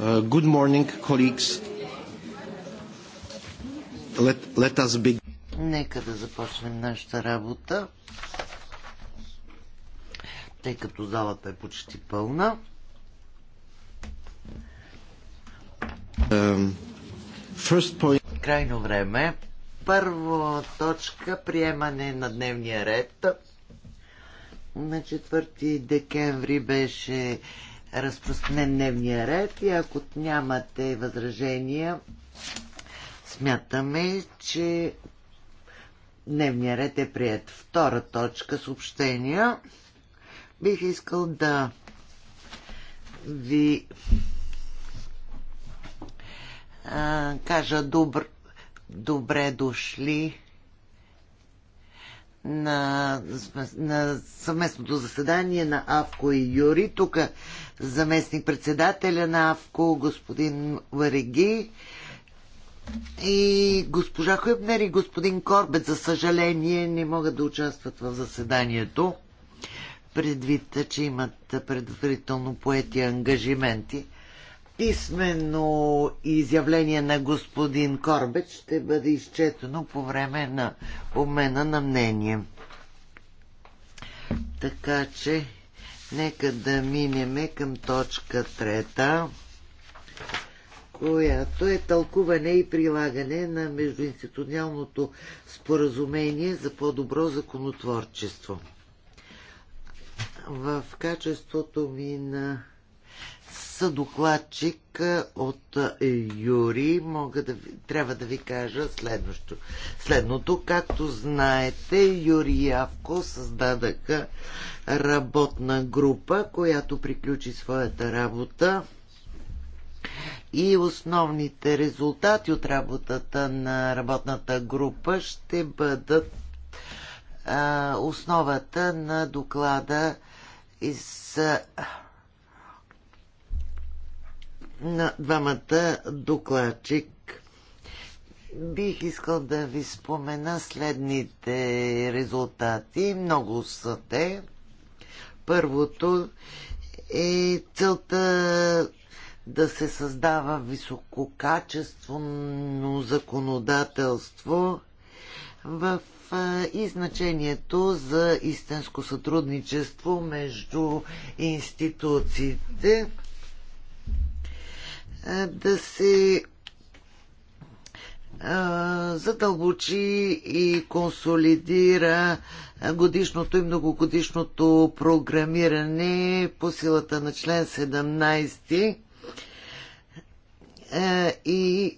Uh, good morning, colleagues. Let, let us begin. Нека да започнем нашата работа, тъй като залата е почти пълна. Um, first point. Крайно време. Първо точка приемане на дневния ред. На 4 декември беше разпространен дневния ред и ако нямате възражения, смятаме, че дневния ред е прият. Втора точка съобщения. Бих искал да ви а, кажа добр, добре дошли на, на съвместното заседание на Авко и Юри. Тук заместник председателя на АВКО, господин Вареги и госпожа Хъбнер и господин Корбет, за съжаление, не могат да участват в заседанието, предвид, че имат предварително поети ангажименти. Писмено изявление на господин Корбет ще бъде изчетено по време на обмена на мнение. Така че Нека да минеме към точка трета, която е тълкуване и прилагане на междуинституционалното споразумение за по-добро законотворчество. В качеството ми на съдокладчик от Юри, мога да ви, трябва да ви кажа следващо. Следното, както знаете, Юри и Авко създадаха работна група, която приключи своята работа и основните резултати от работата на работната група ще бъдат а, основата на доклада из на двамата докладчик. Бих искал да ви спомена следните резултати. Много са те. Първото е целта да се създава висококачествено законодателство в и значението за истинско сътрудничество между институциите да се задълбочи и консолидира годишното и многогодишното програмиране по силата на член 17 и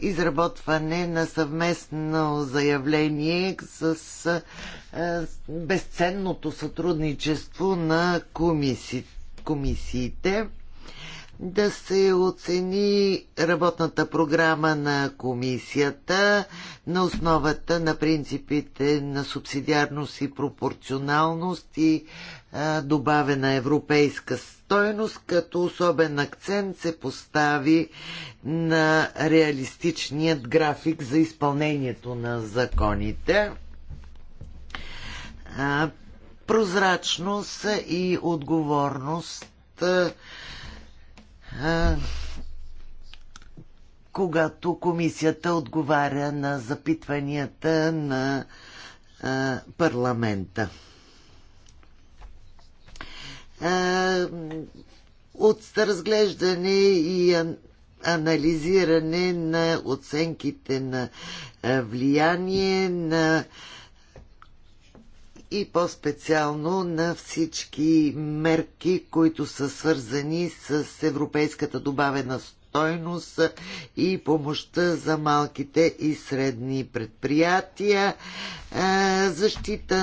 изработване на съвместно заявление с безценното сътрудничество на комисиите да се оцени работната програма на комисията на основата на принципите на субсидиарност и пропорционалност и а, добавена европейска стойност, като особен акцент се постави на реалистичният график за изпълнението на законите. А, прозрачност и отговорност когато комисията отговаря на запитванията на парламента. От разглеждане и анализиране на оценките на влияние на и по-специално на всички мерки, които са свързани с европейската добавена стойност и помощта за малките и средни предприятия, е, защита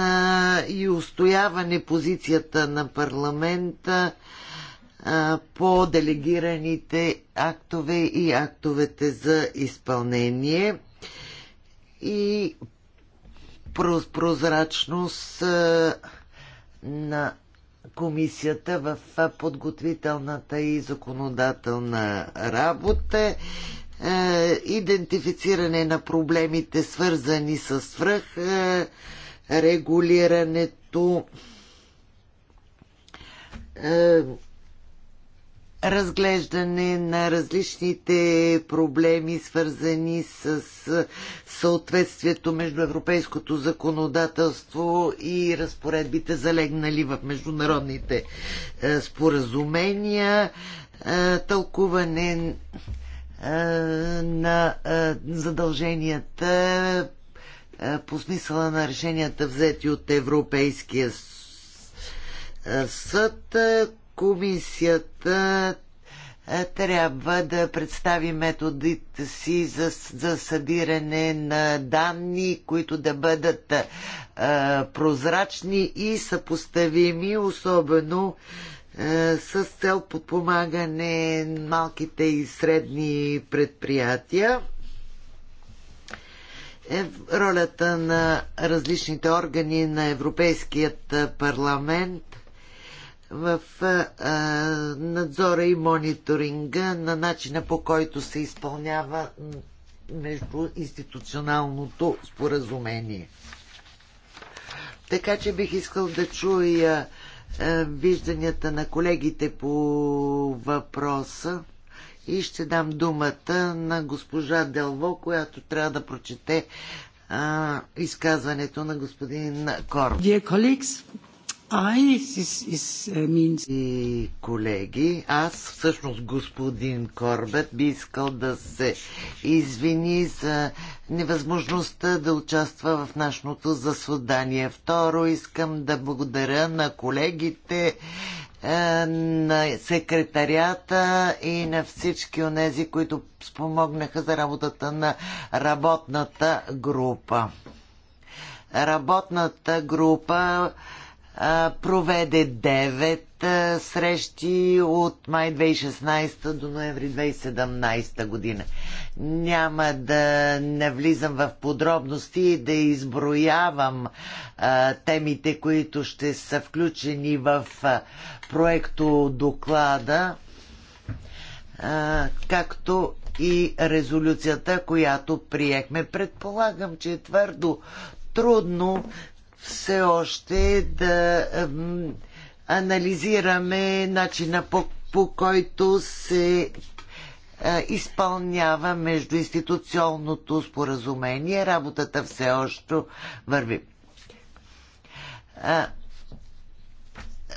и устояване позицията на парламента е, по делегираните актове и актовете за изпълнение и прозрачност на комисията в подготвителната и законодателна работа, е, идентифициране на проблемите, свързани с връх, е, регулирането, е, разглеждане на различните проблеми, свързани с съответствието между европейското законодателство и разпоредбите, залегнали в международните е, споразумения, е, тълкуване е, на задълженията по смисъла на решенията взети от Европейския съд, комисията е, трябва да представи методите си за, за събиране на данни, които да бъдат а, е, прозрачни и съпоставими, особено а, е, с цел подпомагане малките и средни предприятия. Е, ролята на различните органи на Европейският парламент в а, надзора и мониторинга на начина по който се изпълнява между институционалното споразумение. Така че бих искал да чуя а, вижданията на колегите по въпроса и ще дам думата на госпожа Делво, която трябва да прочете а, изказването на господин Корб. Dear colleagues, е, и колеги, аз всъщност господин Корбет би искал да се извини за невъзможността да участва в нашното заседание. Второ, искам да благодаря на колегите, е, на секретарията и на всички онези, които спомогнаха за работата на работната група. Работната група проведе 9 срещи от май 2016 до ноември 2017 година. Няма да не влизам в подробности и да изброявам темите, които ще са включени в проекто доклада, както и резолюцията, която приехме. Предполагам, че е твърдо трудно все още да анализираме начина по, по който се е, изпълнява междуинституционното споразумение. Работата все още върви.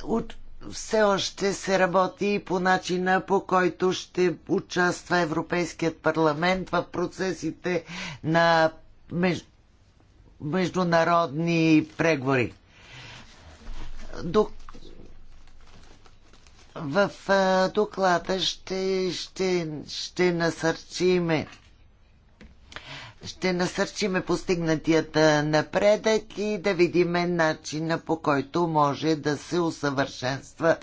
От все още се работи и по начина по който ще участва Европейският парламент в процесите на между международни преговори. До... В а, доклада ще, ще, ще насърчиме ще насърчиме постигнатията напредък и да видиме начина по който може да се усъвършенства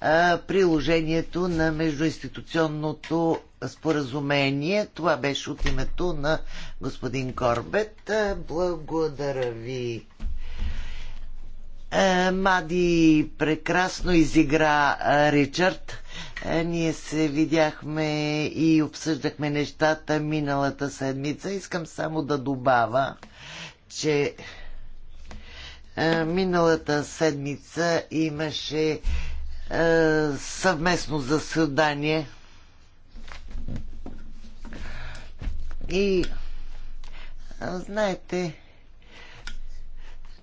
а, приложението на междуинституционното споразумение. Това беше от името на господин Корбет. Благодаря ви. Мади прекрасно изигра Ричард. Ние се видяхме и обсъждахме нещата миналата седмица. Искам само да добавя, че миналата седмица имаше съвместно заседание и Знаете,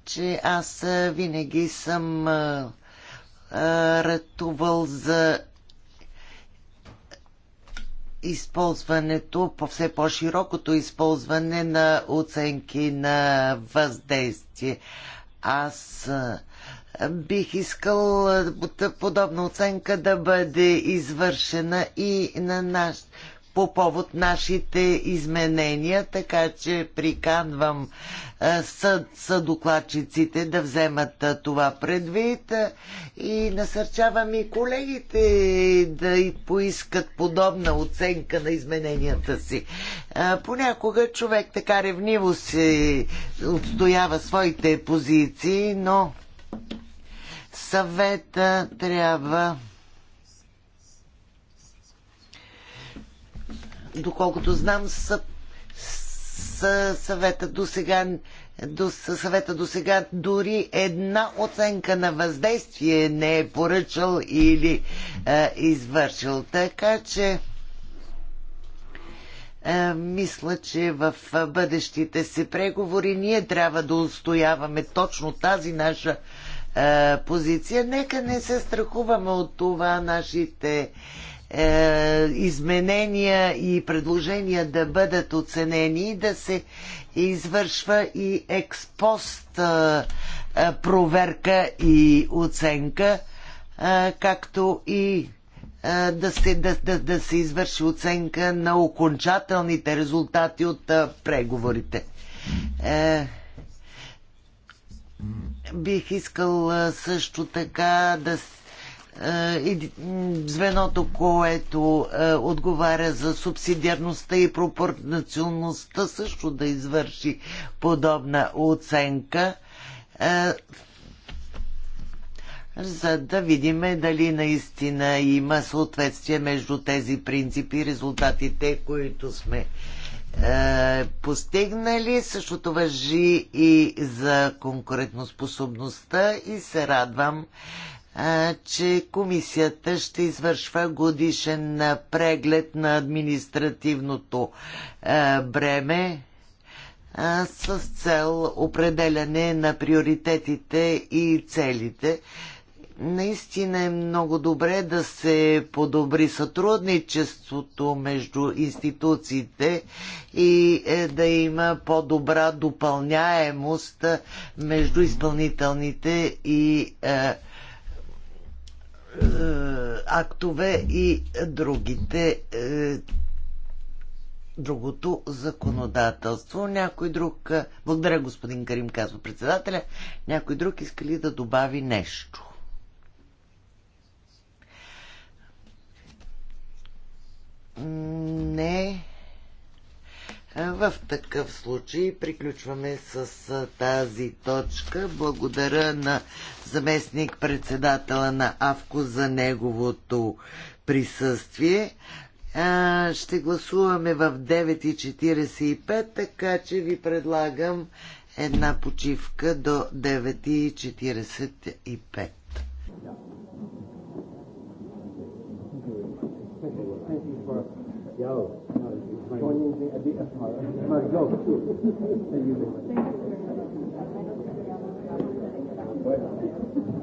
че аз винаги съм ратувал за използването, по все по-широкото използване на оценки на въздействие. Аз бих искал подобна оценка да бъде извършена и на наш, по повод нашите изменения, така че приканвам съд, съдокладчиците да вземат това предвид и насърчавам и колегите да и поискат подобна оценка на измененията си. Понякога човек така ревниво се отстоява своите позиции, но съвета трябва доколкото знам, са, са съвета до сега до съвета до сега дори една оценка на въздействие не е поръчал или е, извършил. Така че е, мисля, че в бъдещите си преговори ние трябва да устояваме точно тази наша е, позиция. Нека не се страхуваме от това нашите е, изменения и предложения да бъдат оценени и да се извършва и експост е, е, проверка и оценка, както и да се, да, да, да се извърши оценка на окончателните резултати от преговорите. бих искал също така да, се. Е, звеното, което е, отговаря за субсидиарността и пропорционалността също да извърши подобна оценка е, за да видим дали наистина има съответствие между тези принципи и резултатите, които сме е, постигнали. Същото въжи и за конкурентоспособността и се радвам, че комисията ще извършва годишен преглед на административното бреме с цел определяне на приоритетите и целите. Наистина е много добре да се подобри сътрудничеството между институциите и е, да има по-добра допълняемост между изпълнителните и е, е, актове и другите е, другото законодателство. Някой друг... Е, благодаря, господин Карим, казва председателя. Някой друг иска ли да добави нещо? Не. В такъв случай приключваме с тази точка. Благодаря на заместник председателя на АВКО за неговото присъствие. Ще гласуваме в 9.45, така че ви предлагам една почивка до 9.45. Yo joining the, the empire myself too. Thank you very much.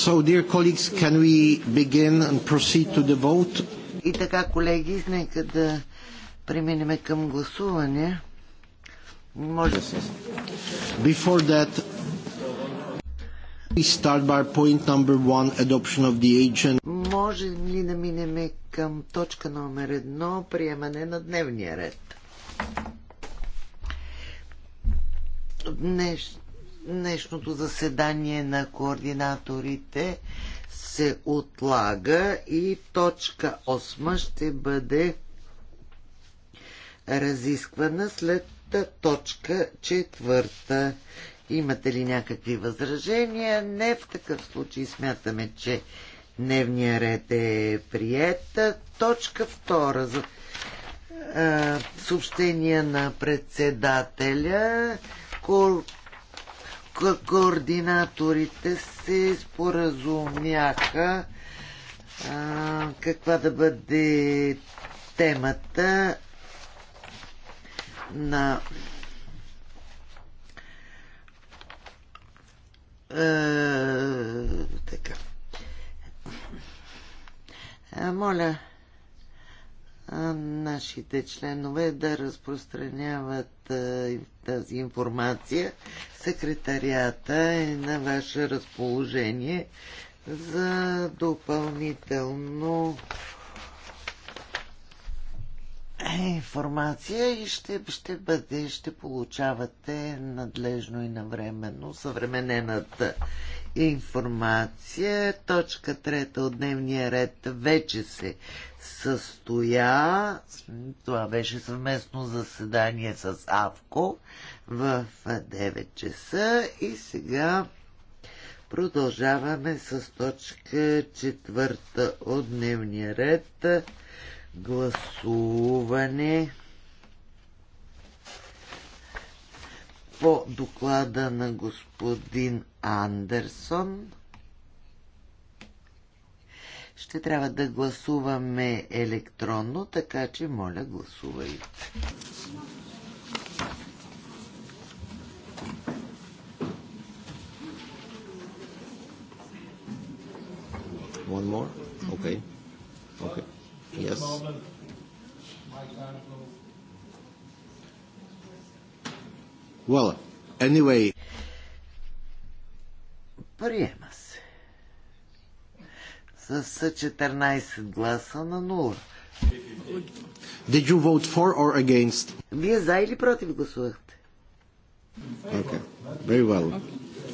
So, dear colleagues, can we begin and proceed to the vote? И така, колеги, нека да преминем към гласуване. Може се. Before that, we start by point number one, adoption of the agent. Можем ли да минем към точка номер едно, приемане на дневния ред? Днес днешното заседание на координаторите се отлага и точка 8 ще бъде разисквана след точка 4. Имате ли някакви възражения? Не, в такъв случай смятаме, че дневния ред е прият. Точка 2. За на председателя координаторите се споразумяха а, каква да бъде темата на е, така. Моля, нашите членове да разпространяват тази информация. Секретарията е на ваше разположение за допълнително информация и ще, ще бъде, ще получавате надлежно и навременно съвременената информация. Точка трета от дневния ред вече се състоя, това беше съвместно заседание с Авко в 9 часа и сега продължаваме с точка четвърта от дневния ред гласуване по доклада на господин Андерсон ще трябва да гласуваме електронно, така че моля гласувайте. One more? Okay. Okay. Yes. Well, anyway. Приема с 14 гласа на 0. Did you vote for or against? Вие за или против гласувахте? Okay. Very well.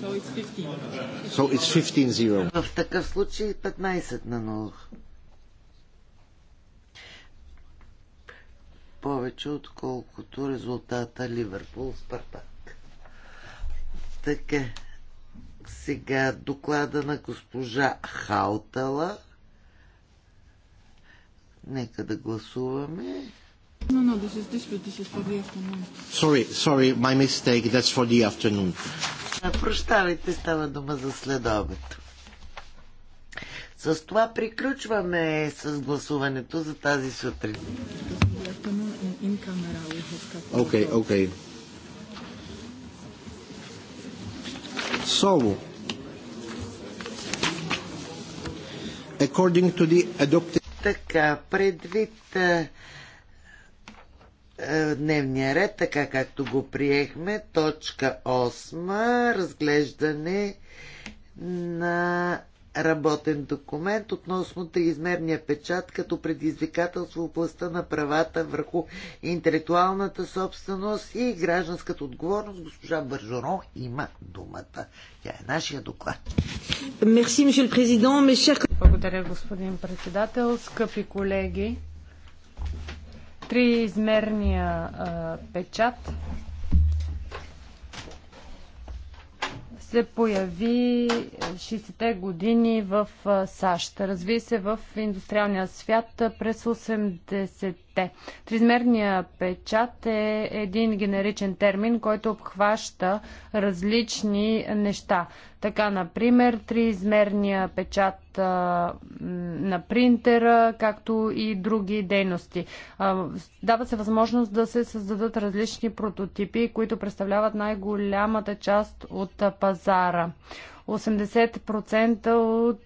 So it's 15. So it's 15-0. В такъв случай 15 на 0. Повече отколкото резултата Ливърпул Спартак. Така. Сега доклада на госпожа Халтала. Нека да гласуваме. No, no, this is this, this is for the afternoon. Sorry, sorry, my mistake, that's for the afternoon. прощавайте, става дума за следобед. С това приключваме с гласуването за тази сутрин. Окей, okay, окей. Okay. Solo. according to the adopted... Така, предвид а, е, а, е, дневния ред, така както го приехме, точка 8, разглеждане на работен документ относно триизмерния печат като предизвикателство в областта на правата върху интелектуалната собственост и гражданската отговорност. Госпожа Бържоро има думата. Тя е нашия доклад. Благодаря, господин председател. Скъпи колеги, триизмерния а, печат се появи 60-те години в САЩ. Разви се в индустриалния свят през 80-те те. Тризмерният печат е един генеричен термин, който обхваща различни неща. Така, например, триизмерния печат а, на принтера, както и други дейности. А, дава се възможност да се създадат различни прототипи, които представляват най-голямата част от пазара. 80% от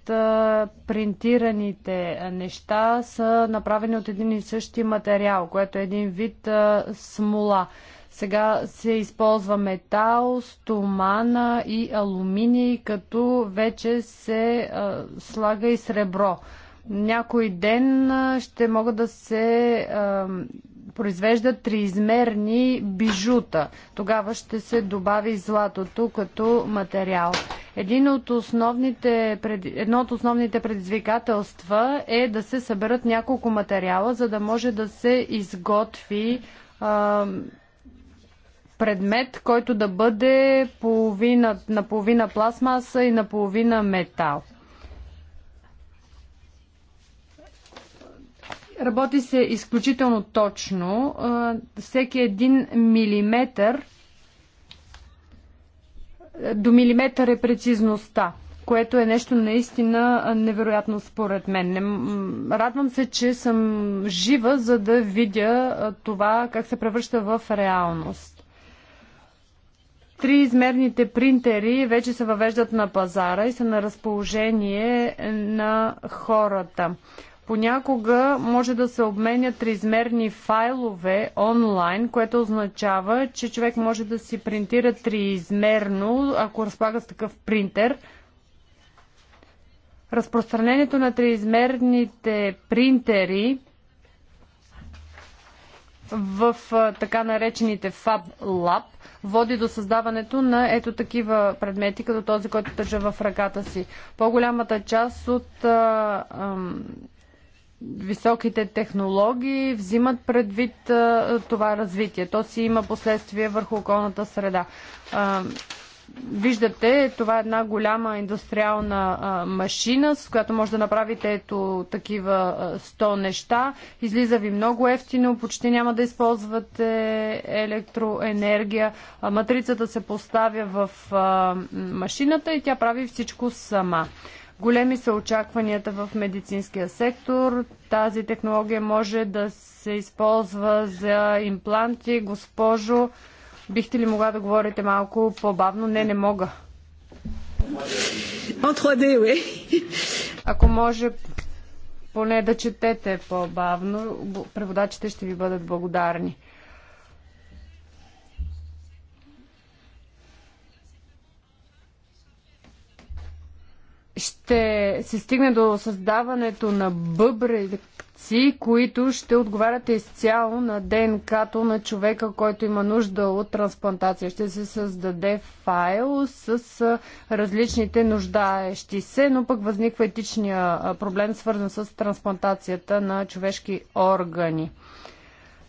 принтираните неща са направени от един и същи материал, което е един вид смола. Сега се използва метал, стомана и алуминий, като вече се слага и сребро. Някой ден ще могат да се произвеждат триизмерни бижута. Тогава ще се добави златото като материал. Един от основните, едно от основните предизвикателства е да се съберат няколко материала, за да може да се изготви а, предмет, който да бъде половина, наполовина пластмаса и наполовина метал. Работи се изключително точно. Всеки един милиметър до милиметър е прецизността, което е нещо наистина невероятно според мен. Радвам се, че съм жива, за да видя това как се превръща в реалност. Триизмерните принтери вече се въвеждат на пазара и са на разположение на хората. Понякога може да се обменят триизмерни файлове онлайн, което означава, че човек може да си принтира триизмерно, ако разполага с такъв принтер. Разпространението на триизмерните принтери в така наречените Fab Lab води до създаването на ето такива предмети, като този, който държа в ръката си. По-голямата част от а, високите технологии взимат предвид това развитие. То си има последствия върху околната среда. Виждате, това е една голяма индустриална а, машина, с която може да направите ето такива а, 100 неща. Излиза ви много ефтино, почти няма да използвате електроенергия. А, матрицата се поставя в а, машината и тя прави всичко сама. Големи са очакванията в медицинския сектор. Тази технология може да се използва за импланти. Госпожо, бихте ли могла да говорите малко по-бавно? Не, не мога. Ако може поне да четете по-бавно, преводачите ще ви бъдат благодарни. ще се стигне до създаването на бъбреци, които ще отговарят изцяло на ДНК-то на човека, който има нужда от трансплантация. Ще се създаде файл с различните нуждаещи се, но пък възниква етичния проблем, свързан с трансплантацията на човешки органи.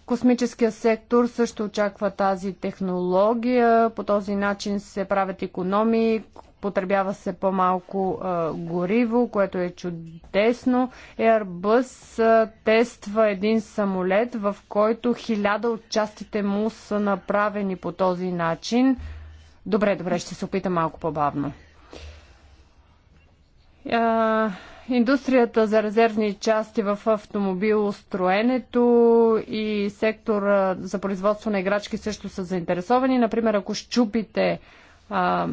Космическия сектор също очаква тази технология. По този начин се правят економии, потребява се по-малко гориво, което е чудесно. Airbus а, тества един самолет, в който хиляда от частите му са направени по този начин. Добре, добре, ще се опитам малко по-бавно. Индустрията за резервни части в автомобилостроенето и сектора за производство на играчки също са заинтересовани. Например, ако щупите а,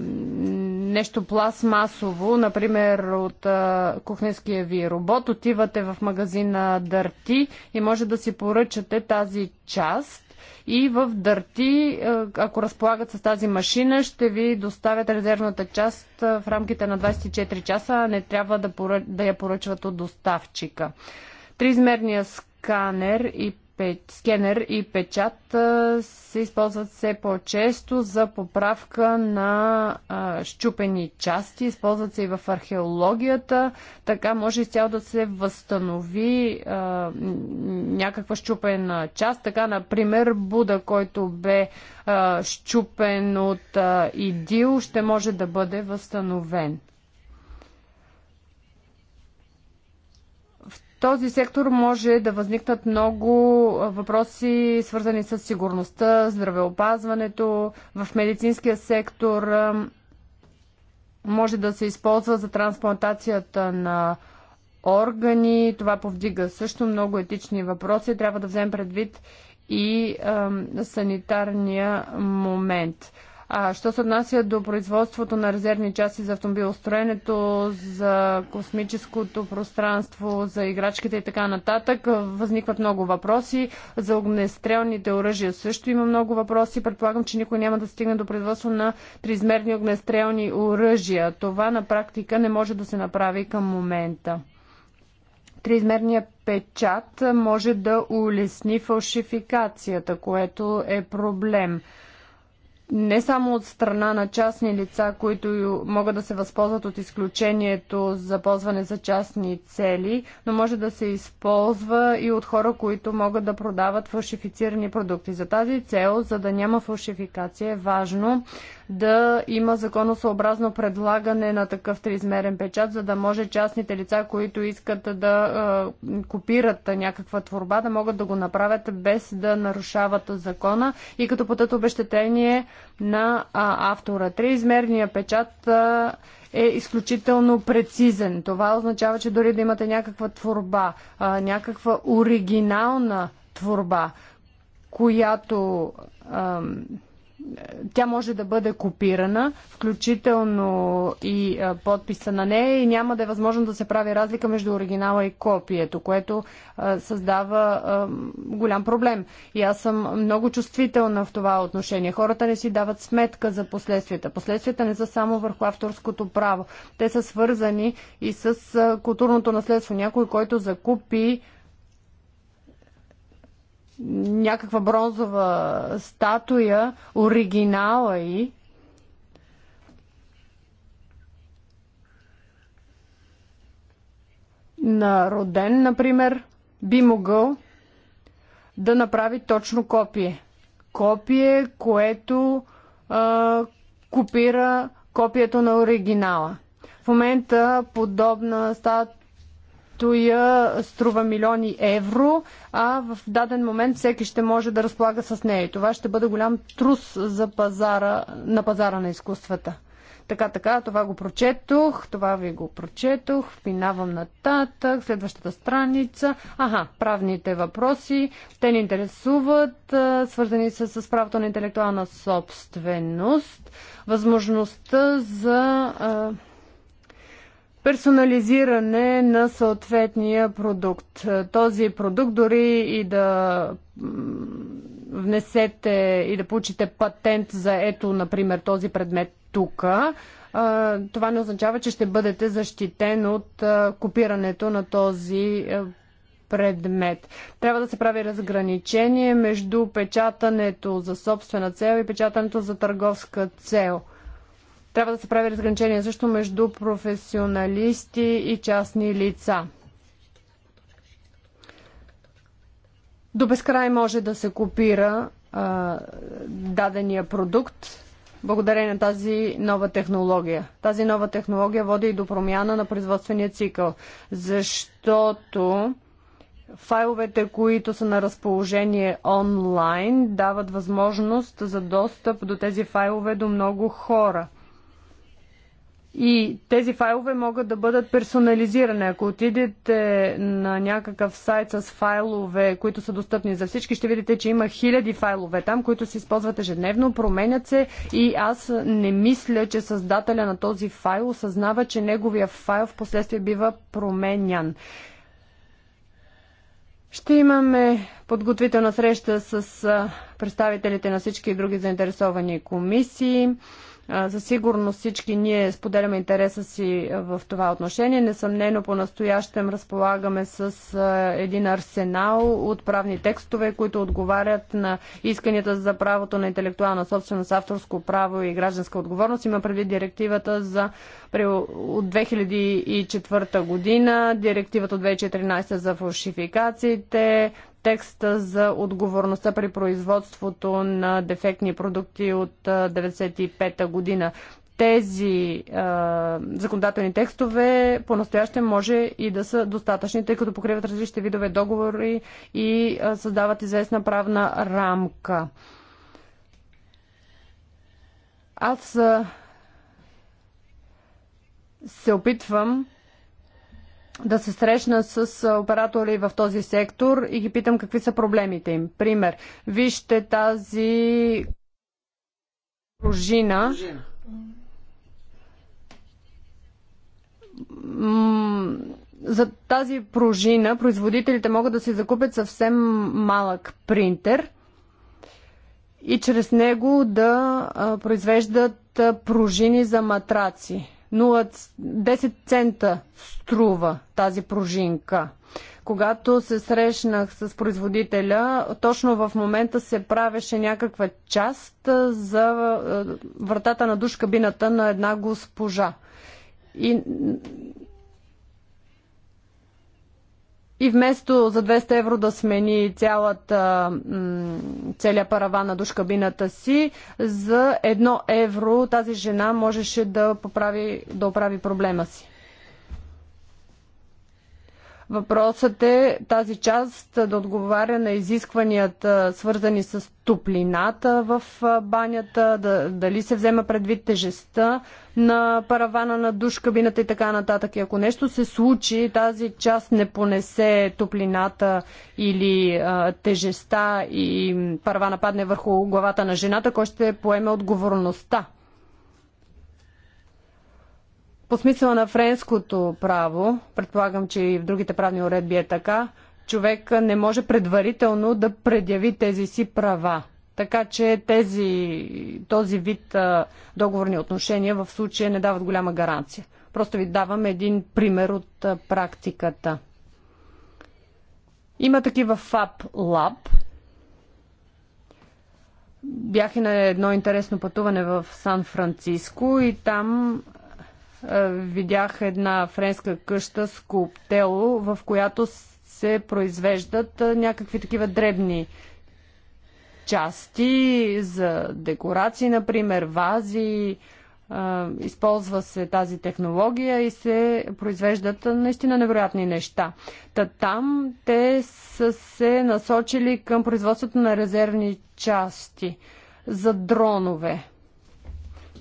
нещо пластмасово, например от а, кухненския ви робот, отивате в магазина Дърти и може да си поръчате тази част и в дърти, ако разполагат с тази машина, ще ви доставят резервната част в рамките на 24 часа, а не трябва да, поръч... да я поръчват от доставчика. Триизмерният сканер и скенер и печат се използват все по-често за поправка на щупени части. Използват се и в археологията. Така може изцяло да се възстанови някаква щупена част. Така, например, Буда, който бе щупен от идил, ще може да бъде възстановен. този сектор може да възникнат много въпроси, свързани с сигурността, здравеопазването, в медицинския сектор може да се използва за трансплантацията на органи. Това повдига също много етични въпроси. Трябва да вземем предвид и е, санитарния момент. А, що се отнася до производството на резервни части за автомобилостроенето, за космическото пространство, за играчките и така нататък, възникват много въпроси. За огнестрелните оръжия също има много въпроси. Предполагам, че никой няма да стигне до производство на триизмерни огнестрелни оръжия. Това на практика не може да се направи към момента. Триизмерният печат може да улесни фалшификацията, което е проблем не само от страна на частни лица, които могат да се възползват от изключението за ползване за частни цели, но може да се използва и от хора, които могат да продават фалшифицирани продукти. За тази цел, за да няма фалшификация, е важно да има законосъобразно предлагане на такъв триизмерен печат, за да може частните лица, които искат да е, копират някаква творба, да могат да го направят без да нарушават закона и като пътят обещетение на а, автора. Триизмерният печат а, е изключително прецизен. Това означава, че дори да имате някаква творба, а, някаква оригинална творба, която тя може да бъде копирана, включително и подписа на нея и няма да е възможно да се прави разлика между оригинала и копието, което създава голям проблем. И аз съм много чувствителна в това отношение. Хората не си дават сметка за последствията. Последствията не са само върху авторското право. Те са свързани и с културното наследство. Някой, който закупи някаква бронзова статуя, оригинала и на роден, например, би могъл да направи точно копие. Копие, което а, копира копието на оригинала. В момента подобна стат, стоя струва милиони евро, а в даден момент всеки ще може да разполага с нея. И това ще бъде голям трус за пазара, на пазара на изкуствата. Така, така, това го прочетох, това ви го прочетох, минавам нататък, следващата страница. Аха, правните въпроси, те ни интересуват, свързани са с правото на интелектуална собственост, възможността за персонализиране на съответния продукт. Този продукт дори и да внесете и да получите патент за ето, например, този предмет тук, това не означава, че ще бъдете защитен от копирането на този предмет. Трябва да се прави разграничение между печатането за собствена цел и печатането за търговска цел – трябва да се прави разграничение също между професионалисти и частни лица. До безкрай може да се копира а, дадения продукт благодарение на тази нова технология. Тази нова технология води и до промяна на производствения цикъл, защото файловете, които са на разположение онлайн, дават възможност за достъп до тези файлове до много хора. И тези файлове могат да бъдат персонализирани. Ако отидете на някакъв сайт с файлове, които са достъпни за всички, ще видите, че има хиляди файлове там, които се използват ежедневно, променят се и аз не мисля, че създателя на този файл осъзнава, че неговия файл в последствие бива променян. Ще имаме подготвителна среща с представителите на всички други заинтересовани комисии. За сигурност всички ние споделяме интереса си в това отношение. Несъмнено по-настоящем разполагаме с един арсенал от правни текстове, които отговарят на исканията за правото на интелектуална собственост, авторско право и гражданска отговорност. Има преди директивата за от 2004 година, директивата от 2014 за фалшификациите, текста за отговорността при производството на дефектни продукти от 1995 година. Тези е, законодателни текстове по-настояще може и да са достатъчни, тъй като покриват различни видове договори и е, създават известна правна рамка. Аз се опитвам да се срещна с оператори в този сектор и ги питам какви са проблемите им. Пример, вижте тази пружина. За тази пружина производителите могат да си закупят съвсем малък принтер и чрез него да произвеждат пружини за матраци. 10 цента струва тази пружинка. Когато се срещнах с производителя, точно в момента се правеше някаква част за вратата на душ кабината на една госпожа. И и вместо за 200 евро да смени цялата, целия параван на душкабината си, за 1 евро тази жена можеше да, поправи, да оправи проблема си. Въпросът е тази част да отговаря на изискванията, свързани с топлината в банята, да, дали се взема предвид тежестта на паравана на душ, кабината и така нататък. И ако нещо се случи, тази част не понесе топлината или а, тежестта и паравана падне върху главата на жената, кой ще поеме отговорността? по смисъла на френското право, предполагам, че и в другите правни уредби е така, човек не може предварително да предяви тези си права. Така че тези, този вид а, договорни отношения в случая не дават голяма гаранция. Просто ви давам един пример от а, практиката. Има такива FAP Lab. Бях и на едно интересно пътуване в Сан-Франциско и там е, видях една френска къща с коптело, в която се произвеждат е, някакви такива дребни части за декорации, например, вази. Е, използва се тази технология и се произвеждат наистина невероятни неща. Та там те са се насочили към производството на резервни части за дронове.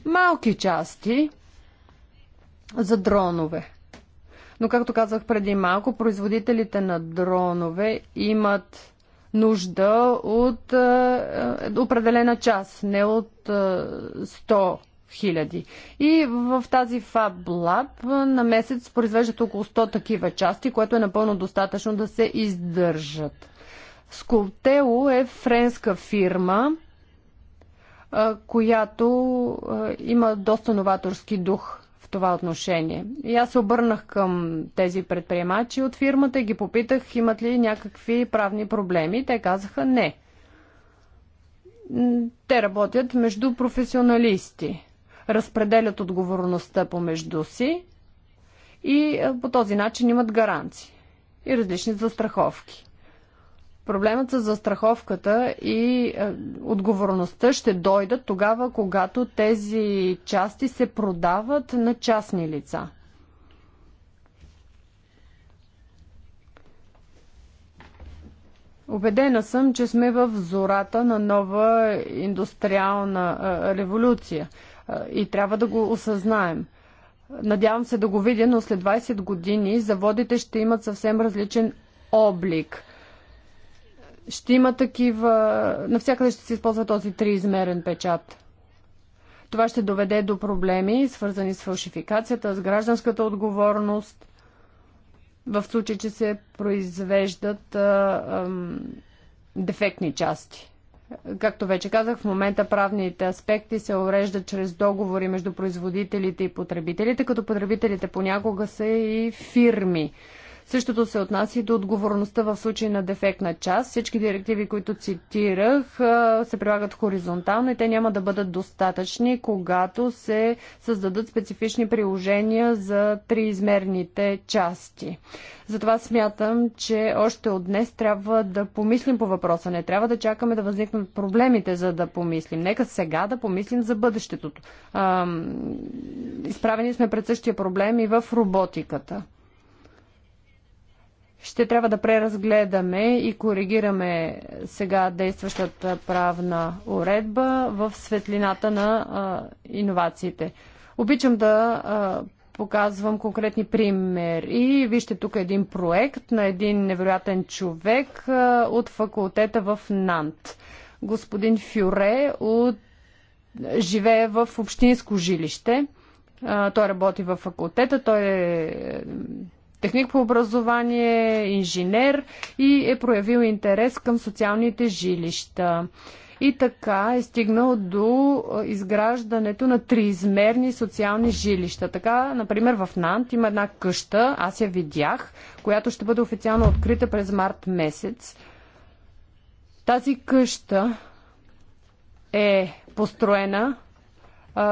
Малки части, за дронове. Но както казах преди малко, производителите на дронове имат нужда от е, е определена част, не от е, 100 хиляди. И в тази FabLab е, на месец произвеждат около 100 такива части, което е напълно достатъчно да се издържат. Скултео е френска фирма, е, която има доста новаторски дух това отношение. И аз се обърнах към тези предприемачи от фирмата и ги попитах имат ли някакви правни проблеми. Те казаха не. Те работят между професионалисти, разпределят отговорността помежду си и по този начин имат гаранции и различни застраховки. Проблемът с застраховката и е, отговорността ще дойдат тогава, когато тези части се продават на частни лица. Обедена съм, че сме в зората на нова индустриална е, революция е, и трябва да го осъзнаем. Надявам се да го видя, но след 20 години заводите ще имат съвсем различен облик – ще има такива... Навсякъде ще се използва този триизмерен печат. Това ще доведе до проблеми, свързани с фалшификацията, с гражданската отговорност, в случай, че се произвеждат а, ам, дефектни части. Както вече казах, в момента правните аспекти се уреждат чрез договори между производителите и потребителите, като потребителите понякога са и фирми. Същото се отнася и до отговорността в случай на дефектна част. Всички директиви, които цитирах, се прилагат хоризонтално и те няма да бъдат достатъчни, когато се създадат специфични приложения за триизмерните части. Затова смятам, че още от днес трябва да помислим по въпроса. Не трябва да чакаме да възникнат проблемите, за да помислим. Нека сега да помислим за бъдещето. Изправени сме пред същия проблем и в роботиката ще трябва да преразгледаме и коригираме сега действащата правна уредба в светлината на а, иновациите. Обичам да а, показвам конкретни примери. Вижте тук един проект на един невероятен човек а, от факултета в Нант. Господин Фюре от... живее в общинско жилище. А, той работи в факултета, той е техник по образование, инженер и е проявил интерес към социалните жилища. И така е стигнал до изграждането на триизмерни социални жилища. Така, например, в Нант има една къща, аз я видях, която ще бъде официално открита през март месец. Тази къща е построена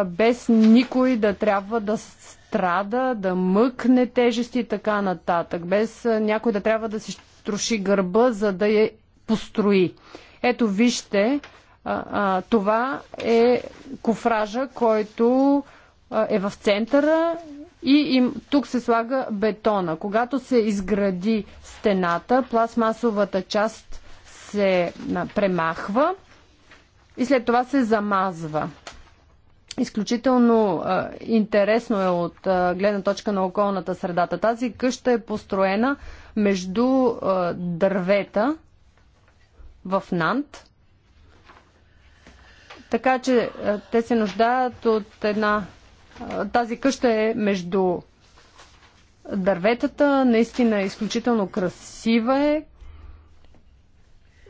без никой да трябва да страда, да мъкне тежести и така нататък, без някой да трябва да си троши гърба, за да я построи. Ето вижте, това е кофража, който е в центъра и им, тук се слага бетона. Когато се изгради стената, пластмасовата част се премахва и след това се замазва. Изключително а, интересно е от а, гледна точка на околната средата. Тази къща е построена между а, дървета в Нант. Така че а, те се нуждаят от една. А, тази къща е между дърветата. Наистина изключително красива е.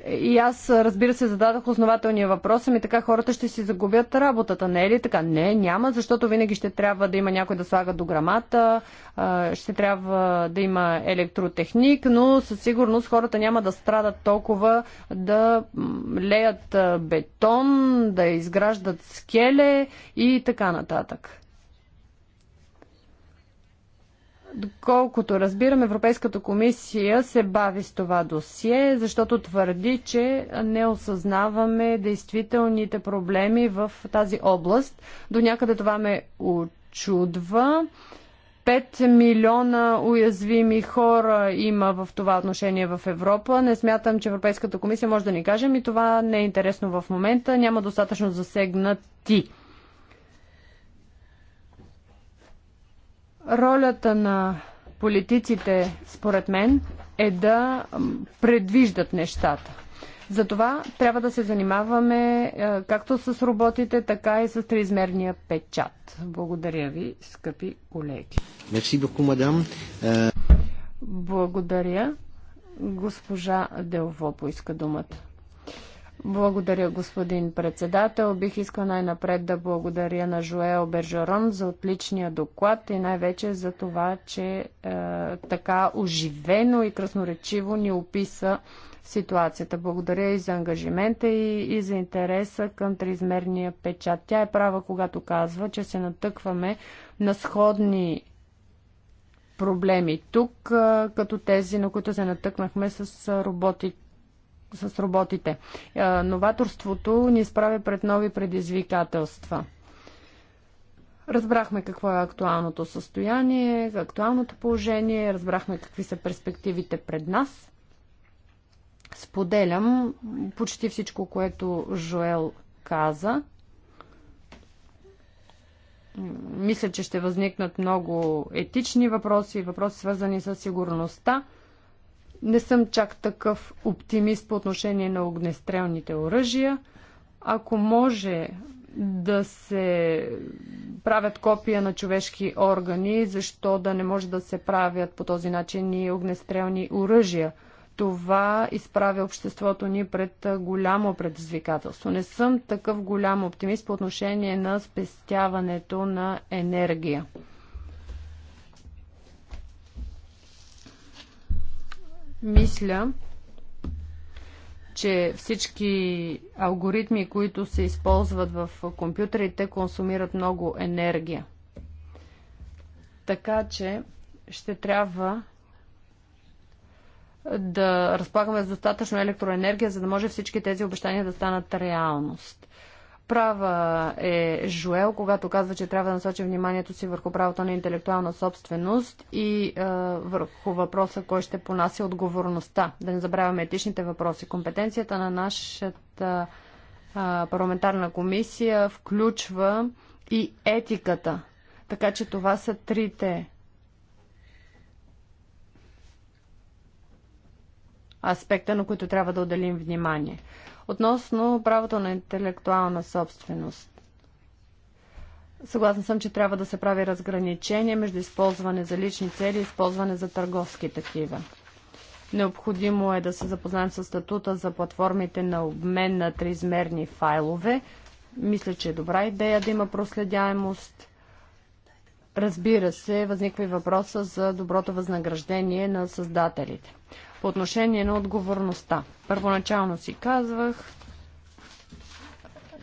И аз, разбира се, зададох основателния въпрос, ами така хората ще си загубят работата, не е ли така? Не, няма, защото винаги ще трябва да има някой да слага до грамата, ще трябва да има електротехник, но със сигурност хората няма да страдат толкова да леят бетон, да изграждат скеле и така нататък. Доколкото разбирам, Европейската комисия се бави с това досие, защото твърди, че не осъзнаваме действителните проблеми в тази област. До някъде това ме очудва. 5 милиона уязвими хора има в това отношение в Европа. Не смятам, че Европейската комисия може да ни каже, и това не е интересно в момента. Няма достатъчно засегнати. Ролята на политиците, според мен, е да предвиждат нещата. Затова трябва да се занимаваме е, както с роботите, така и с триизмерния печат. Благодаря ви, скъпи колеги. Мерси beaucoup, мадам. Е, Благодаря. Госпожа Делво поиска думата. Благодаря, господин председател. Бих искал най-напред да благодаря на Жоел Бержерон за отличния доклад и най-вече за това, че е, така оживено и красноречиво ни описа ситуацията. Благодаря и за ангажимента и, и за интереса към триизмерния печат. Тя е права, когато казва, че се натъкваме на сходни проблеми тук, е, като тези, на които се натъкнахме с е, роботите с роботите. Новаторството ни справя пред нови предизвикателства. Разбрахме какво е актуалното състояние, актуалното положение, разбрахме какви са перспективите пред нас. Споделям почти всичко, което Жоел каза. Мисля, че ще възникнат много етични въпроси, въпроси свързани с сигурността. Не съм чак такъв оптимист по отношение на огнестрелните оръжия. Ако може да се правят копия на човешки органи, защо да не може да се правят по този начин и огнестрелни оръжия? това изправя обществото ни пред голямо предизвикателство. Не съм такъв голям оптимист по отношение на спестяването на енергия. Мисля, че всички алгоритми, които се използват в компютрите, консумират много енергия. Така че ще трябва да разполагаме с достатъчно електроенергия, за да може всички тези обещания да станат реалност. Права е Жуел, когато казва, че трябва да насочи вниманието си върху правото на интелектуална собственост и е, върху въпроса кой ще понася отговорността. Да не забравяме етичните въпроси. Компетенцията на нашата е, парламентарна комисия включва и етиката. Така че това са трите аспекта, на които трябва да отделим внимание. Относно правото на интелектуална собственост. Съгласна съм, че трябва да се прави разграничение между използване за лични цели и използване за търговски такива. Необходимо е да се запознаем с статута за платформите на обмен на триизмерни файлове. Мисля, че е добра идея да има проследяемост. Разбира се, възниква и въпроса за доброто възнаграждение на създателите по отношение на отговорността. Първоначално си казвах,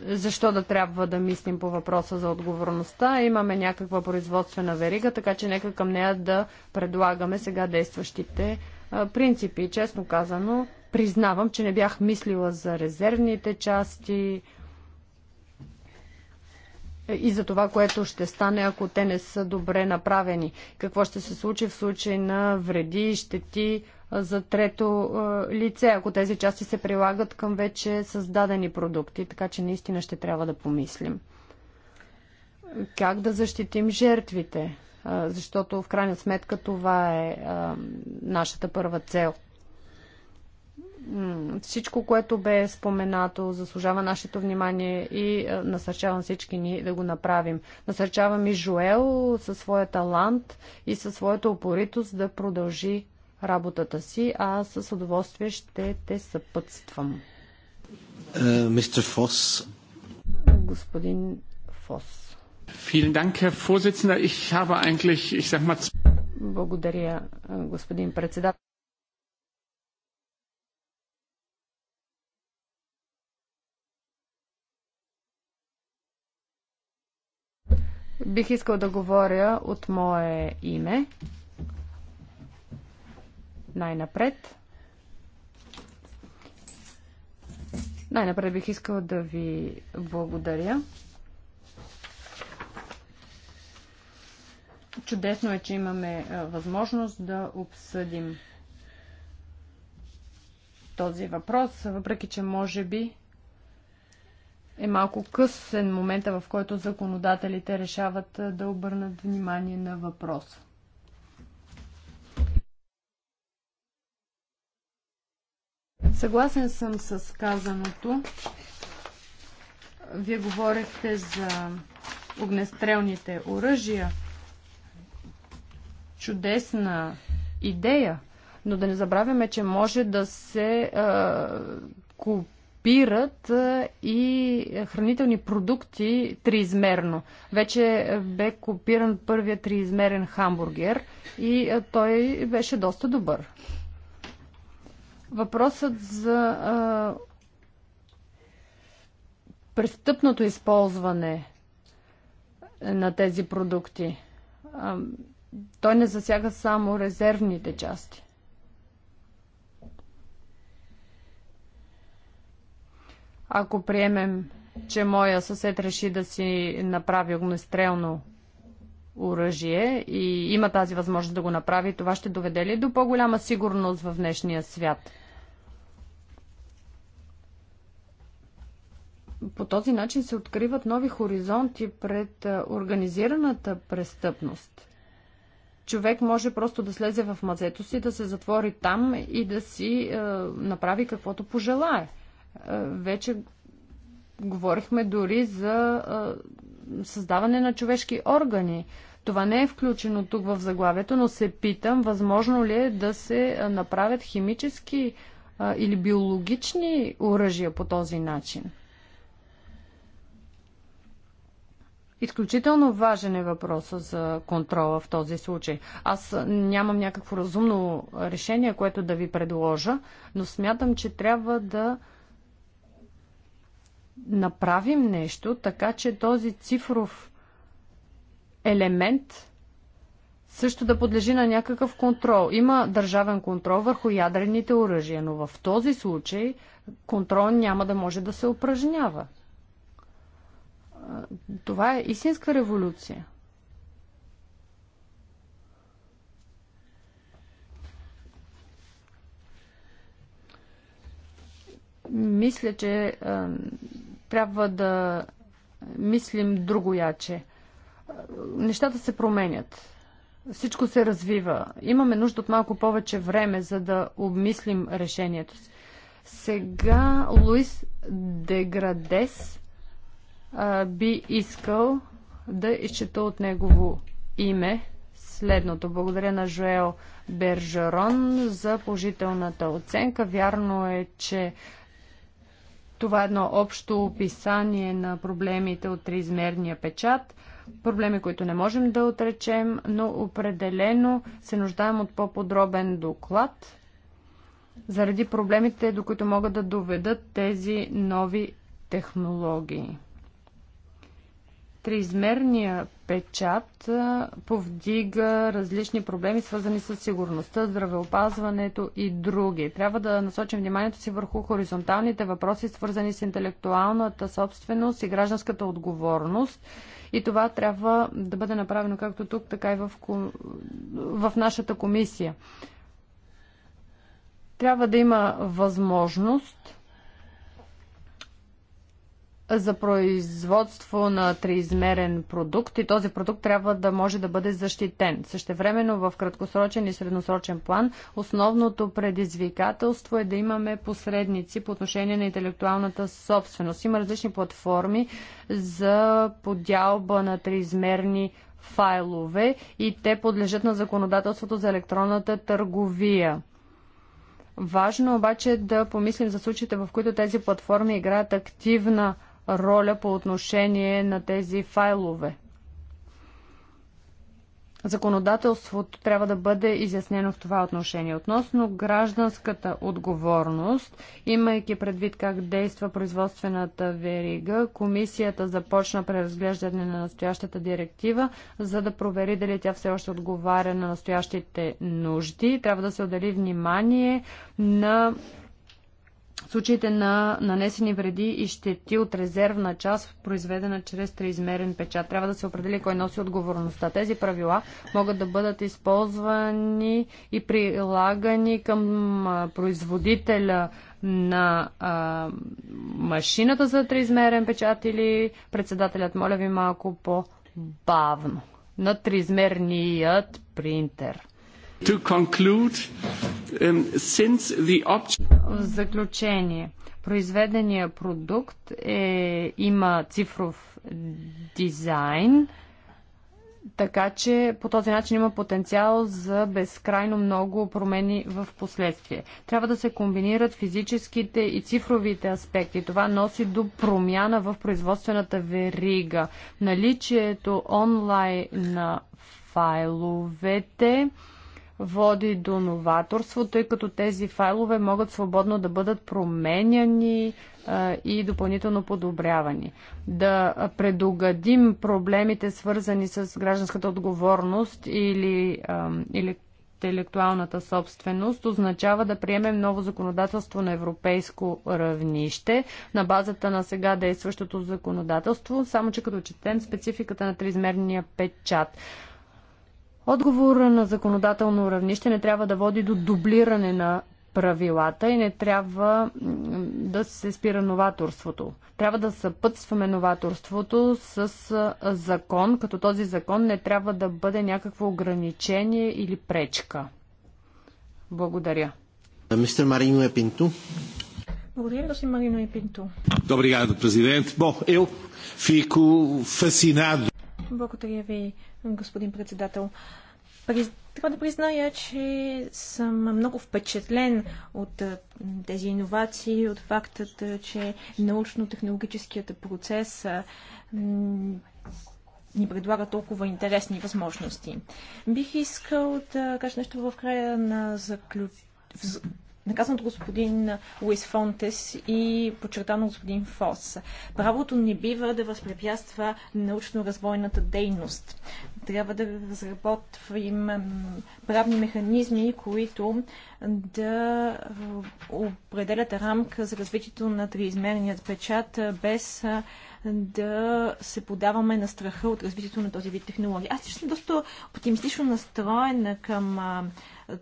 защо да трябва да мислим по въпроса за отговорността. Имаме някаква производствена верига, така че нека към нея да предлагаме сега действащите принципи. Честно казано, признавам, че не бях мислила за резервните части и за това, което ще стане, ако те не са добре направени. Какво ще се случи в случай на вреди и щети за трето лице, ако тези части се прилагат към вече създадени продукти. Така че наистина ще трябва да помислим. Как да защитим жертвите? Защото в крайна сметка това е нашата първа цел всичко, което бе споменато, заслужава нашето внимание и насърчавам всички ни да го направим. Насърчавам и Жоел със своя талант и със своята опоритост да продължи работата си, а с удоволствие ще те съпътствам. Е, мистер uh, Фос. Господин Фос. Vielen Dank, Herr Vorsitzender. Ich habe eigentlich, ich sag mal... Благодаря, е, господин председател. Бих искал да говоря от мое име. Най-напред. Най-напред бих искала да ви благодаря. Чудесно е, че имаме възможност да обсъдим този въпрос, въпреки че може би е малко късен момента, в който законодателите решават да обърнат внимание на въпроса. Съгласен съм с казаното. Вие говорихте за огнестрелните оръжия. Чудесна идея, но да не забравяме, че може да се а, копират и хранителни продукти триизмерно. Вече бе копиран първият триизмерен хамбургер и той беше доста добър. Въпросът за а, престъпното използване на тези продукти. А, той не засяга само резервните части. Ако приемем, че моя съсед реши да си направи огнестрелно оръжие и има тази възможност да го направи, това ще доведе ли до по-голяма сигурност в днешния свят? по този начин се откриват нови хоризонти пред организираната престъпност. Човек може просто да слезе в мазето си, да се затвори там и да си е, направи каквото пожелае. Е, вече говорихме дори за е, създаване на човешки органи. Това не е включено тук в заглавието, но се питам, възможно ли е да се направят химически е, или биологични оръжия по този начин. Изключително важен е въпросът за контрола в този случай. Аз нямам някакво разумно решение, което да ви предложа, но смятам, че трябва да направим нещо, така че този цифров елемент също да подлежи на някакъв контрол. Има държавен контрол върху ядрените оръжия, но в този случай контрол няма да може да се упражнява това е истинска революция. Мисля, че а, трябва да мислим другояче. Нещата се променят. Всичко се развива. Имаме нужда от малко повече време, за да обмислим решението си. Сега Луис Деградес би искал да изчета от негово име следното. Благодаря на Жоел Бержерон за положителната оценка. Вярно е, че това е едно общо описание на проблемите от триизмерния печат. Проблеми, които не можем да отречем, но определено се нуждаем от по-подробен доклад заради проблемите, до които могат да доведат тези нови технологии. Триизмерния печат повдига различни проблеми, свързани с сигурността, здравеопазването и други. Трябва да насочим вниманието си върху хоризонталните въпроси, свързани с интелектуалната собственост и гражданската отговорност. И това трябва да бъде направено както тук, така и в, в нашата комисия. Трябва да има възможност за производство на триизмерен продукт и този продукт трябва да може да бъде защитен. Същевременно в краткосрочен и средносрочен план основното предизвикателство е да имаме посредници по отношение на интелектуалната собственост. Има различни платформи за подялба на триизмерни файлове и те подлежат на законодателството за електронната търговия. Важно обаче е да помислим за случаите, в които тези платформи играят активна роля по отношение на тези файлове. Законодателството трябва да бъде изяснено в това отношение. Относно гражданската отговорност, имайки предвид как действа производствената верига, комисията започна преразглеждане на настоящата директива, за да провери дали тя все още отговаря на настоящите нужди. Трябва да се отдели внимание на случаите на нанесени вреди и щети от резервна част, произведена чрез триизмерен печат. Трябва да се определи кой носи отговорността. Тези правила могат да бъдат използвани и прилагани към производителя на а, машината за триизмерен печат или председателят, моля ви малко по-бавно, на триизмерният принтер. Um, в заключение, произведения продукт е, има цифров дизайн, така че по този начин има потенциал за безкрайно много промени в последствие. Трябва да се комбинират физическите и цифровите аспекти. Това носи до промяна в производствената верига. Наличието онлайн на файловете води до новаторство, тъй като тези файлове могат свободно да бъдат променяни е, и допълнително подобрявани. Да предугадим проблемите, свързани с гражданската отговорност или или интелектуалната собственост означава да приемем ново законодателство на европейско равнище на базата на сега действащото законодателство, само че като четем спецификата на триизмерния печат. Отговора на законодателно равнище не трябва да води до дублиране на правилата и не трябва да се спира новаторството. Трябва да съпътстваме новаторството с закон, като този закон не трябва да бъде някакво ограничение или пречка. Благодаря. Мистер Марино е пинту. Благодаря, господин Марино е Пинто. Obrigado, президент. Бо, ел, фико, фасинадо. Благодаря ви, господин председател. През... Трябва да призная, че съм много впечатлен от тези иновации, от фактът, че научно-технологическият процес ни предлага толкова интересни възможности. Бих искал да кажа нещо в края на заключението наказан от господин Луис Фонтес и от господин Фос. Правото не бива да възпрепятства научно-развойната дейност. Трябва да разработвам правни механизми, които да определят рамка за развитието на триизмерният печат без да се подаваме на страха от развитието на този вид технологии. Аз лично съм доста оптимистично настроена към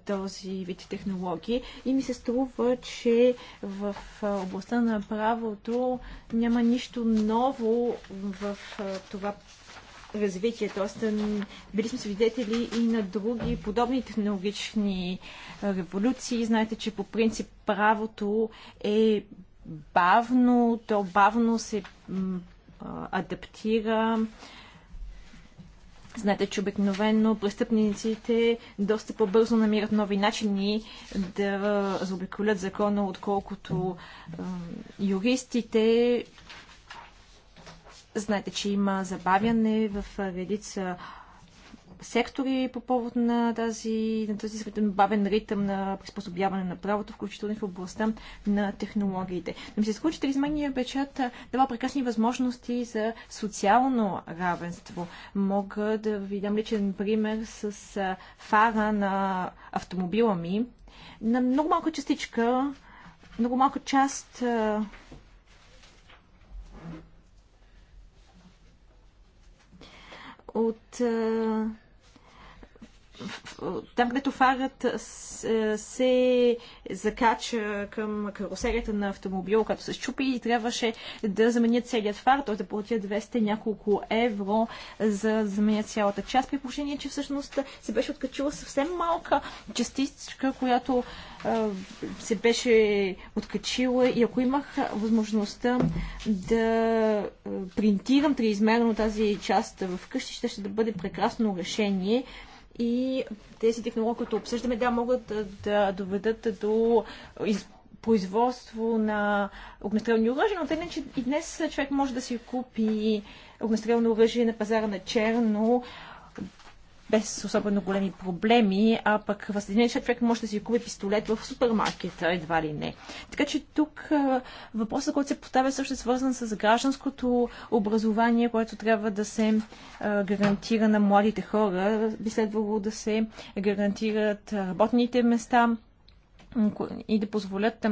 този вид технологии. И ми се струва, че в областта на правото няма нищо ново в това развитие. Тоест, били сме свидетели и на други подобни технологични революции. Знаете, че по принцип правото е бавно, то бавно се адаптира Знаете, че обикновено престъпниците доста по-бързо намират нови начини да заобиколят закона, отколкото е, юристите. Знаете, че има забавяне в редица сектори по повод на тази, на този бавен ритъм на приспособяване на правото, включително и в областта на технологиите. Но ми се случи, че тризменния печат дава прекрасни възможности за социално равенство. Мога да ви дам личен пример с фара на автомобила ми. На много малка частичка, много малка част от там, където фарът се закача към карусерията на автомобила, като се щупи и трябваше да заменят целият фар, т.е. да платят 200 няколко евро за да заменят цялата част, при положение, че всъщност се беше откачила съвсем малка частичка, която се беше откачила и ако имах възможността да принтирам триизмерно тази част в къщи, ще, ще да бъде прекрасно решение и тези технологии, които обсъждаме, да, могат да доведат до производство на огнестрелни оръжия, но тъй че и днес човек може да си купи огнестрелно оръжие на пазара на черно, без особено големи проблеми, а пък в човек може да си купи пистолет в супермаркета, едва ли не. Така че тук въпросът, който се поставя също е свързан с гражданското образование, което трябва да се гарантира на младите хора. Би следвало да се гарантират работните места, и да позволят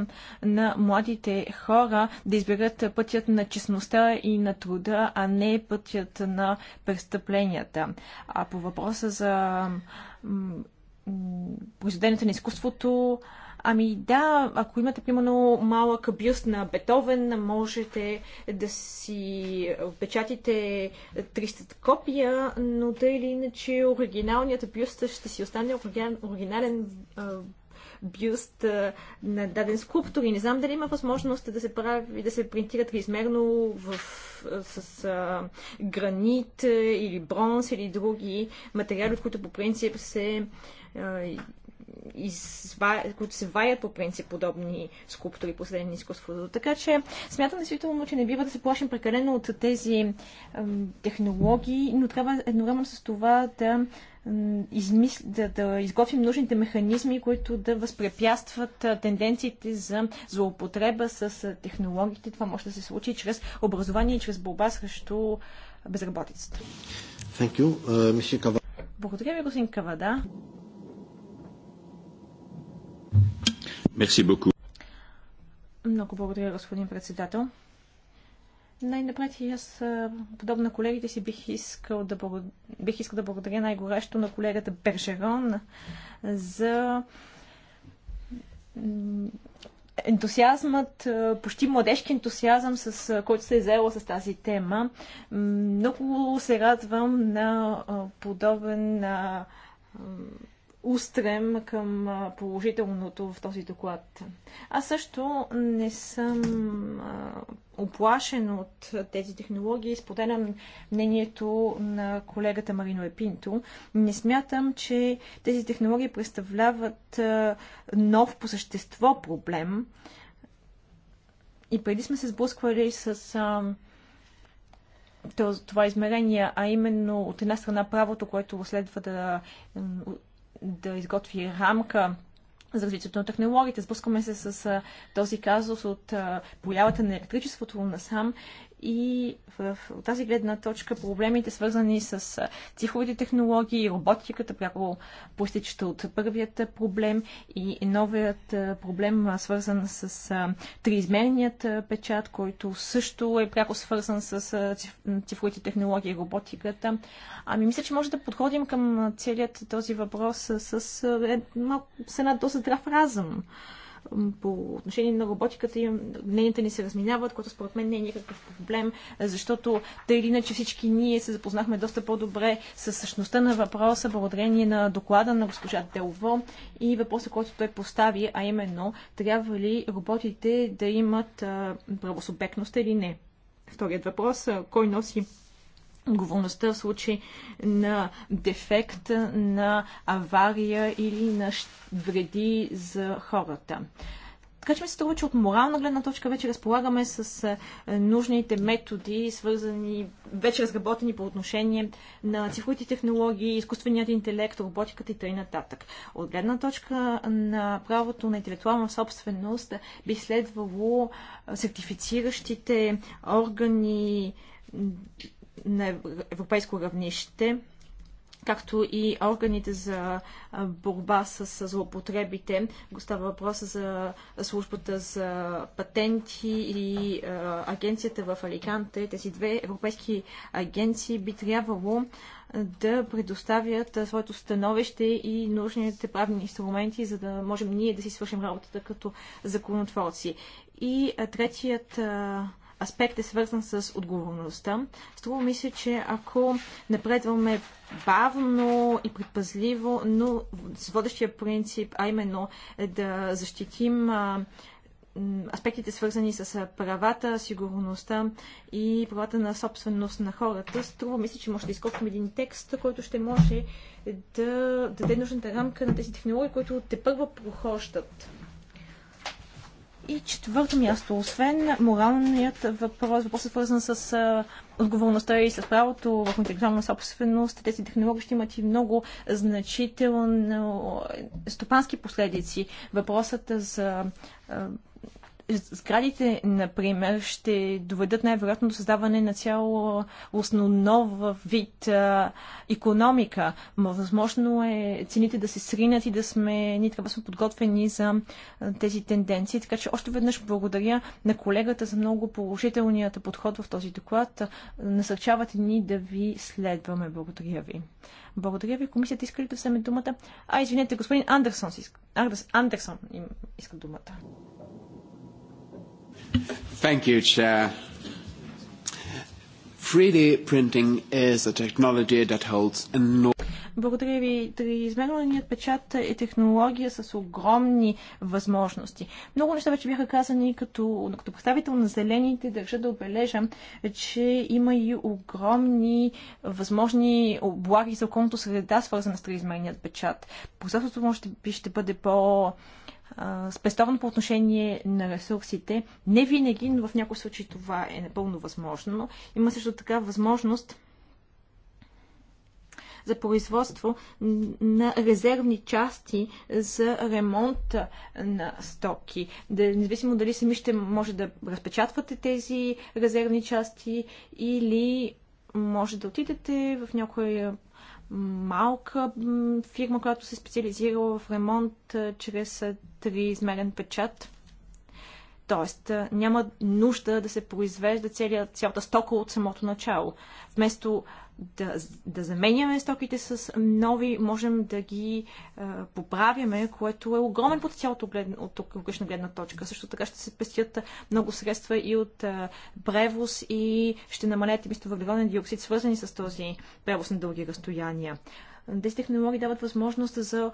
на младите хора да изберат пътят на честността и на труда, а не пътят на престъпленията. А по въпроса за произведението на изкуството, Ами да, ако имате, примерно, малък бюст на Бетовен, можете да си печатите 300 копия, но да или иначе оригиналният бюст ще си остане оригинален бюст на даден скулптор и не знам дали има възможност да се прави, да се принтира триизмерно в, с а, гранит или бронз или други материали, от които по принцип се изва... които се ваят по принцип подобни скулптури последни изкуството. Така че смятам действително, че не бива да се плашим прекалено от тези ем, технологии, но трябва едновременно с това да да, да изготвим нужните механизми, които да възпрепятстват тенденциите за злоупотреба с технологиите. Това може да се случи чрез образование и чрез борба срещу безработицата. Thank you. Uh, Благодаря ви, господин Кавада. Merci beaucoup. Много благодаря, господин председател. Най-напред и аз, подобно на колегите си, бих искал да, благ... бих искал да благодаря най-горещо на колегата Бержерон за ентусиазмът, почти младежки ентусиазъм, с който се е заела с тази тема. Много се радвам на подобен устрем към положителното в този доклад. Аз също не съм оплашен от тези технологии. Споделям мнението на колегата Марино Епинто. Не смятам, че тези технологии представляват нов по същество проблем. И преди сме се сблъсквали с това измерение, а именно от една страна правото, което следва да да изготви рамка за развитието на технологиите. Сблъскваме се с този казус от появата на електричеството насам и в, от тази гледна точка проблемите, свързани с цифровите технологии и роботиката, пряко постичат от първият проблем и новият проблем, свързан с триизмерният печат, който също е пряко свързан с цифровите технологии и роботиката. Ами мисля, че може да подходим към целият този въпрос с, с, е, малко, с една доза здрав разум. По отношение на роботиката им, мненията ни се разминават, което според мен не е никакъв проблем, защото тъй или иначе всички ние се запознахме доста по-добре с същността на въпроса, благодарение на доклада на госпожа Делво и въпроса, който той постави, а именно трябва ли роботите да имат правосубектност или не. Вторият въпрос, кой носи отговорността в случай на дефект, на авария или на вреди за хората. Така че ми се струва, че от морална гледна точка вече разполагаме с е, нужните методи, свързани, вече разработени по отношение на цифровите технологии, изкуственият интелект, роботиката и т.н. От гледна точка на правото на интелектуална собственост би следвало е, сертифициращите органи на европейско равнище, както и органите за борба с злоупотребите. Става въпроса за службата за патенти и агенцията в Аликанте. Тези две европейски агенции би трябвало да предоставят своето становище и нужните правни инструменти, за да можем ние да си свършим работата като законотворци. И третият аспект е свързан с отговорността. Струва ми се, че ако напредваме бавно и предпазливо, но с водещия принцип, а именно е да защитим аспектите свързани с правата, сигурността и правата на собственост на хората, струва мисля, че може да изкопим един текст, който ще може да даде нужната рамка на тези технологии, които те първо прохождат. И четвърто място, освен моралният въпрос, въпросът е свързан с а, отговорността и с правото в интелектуална собственост, тези технологии ще имат и много значително стопански последици. Въпросът за а, сградите, например, ще доведат най-вероятно до създаване на цяло основнов вид а, економика. Възможно е цените да се сринат и да сме, ние трябва да сме подготвени за тези тенденции. Така че още веднъж благодаря на колегата за много положителният подход в този доклад. Насърчавате ни да ви следваме. Благодаря ви. Благодаря ви. Комисията иска ли да вземе думата? А, извинете, господин Андерсон, Андерсон иска думата. Thank you, Chair. 3D printing is a technology that holds enormous... Благодаря ви. Триизмерният печат е технология с огромни възможности. Много неща вече бяха казани, като, като представител на зелените държа да отбележа, че има и огромни възможни облаги за околното среда, свързана с триизмерният печат. Посредството може би ще бъде по- спестовно по отношение на ресурсите. Не винаги, но в някои случаи това е напълно възможно. Има също така възможност за производство на резервни части за ремонт на стоки. Да, независимо дали сами ще може да разпечатвате тези резервни части или може да отидете в някоя малка фирма, която се специализира в ремонт чрез триизмерен печат. Тоест, няма нужда да се произвежда цялата стока от самото начало. Вместо да, да заменяме стоките с нови, можем да ги е, поправяме, което е огромен потенциал от, глед, от екологична гледна точка. Също така ще се пестят много средства и от е, превоз и ще намалят емисто въглероден диоксид, свързани с този превоз на дълги разстояния. Тези технологии дават възможност за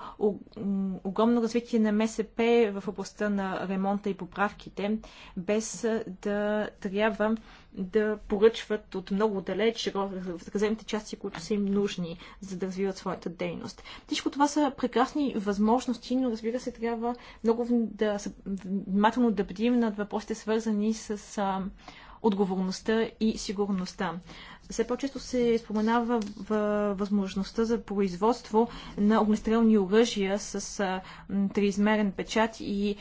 огромно развитие на МСП в областта на ремонта и поправките, без да трябва да поръчват от много далеч заказаните части, които са им нужни, за да развиват своята дейност. Всичко това са прекрасни възможности, но разбира се, трябва много да внимателно да бдим над въпросите, свързани с а, отговорността и сигурността все по-често се споменава възможността за производство на огнестрелни оръжия с триизмерен печат и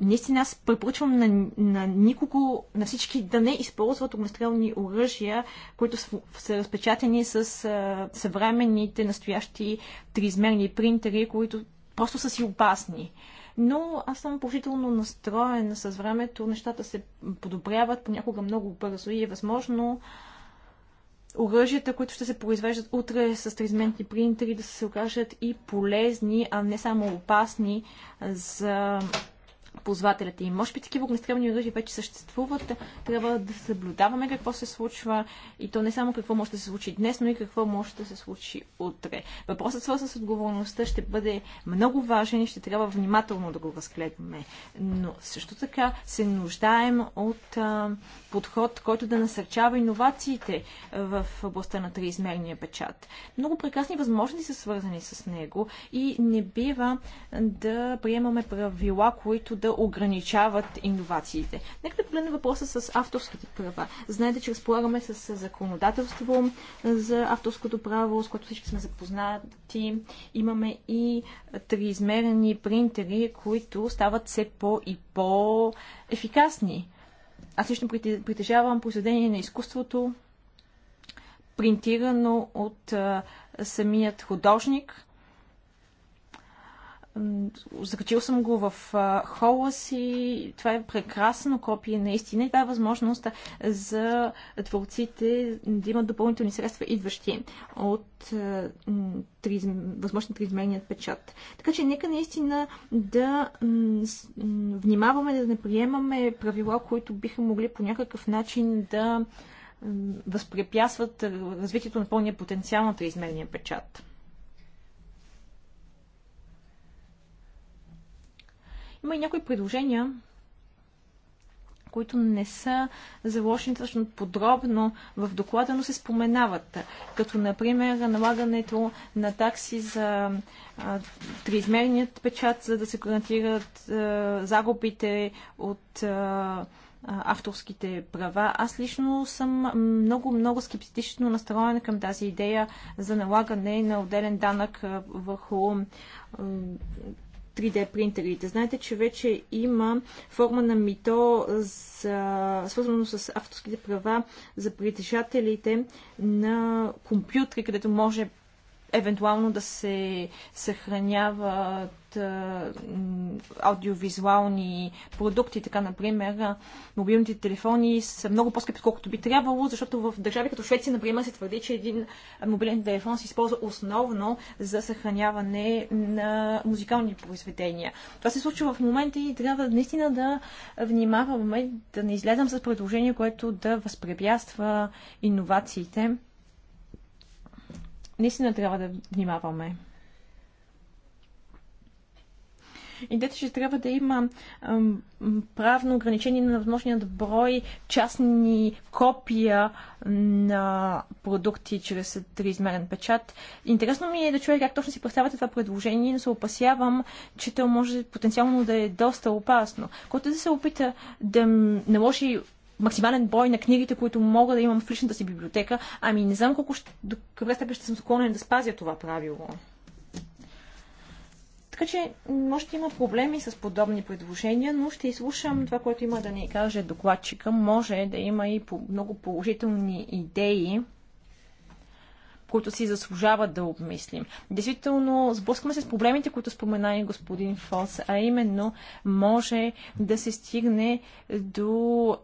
наистина аз препоръчвам на, на никого, на всички да не използват огнестрелни оръжия, които са, са разпечатани с а, съвременните настоящи триизмерни принтери, които просто са си опасни но аз съм положително настроен с времето, нещата се подобряват понякога много бързо и е възможно оръжията, които ще се произвеждат утре с тризментни принтери, да се окажат и полезни, а не само опасни за ползвателят и Може би такива огнестрелни оръжия вече съществуват. Трябва да съблюдаваме какво се случва и то не само какво може да се случи днес, но и какво може да се случи утре. Въпросът свързан с отговорността ще бъде много важен и ще трябва внимателно да го разгледаме. Но също така се нуждаем от а, подход, който да насърчава иновациите в областта на триизмерния печат. Много прекрасни възможности са свързани с него и не бива да приемаме правила, които да да ограничават иновациите. Нека да погледнем въпроса с авторските права. Знаете, че разполагаме с законодателство за авторското право, с което всички сме запознати. Имаме и триизмерени принтери, които стават все по- и по-ефикасни. Аз лично притежавам произведение на изкуството, принтирано от а, самият художник. Закачил съм го в хола си. Това е прекрасно копие наистина и дава е възможност за творците да имат допълнителни средства, идващи от три, възможно триизмерният печат. Така че нека наистина да внимаваме, да не приемаме правила, които биха могли по някакъв начин да възпрепятстват развитието на пълния потенциал на триизмерния печат. Има и някои предложения, които не са заложени точно подробно в доклада, но се споменават. Като, например, налагането на такси за триизмерният печат, за да се гарантират а, загубите от а, авторските права. Аз лично съм много-много скептично настроена към тази идея за налагане на отделен данък върху 3D принтерите. Знаете, че вече има форма на мито, за, свързано с авторските права за притежателите на компютри, където може евентуално да се съхраняват аудиовизуални продукти, така например мобилните телефони са много по-скъпи, колкото би трябвало, защото в държави като Швеция, например, се твърди, че един мобилен телефон се използва основно за съхраняване на музикални произведения. Това се случва в момента и трябва наистина да внимаваме да не излезам с предложение, което да възпрепятства иновациите наистина трябва да внимаваме. Идете, че трябва да има ам, правно ограничение на възможният брой частни копия на продукти чрез триизмерен печат. Интересно ми е да чуя как точно си представяте това предложение, но се опасявам, че то може потенциално да е доста опасно. Който да се опита да наложи максимален брой на книгите, които мога да имам в личната си библиотека. Ами не знам колко ще, до каква степен ще съм склонен да спазя това правило. Така че може да има проблеми с подобни предложения, но ще изслушам това, което има да ни каже докладчика. Може да има и много положителни идеи които си заслужават да обмислим. Действително, сблъскваме се с проблемите, които спомена и господин Фос, а именно може да се стигне до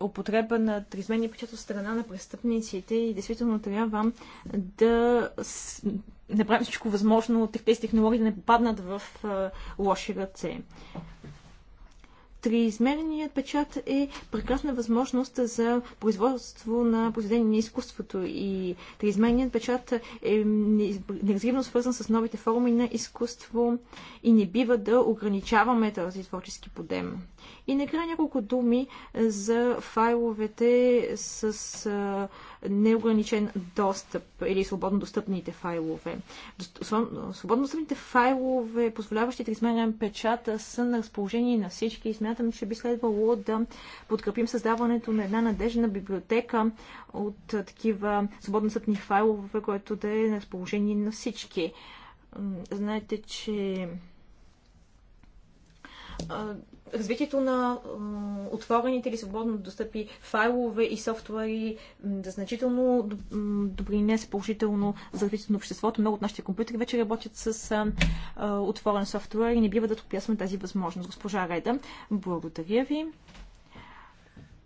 употреба на тризменния печат от страна на престъпниците и действително трябва да направим всичко възможно тези технологии да не попаднат в лоши ръце. Триизмерният печат е прекрасна възможност за производство на произведение на изкуството и триизмерният печат е неразривно свързан с новите форми на изкуство и не бива да ограничаваме този творчески подем. И накрая няколко думи за файловете с неограничен достъп или свободно достъпните файлове. Свободно достъпните файлове, позволяващи тризмерен печат, са на разположение на всички и смятам, че би следвало да подкрепим създаването на една надежна библиотека от такива свободно достъпни файлове, което да е на разположение на всички. Знаете, че развитието на отворените или свободно достъпи файлове и софтуери да значително допринесе положително за развитието на обществото. Много от нашите компютъри вече работят с отворен софтуер и не бива да отпясваме тази възможност. Госпожа Реда, благодаря ви.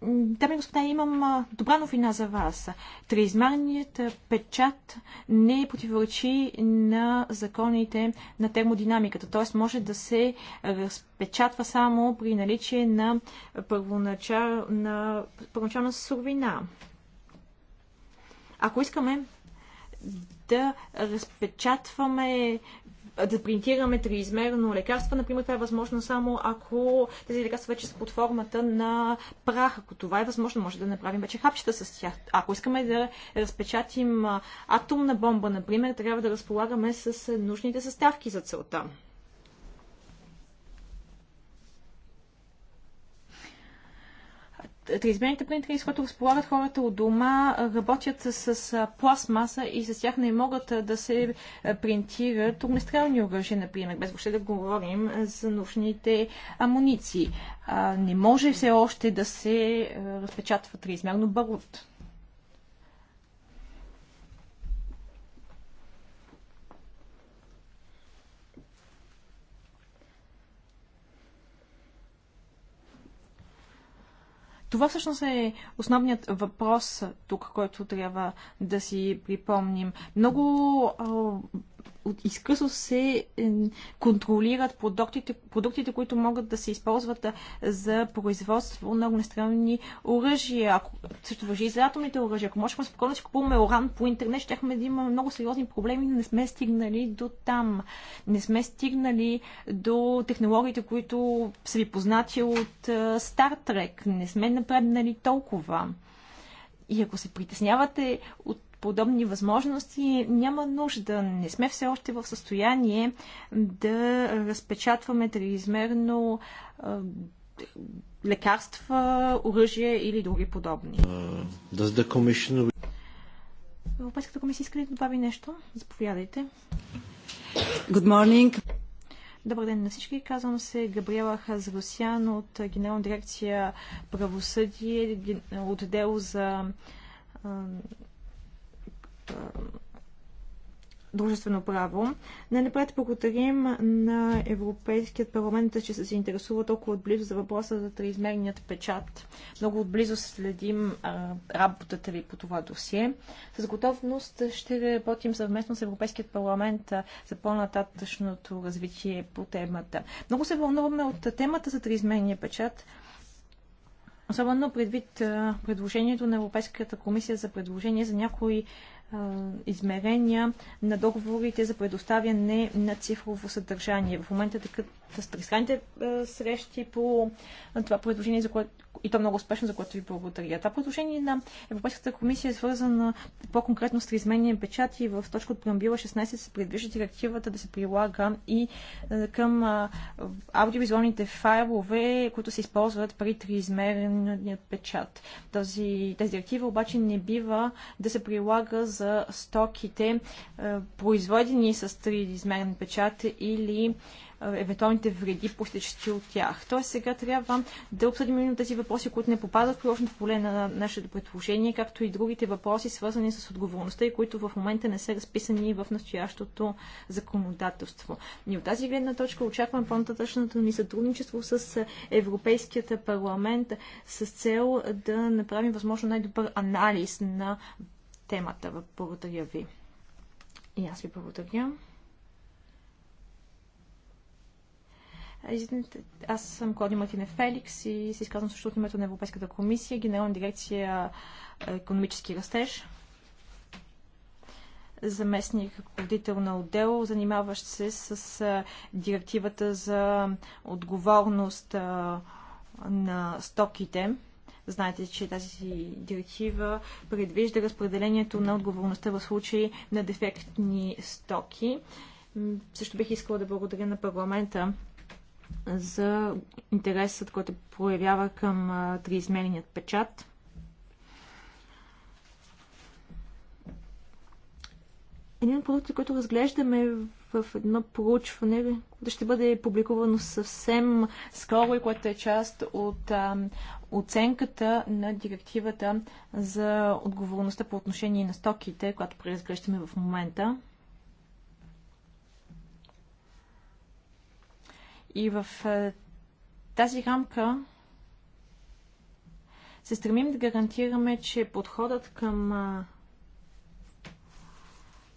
Дами и господа, имам добра новина за вас. Триизмерният печат не противоречи на законите на термодинамиката, т.е. може да се разпечатва само при наличие на, първоначал, на първоначална суровина. Ако искаме да разпечатваме да принтираме триизмерно лекарство. Например, това е възможно само ако тези лекарства вече са под формата на прах. Ако това е възможно, може да направим вече хапчета с тях. Ако искаме да разпечатим атомна бомба, например, трябва да разполагаме с нужните съставки за целта. Триизмерните принтери, с които разполагат хората от дома, работят с, с пластмаса и с тях не могат да се принтират огнестрелни оръжия, например, без въобще да говорим за нужните амуниции. Не може все още да се разпечатва триизмерно барут. Това всъщност е основният въпрос тук, който трябва да си припомним. Много изкъсо се е, контролират продуктите, продуктите, които могат да се използват за производство на огнестрелни оръжия. Ако също въжи и за атомните оръжия, ако можехме спокойно да си купуваме уран по интернет, щяхме да имаме много сериозни проблеми, но не сме стигнали до там. Не сме стигнали до технологиите, които са ви познати от Star Trek. Не сме напреднали толкова. И ако се притеснявате от подобни възможности няма нужда. Не сме все още в състояние да разпечатваме триизмерно лекарства, оръжие или други подобни. Европейската комисия иска ли да добави нещо? Заповядайте. Good morning. Добър ден на всички. Казвам се Габриела Хазросян от Генерална дирекция правосъдие, отдел за дружествено право. Не напред благодарим на Европейският парламент, че се интересува толкова отблизо за въпроса за триизмерният печат. Много отблизо следим а, работата ви по това досие. С готовност ще работим съвместно с Европейският парламент за по-нататъчното развитие по темата. Много се вълнуваме от темата за триизмерния печат. Особено предвид а, предложението на Европейската комисия за предложение за някои измерения на договорите за предоставяне на цифрово съдържание. В момента такът с тристранните е, срещи по е, това предложение, за което и то много успешно, за което ви благодаря. Това предложение на Европейската комисия е свързано по-конкретно с триизменния печат и в точка от преамбила 16 се предвижда директивата да се прилага и е, към аудиовизуалните файлове, които се използват при триизмерния печат. Този, тази директива обаче не бива да се прилага за стоките, произведени с триизмерен печат или евентуалните вреди, постичащи от тях. Тоест сега трябва да обсъдим именно тези въпроси, които не попадат в приложното поле на нашето предложение, както и другите въпроси, свързани с отговорността и които в момента не са разписани в настоящото законодателство. И от тази гледна точка очаквам по-нататъчното ни сътрудничество с Европейският парламент с цел да направим възможно най-добър анализ на темата. Благодаря ви. И аз ви благодаря. Аз съм Клоди Мартине Феликс и се изказвам също от името на Европейската комисия, Генерална дирекция економически растеж заместник ръководител на отдел, занимаващ се с директивата за отговорност на стоките. Знаете, че тази директива предвижда разпределението на отговорността в случай на дефектни стоки. Също бих искала да благодаря на парламента за интересът, който проявява към триизмерният печат. Един от продуктите, който разглеждаме в едно проучване, което ще бъде публикувано съвсем скоро и което е част от а, оценката на директивата за отговорността по отношение на стоките, която преразглеждаме в момента. И в е, тази рамка се стремим да гарантираме, че подходът към е,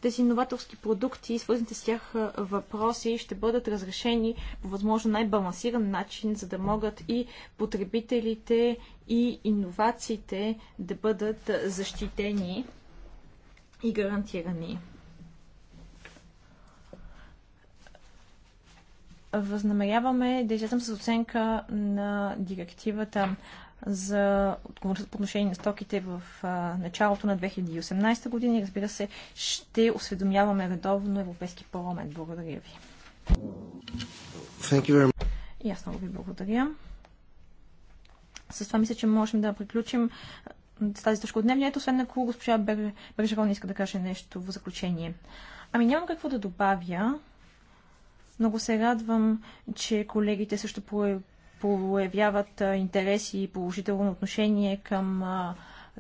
тези новаторски продукти и свързаните с тях е, въпроси ще бъдат разрешени по възможно най-балансиран начин, за да могат и потребителите и иновациите да бъдат защитени и гарантирани. възнамеряваме да излезем с оценка на директивата за отговорност по отношение на стоките в началото на 2018 година и разбира се ще осведомяваме редовно Европейски парламент. Благодаря ви. Thank you very much. И аз много ви благодаря. С това мисля, че можем да приключим с тази точка от дневния, освен ако госпожа Бер... Бержерон иска да каже нещо в заключение. Ами нямам какво да добавя. Много се радвам, че колегите също проявяват интерес и положително отношение към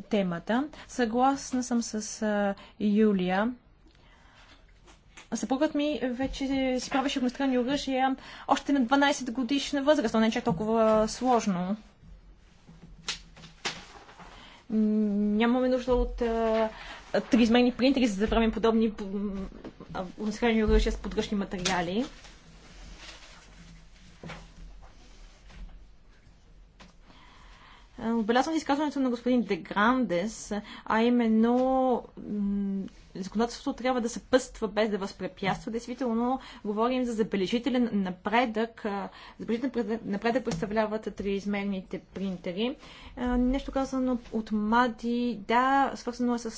темата. Съгласна съм с Юлия. Съпругът ми вече си правеше огнестрелни оръжия още на 12 годишна възраст, но не е толкова сложно. Нямаме нужда от а, тризмерни принтери, за да правим подобни огнестрелни оръжия с подръчни материали. Е, отбелязвам изказването на господин Деграндес, а именно законодателството трябва да се пъства без да възпрепятства. Действително, говорим за забележителен напредък. Е, забележителен напредък представляват триизмерните принтери. Е, нещо казано от МАДИ, да, свързано е с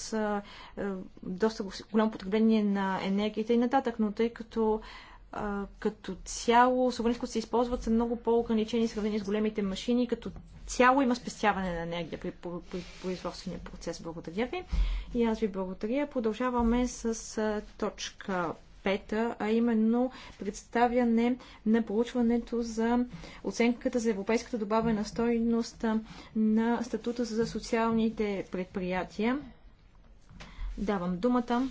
доста голямо потребление на енергията и нататък, но тъй като а, като цяло суверенски, които се използват, са много по-ограничени сравнени с големите машини. Като цяло има спестяване на енергия при, при, при производствения процес. Благодаря ви. И аз ви благодаря. Продължаваме с а, точка пета, а именно представяне на получването за оценката за европейската добавена стойност на статута за социалните предприятия. Давам думата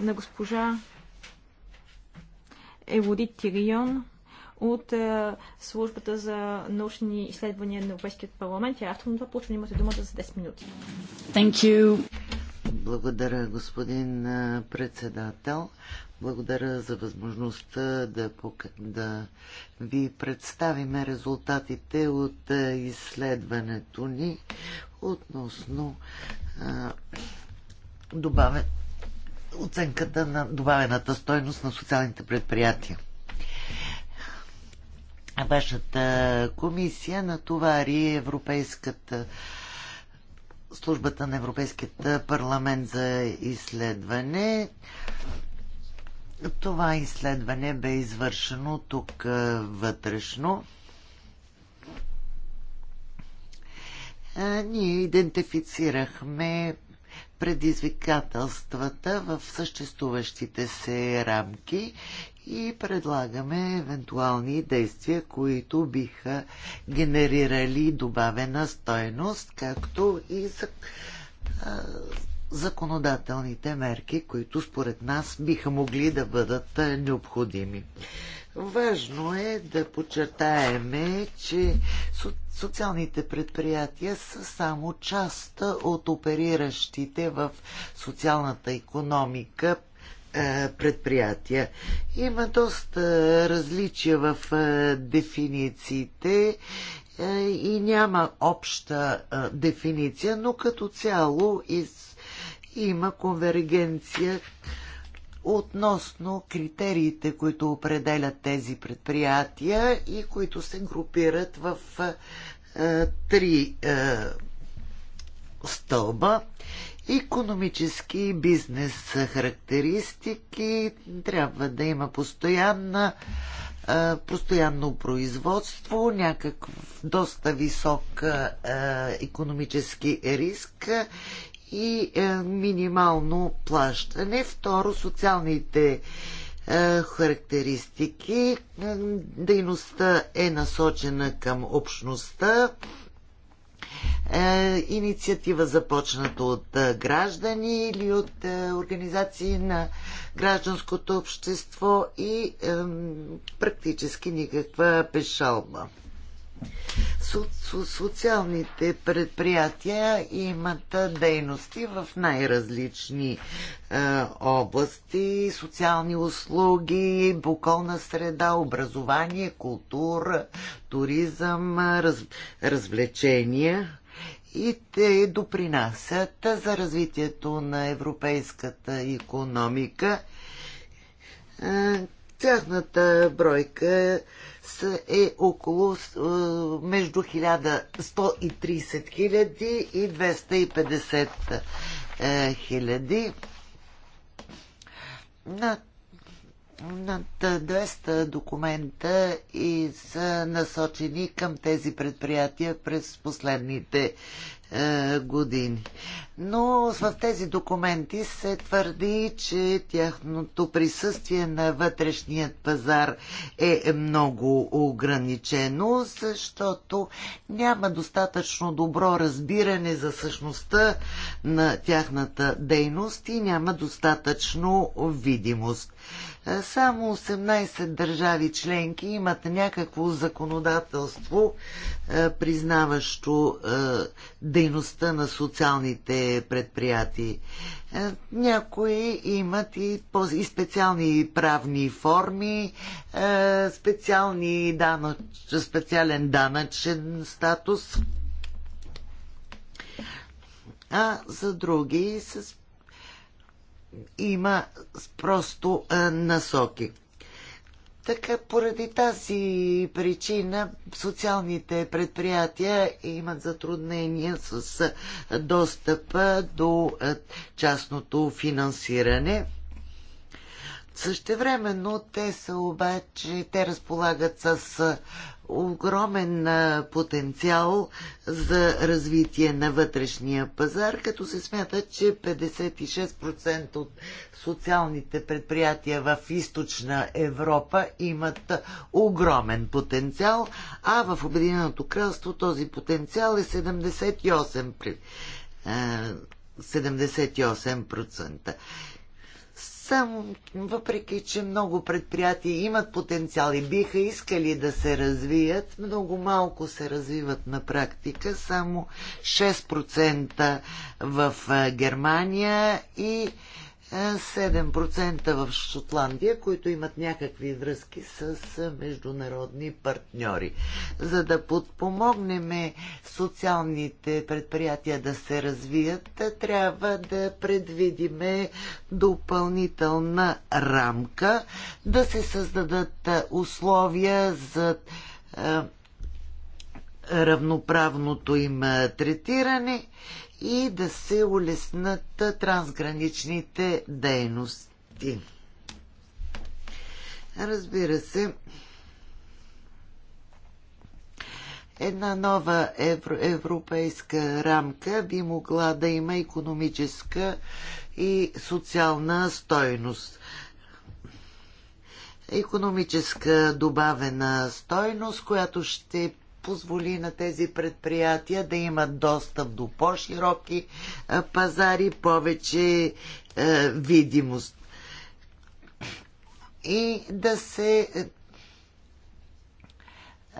на госпожа Еводит Тирион от е, службата за научни изследвания на Европейският парламент. Тя автор на това получване. Имате думата за 10 минути. Thank you. Благодаря, господин е, председател. Благодаря за възможността да, да ви представиме резултатите от е, изследването ни относно а, е, добавя, оценката на добавената стойност на социалните предприятия. Вашата комисия натовари Европейската службата на Европейският парламент за изследване. Това изследване бе извършено тук вътрешно. Ние идентифицирахме предизвикателствата в съществуващите се рамки и предлагаме евентуални действия, които биха генерирали добавена стойност, както и за, а, законодателните мерки, които според нас биха могли да бъдат необходими. Важно е да подчертаеме, че социалните предприятия са само част от опериращите в социалната економика е, предприятия. Има доста различия в е, дефинициите е, и няма обща дефиниция, но като цяло из... има конвергенция относно критериите, които определят тези предприятия и които се групират в е, е, три е, стълба. Економически и бизнес характеристики трябва да има постоянна постоянно производство, някакъв доста висок економически риск и е, минимално плащане. Второ, социалните е, характеристики. Е, дейността е насочена към общността. Инициатива започната от граждани или от организации на гражданското общество и практически никаква пешалба социалните предприятия имат дейности в най-различни области социални услуги, буколна среда, образование, култура, туризъм, раз, развлечения и те допринасят за развитието на европейската економика Тяхната бройка е около е, между 1130 хиляди и 250 е, хиляди. Над, над 200 документа и са насочени към тези предприятия през последните е, години. Но в тези документи се твърди, че тяхното присъствие на вътрешният пазар е много ограничено, защото няма достатъчно добро разбиране за същността на тяхната дейност и няма достатъчно видимост. Е, само 18 държави членки имат някакво законодателство, е, признаващо дейността дейността на социалните предприятия. Е, някои имат и, и специални правни форми, е, специални данъч, специален данъчен статус, а за други с, има просто е, насоки. Така, поради тази причина социалните предприятия имат затруднения с достъпа до частното финансиране. Същевременно те са обаче, те разполагат с огромен потенциал за развитие на вътрешния пазар, като се смята, че 56% от социалните предприятия в източна Европа имат огромен потенциал, а в Обединеното кралство този потенциал е 78%. 78%. Само въпреки, че много предприятия имат потенциал и биха искали да се развият, много малко се развиват на практика, само 6% в Германия и 7% в Шотландия, които имат някакви връзки с международни партньори. За да подпомогнем социалните предприятия да се развият, трябва да предвидиме допълнителна рамка, да се създадат условия за равноправното им третиране и да се улеснат трансграничните дейности. Разбира се, една нова евро, европейска рамка би могла да има економическа и социална стойност. Економическа добавена стойност, която ще позволи на тези предприятия да имат достъп до по-широки пазари, повече видимост и да се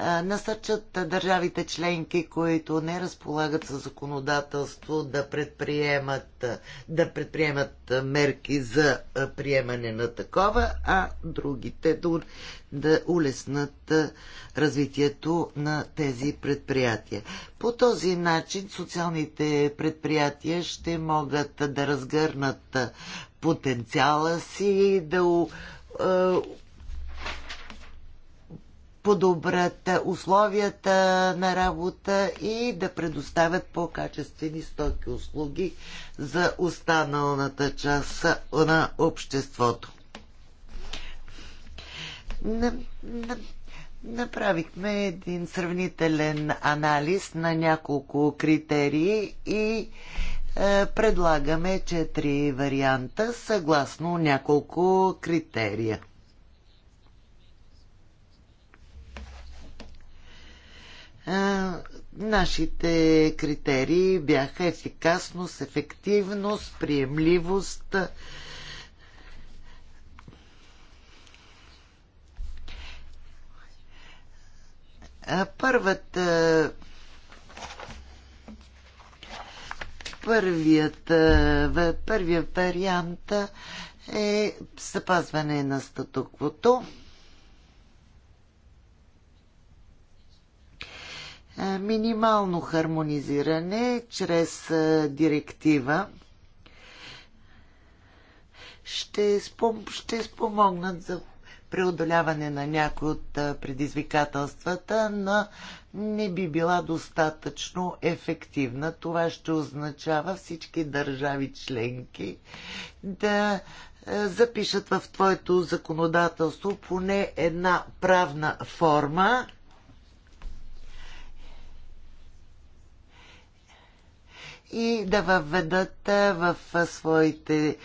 насърчат държавите членки, които не разполагат със законодателство, да предприемат, да предприемат мерки за приемане на такова, а другите да, да улеснат развитието на тези предприятия. По този начин социалните предприятия ще могат да разгърнат потенциала си, да подобрят условията на работа и да предоставят по-качествени стоки услуги за останалната част на обществото. Направихме един сравнителен анализ на няколко критерии и предлагаме четири варианта съгласно няколко критерия. нашите критерии бяха ефикасност, ефективност, приемливост. Първата първият, първият вариант е запазване на статуквото. Е, минимално хармонизиране чрез е, директива ще, спом, ще спомогнат за преодоляване на някои от е, предизвикателствата, но не би била достатъчно ефективна. Това ще означава всички държави членки да запишат в твоето законодателство поне една правна форма, и да въведат в своите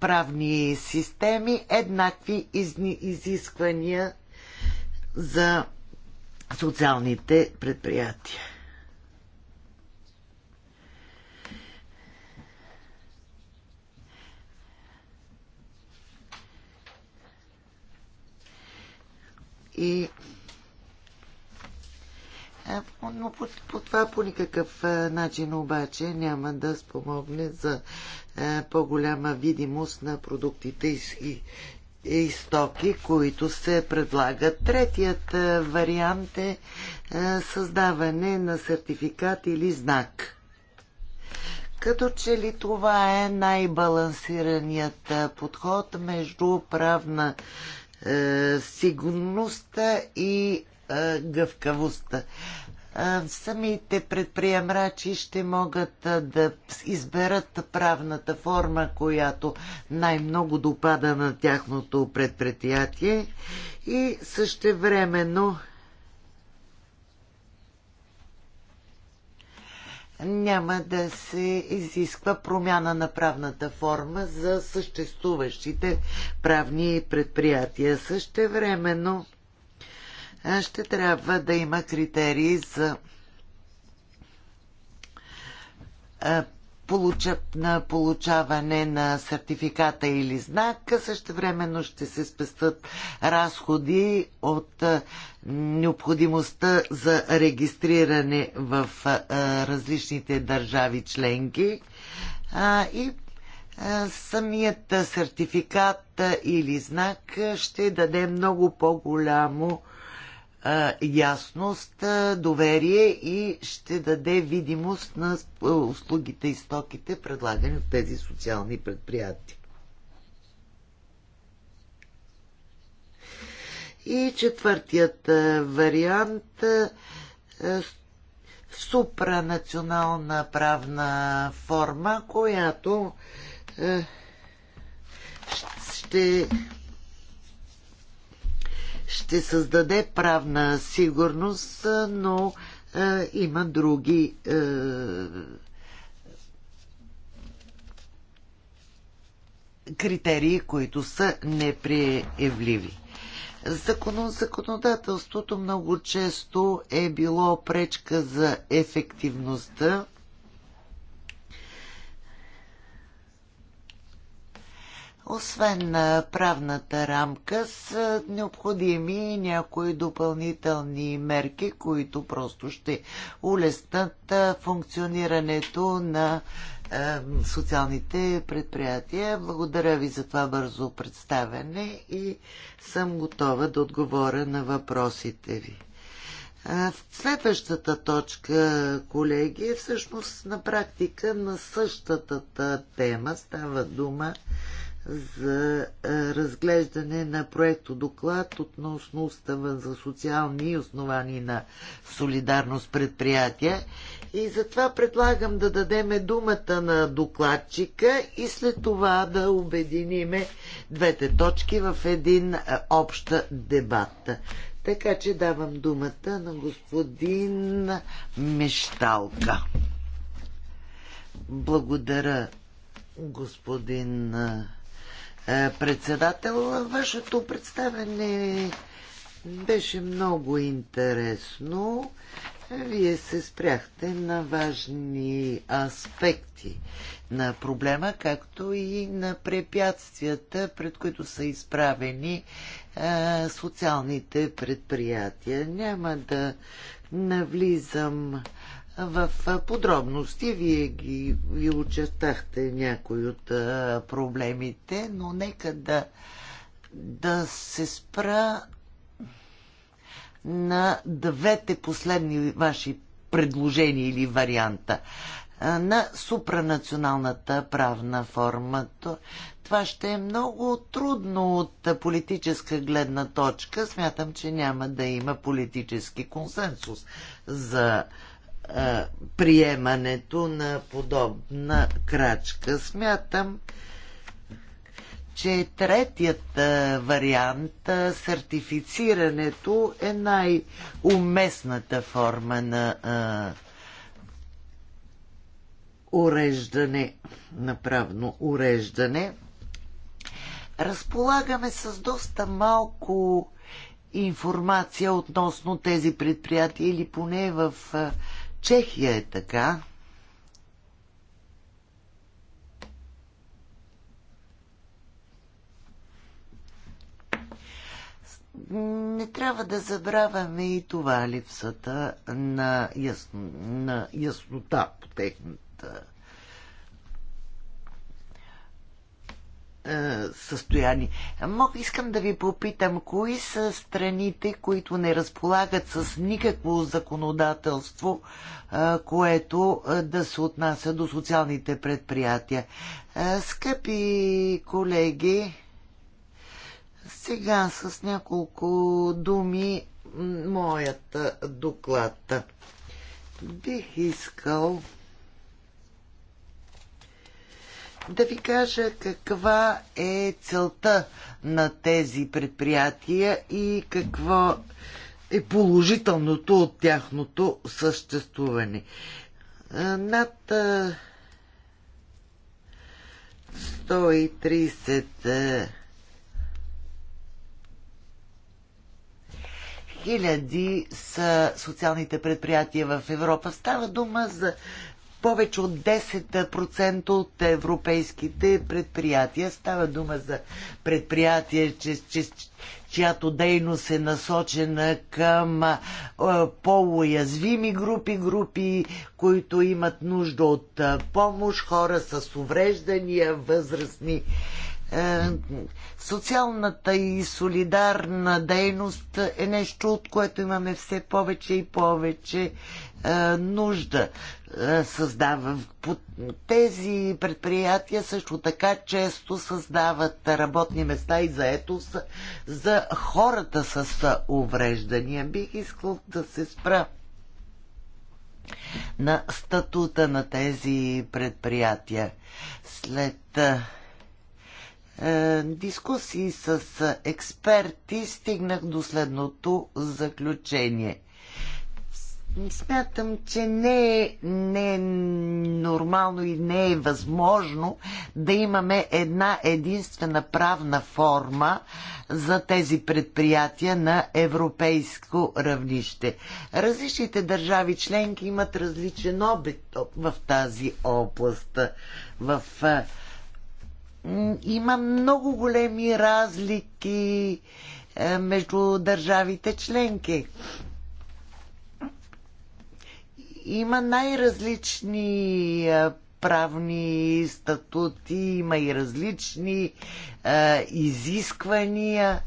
правни системи еднакви изисквания за социалните предприятия. И но по, по това по никакъв начин обаче няма да спомогне за по-голяма видимост на продуктите и, и стоки, които се предлагат. Третият вариант е създаване на сертификат или знак. Като че ли това е най-балансираният подход между правна сигурността и гъвкавостта. Самите предприемрачи ще могат да изберат правната форма, която най-много допада на тяхното предприятие и същевременно няма да се изисква промяна на правната форма за съществуващите правни предприятия. Същевременно ще трябва да има критерии за на получаване на сертификата или знак. Същевременно ще се спестат разходи от необходимостта за регистриране в различните държави членки и самият сертификат или знак ще даде много по-голямо ясност, доверие и ще даде видимост на услугите и стоките, предлагани от тези социални предприятия. И четвъртият вариант супранационална правна форма, която ще ще създаде правна сигурност, но е, има други е, критерии, които са неприявливи. Закон, законодателството много често е било пречка за ефективността Освен правната рамка са необходими някои допълнителни мерки, които просто ще улеснат функционирането на социалните предприятия. Благодаря ви за това бързо представяне и съм готова да отговоря на въпросите ви. В Следващата точка, колеги, е всъщност на практика на същата тема. Става дума за е, разглеждане на проекто доклад относно устава за социални основани на солидарност предприятия. И затова предлагам да дадеме думата на докладчика и след това да обединиме двете точки в един е, общ дебат. Така че давам думата на господин Мешталка. Благодаря, господин е, е, председател. Вашето представене беше много интересно. Вие се спряхте на важни аспекти на проблема, както и на препятствията, пред които са изправени а, е, социалните предприятия. Няма да навлизам в подробности. Вие ги ви очертахте някои от проблемите, но нека да, да се спра на двете последни ваши предложения или варианта на супранационалната правна форма. Това ще е много трудно от политическа гледна точка. Смятам, че няма да има политически консенсус за приемането на подобна крачка. Смятам, че третият вариант, сертифицирането, е най-уместната форма на уреждане, направно уреждане. Разполагаме с доста малко информация относно тези предприятия или поне в а, Чехия е така. не трябва да забравяме и това липсата на, ясно, на яснота по техната Е, състояние. Мог, искам да ви попитам, кои са страните, които не разполагат с никакво законодателство, е, което е, да се отнася до социалните предприятия. Скъпи колеги, сега с няколко думи моята доклад. Бих искал да ви кажа каква е целта на тези предприятия и какво е положителното от тяхното съществуване. Е, над 130 е, е, хиляди са социалните предприятия в Европа. Става дума за повече от 10% от европейските предприятия. Става дума за предприятия, че, че, чиято дейност е насочена към по-уязвими групи, групи, които имат нужда от помощ, хора с увреждания, възрастни. Е, социалната и солидарна дейност е нещо, от което имаме все повече и повече е, нужда. Е, създава. Тези предприятия също така често създават работни места и заетост за хората с увреждания. Бих искал да се спра на статута на тези предприятия. След е, е дискусии с експерти стигнах до следното заключение. Смятам, че не е, не е нормално и не е възможно да имаме една единствена правна форма за тези предприятия на европейско равнище. Различните държави членки имат различен обид в тази област. В, има много големи разлики между държавите членки има най-различни правни статути, има и различни а, изисквания.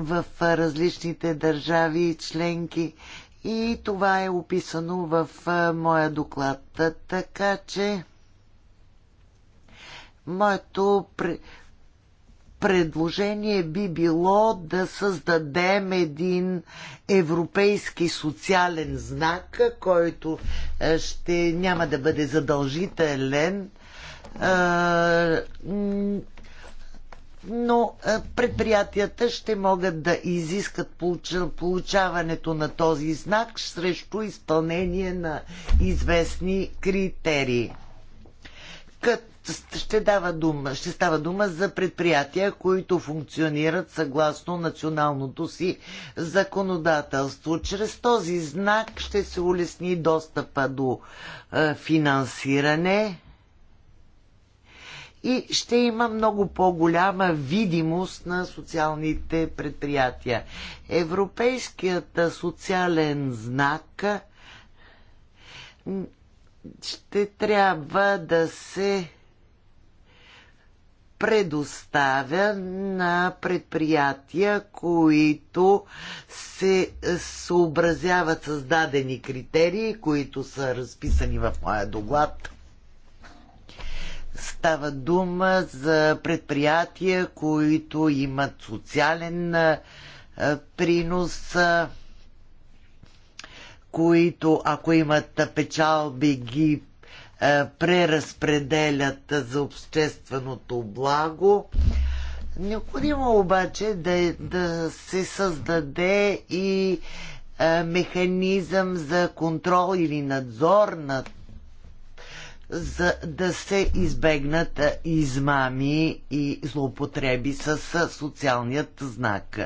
в различните държави и членки. И това е описано в моя доклад. Така че моето предложение би било да създадем един европейски социален знак, който е, ще няма да бъде задължителен, е, но е, предприятията ще могат да изискат получаването на този знак срещу изпълнение на известни критерии. Като ще, дава дума, ще става дума за предприятия, които функционират съгласно националното си законодателство. Чрез този знак ще се улесни достъпа до е, финансиране и ще има много по-голяма видимост на социалните предприятия. Европейският социален знак ще трябва да се предоставя на предприятия, които се съобразяват с дадени критерии, които са разписани в моя доклад. Става дума за предприятия, които имат социален принос, които ако имат печалби ги е, преразпределят за общественото благо. Необходимо обаче да, да се създаде и е, механизъм за контрол или надзор над за да се избегнат е, измами и злоупотреби с социалният знак.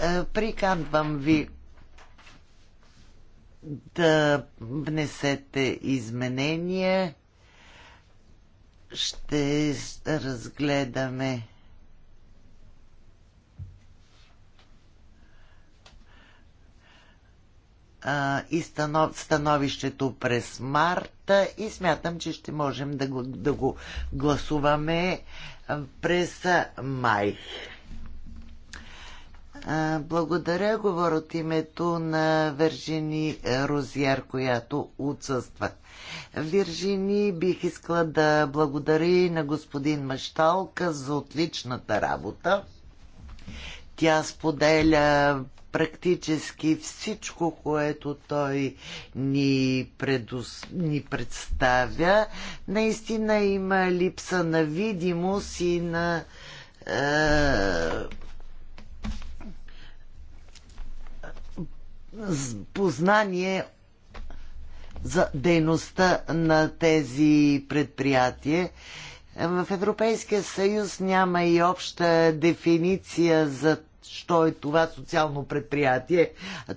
Е, приканвам ви да внесете изменения. Ще разгледаме и становището през марта и смятам, че ще можем да го, да го гласуваме през май. Благодаря, говоря от името на Вержини е, Розиер, която отсъства. Виржини бих искала да благодаря на господин Машталка за отличната работа. Тя споделя практически всичко, което той ни, предус... ни представя. Наистина има липса на видимост и на е познание за дейността на тези предприятия. В Европейския съюз няма и обща дефиниция за що е това социално предприятие.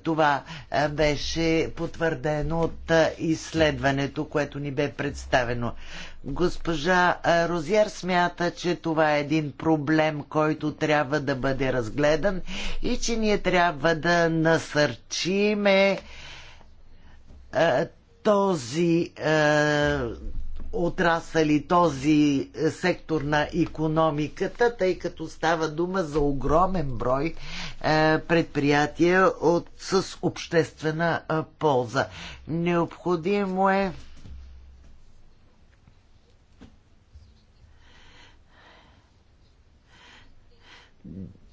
Това е, беше потвърдено от е, изследването, което ни бе представено. Госпожа Розиер смята, че това е един проблем, който трябва да бъде разгледан и че ние трябва да насърчиме този отрасъл и този сектор на економиката, тъй като става дума за огромен брой предприятия от, с обществена полза. Необходимо е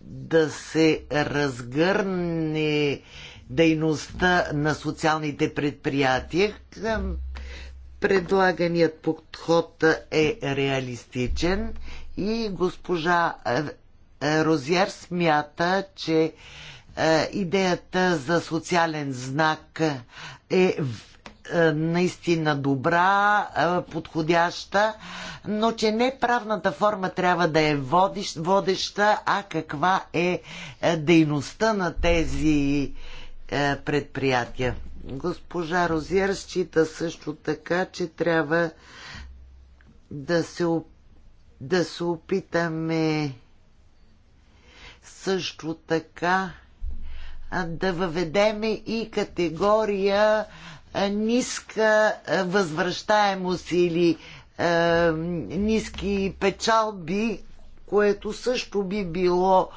да се разгърне дейността на социалните предприятия. Предлаганият подход е реалистичен и госпожа Розиер смята, че е, идеята за социален знак е е, наистина добра, е, подходяща, но че не правната форма трябва да е водеща, а каква е, е дейността на тези предприятия. Госпожа Розия разчита също така, че трябва да се, да се опитаме също така да въведеме и категория ниска е, възвръщаемост или е, ниски печалби, което също би било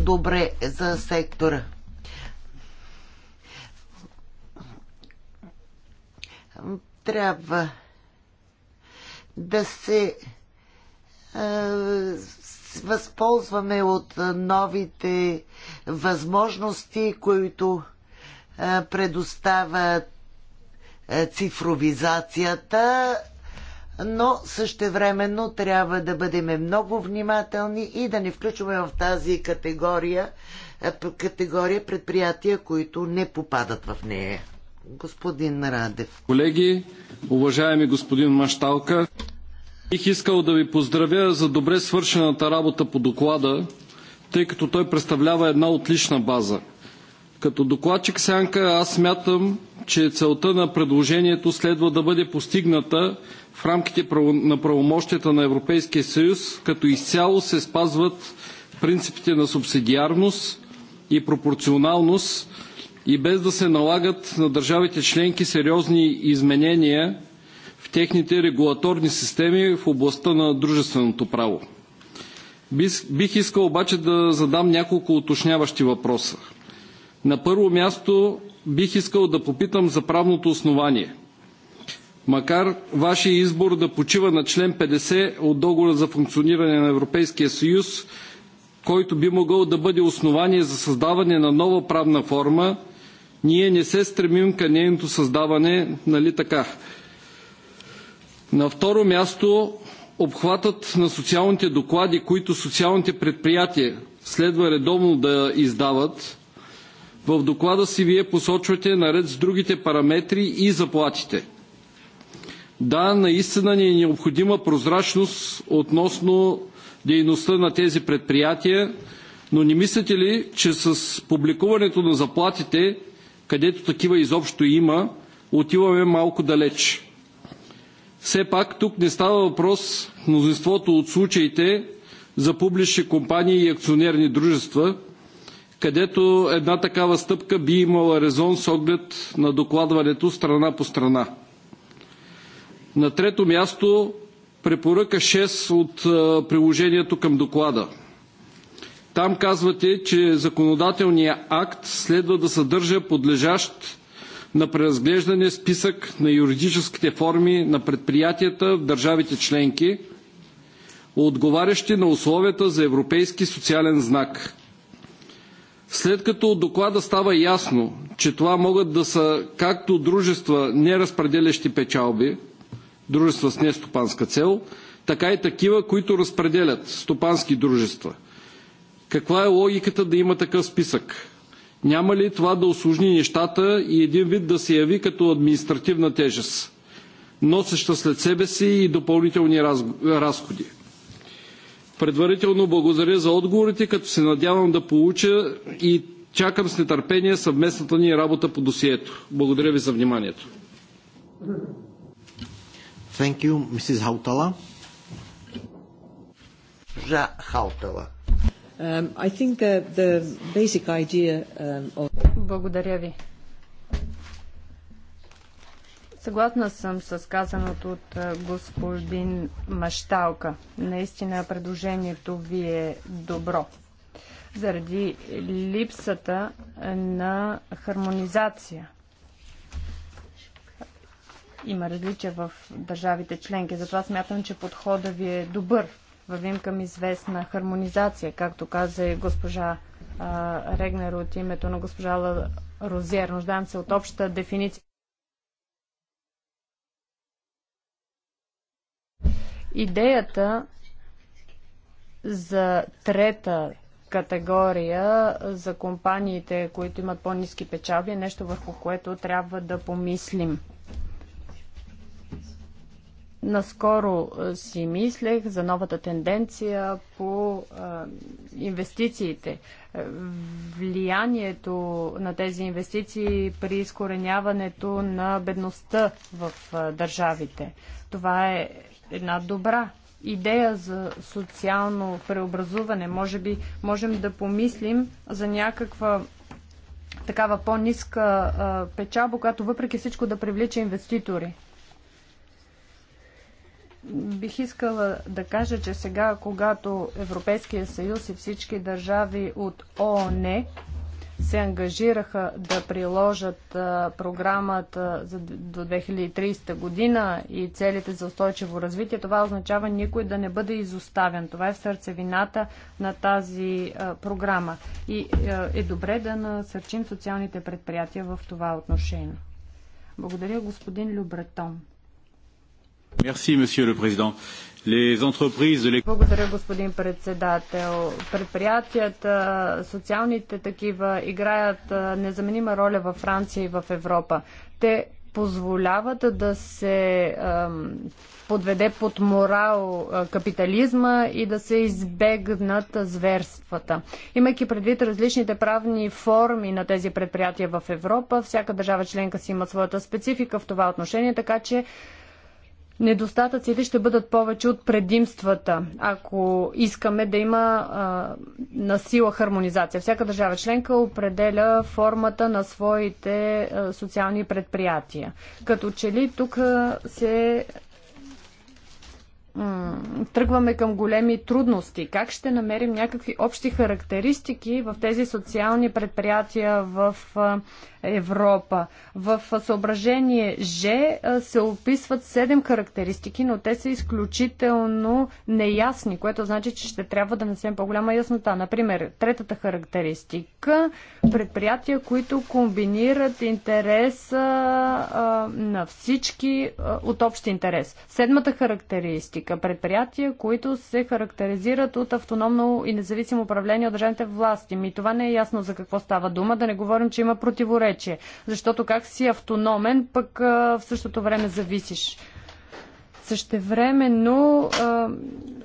добре за сектора. Трябва да се е, възползваме от новите възможности, които предоставят е, цифровизацията, но същевременно трябва да бъдем много внимателни и да не включваме в тази категория, е, категория предприятия, които не попадат в нея. Господин Радев. Колеги, уважаеми господин Машталка, бих искал да ви поздравя за добре свършената работа по доклада, тъй като той представлява една отлична база. Като докладчик Сянка аз смятам, че целта на предложението следва да бъде постигната в рамките на правомощията на Европейския съюз, като изцяло се спазват принципите на субсидиарност и пропорционалност и без да се налагат на държавите членки сериозни изменения в техните регулаторни системи в областта на дружественото право. Бих искал обаче да задам няколко уточняващи въпроса. На първо място, бих искал да попитам за правното основание. Макар вашия избор да почива на член 50 от договора за функциониране на Европейския съюз, който би могъл да бъде основание за създаване на нова правна форма, ние не се стремим към нейното създаване, нали така? На второ място, обхватът на социалните доклади, които социалните предприятия следва редовно да издават, в доклада си вие посочвате наред с другите параметри и заплатите. Да, наистина ни е необходима прозрачност относно дейността на тези предприятия, но не мислите ли, че с публикуването на заплатите, където такива изобщо има, отиваме малко далеч? Все пак тук не става въпрос в мнозинството от случаите за публични компании и акционерни дружества – където една такава стъпка би имала резон с оглед на докладването страна по страна. На трето място препоръка 6 от приложението към доклада. Там казвате, че законодателният акт следва да съдържа подлежащ на преразглеждане списък на юридическите форми на предприятията в държавите членки, отговарящи на условията за европейски социален знак. След като от доклада става ясно, че това могат да са както дружества, неразпределящи печалби, дружества с нестопанска цел, така и такива, които разпределят стопански дружества. Каква е логиката да има такъв списък? Няма ли това да осложни нещата и един вид да се яви като административна тежест, носеща след себе си и допълнителни разходи? Предварително благодаря за отговорите, като се надявам да получа и чакам с нетърпение съвместната ни работа по досието. Благодаря ви за вниманието. Thank you, Mrs. Hautala. Um, I think the, the basic idea um, of... Благодаря ви. Съгласна съм с казаното от господин Машталка. Наистина предложението ви е добро. Заради липсата на хармонизация. Има различия в държавите членки, затова смятам, че подхода ви е добър. Вървим към известна хармонизация, както каза и госпожа а, Регнер от името на госпожа Розер. Нуждаем се от обща дефиниция. Идеята за трета категория за компаниите, които имат по-низки печалби, е нещо върху което трябва да помислим. Наскоро си мислех за новата тенденция по а, инвестициите. Влиянието на тези инвестиции при изкореняването на бедността в а, държавите. Това е една добра идея за социално преобразуване. Може би можем да помислим за някаква такава по-ниска печалба, която въпреки всичко да привлича инвеститори. Бих искала да кажа, че сега, когато Европейския съюз и всички държави от ООН се ангажираха да приложат програмата за, до 2030 година и целите за устойчиво развитие, това означава никой да не бъде изоставен. Това е в сърцевината на тази програма. И е добре да насърчим социалните предприятия в това отношение. Благодаря, господин Любретон. Благодаря, господин председател. Предприятията, социалните такива, играят незаменима роля във Франция и в Европа. Те позволяват да се подведе под морал капитализма и да се избегнат зверствата. Имайки предвид различните правни форми на тези предприятия в Европа, всяка държава членка си има своята специфика в това отношение, така че недостатъците ще бъдат повече от предимствата, ако искаме да има а, насила хармонизация. Всяка държава членка определя формата на своите а, социални предприятия. Като че ли тук се тръгваме към големи трудности. Как ще намерим някакви общи характеристики в тези социални предприятия в Европа? В съображение Ж се описват седем характеристики, но те са изключително неясни, което значи, че ще трябва да внесем по-голяма яснота. Например, третата характеристика предприятия, които комбинират интереса на всички от общ интерес. Седмата характеристика политика. Предприятия, които се характеризират от автономно и независимо управление от държавните власти. Ми това не е ясно за какво става дума, да не говорим, че има противоречие. Защото как си автономен, пък в същото време зависиш. Същевременно а,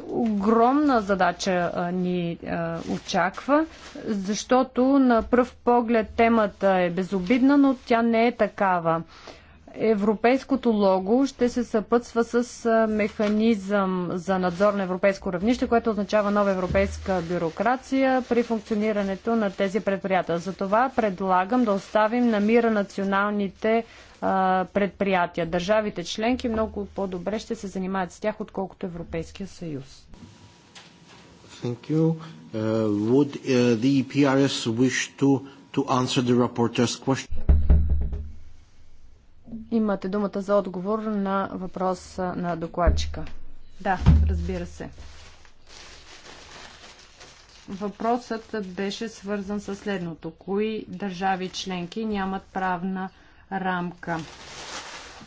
огромна задача а, ни а, очаква, защото на пръв поглед темата е безобидна, но тя не е такава. А, Европейското лого ще се съпътства с механизъм за надзор на европейско равнище, което означава нова европейска бюрокрация при функционирането на тези предприятия. Затова предлагам да оставим на мира националните предприятия. Държавите членки много по-добре ще се занимават с тях, отколкото Европейския съюз. Thank you. Uh, would uh, the EPRS wish to, to answer the reporter's question? Имате думата за отговор на въпрос на докладчика. Да, разбира се. Въпросът беше свързан с следното. Кои държави членки нямат правна рамка?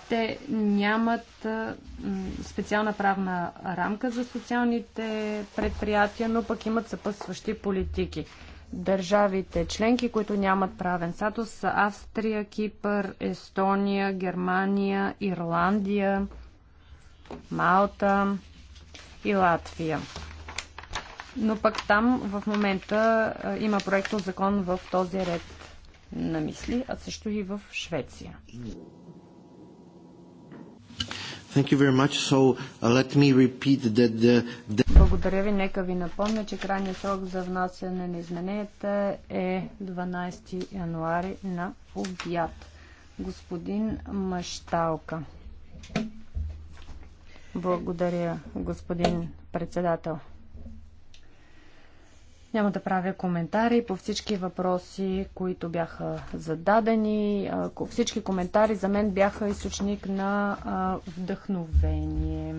Те нямат специална правна рамка за социалните предприятия, но пък имат съпътстващи политики. Държавите членки, които нямат правен статус са Австрия, Кипър, Естония, Германия, Ирландия, Малта и Латвия. Но пък там в момента има проектно закон в този ред на мисли, а също и в Швеция. Uh, Благодаря ви. Нека ви напомня, че крайният срок за внасяне на измененията е 12 януари на обяд. Господин Машталка. Благодаря, господин председател. Няма да правя коментари по всички въпроси, които бяха зададени. Всички коментари за мен бяха източник на вдъхновение.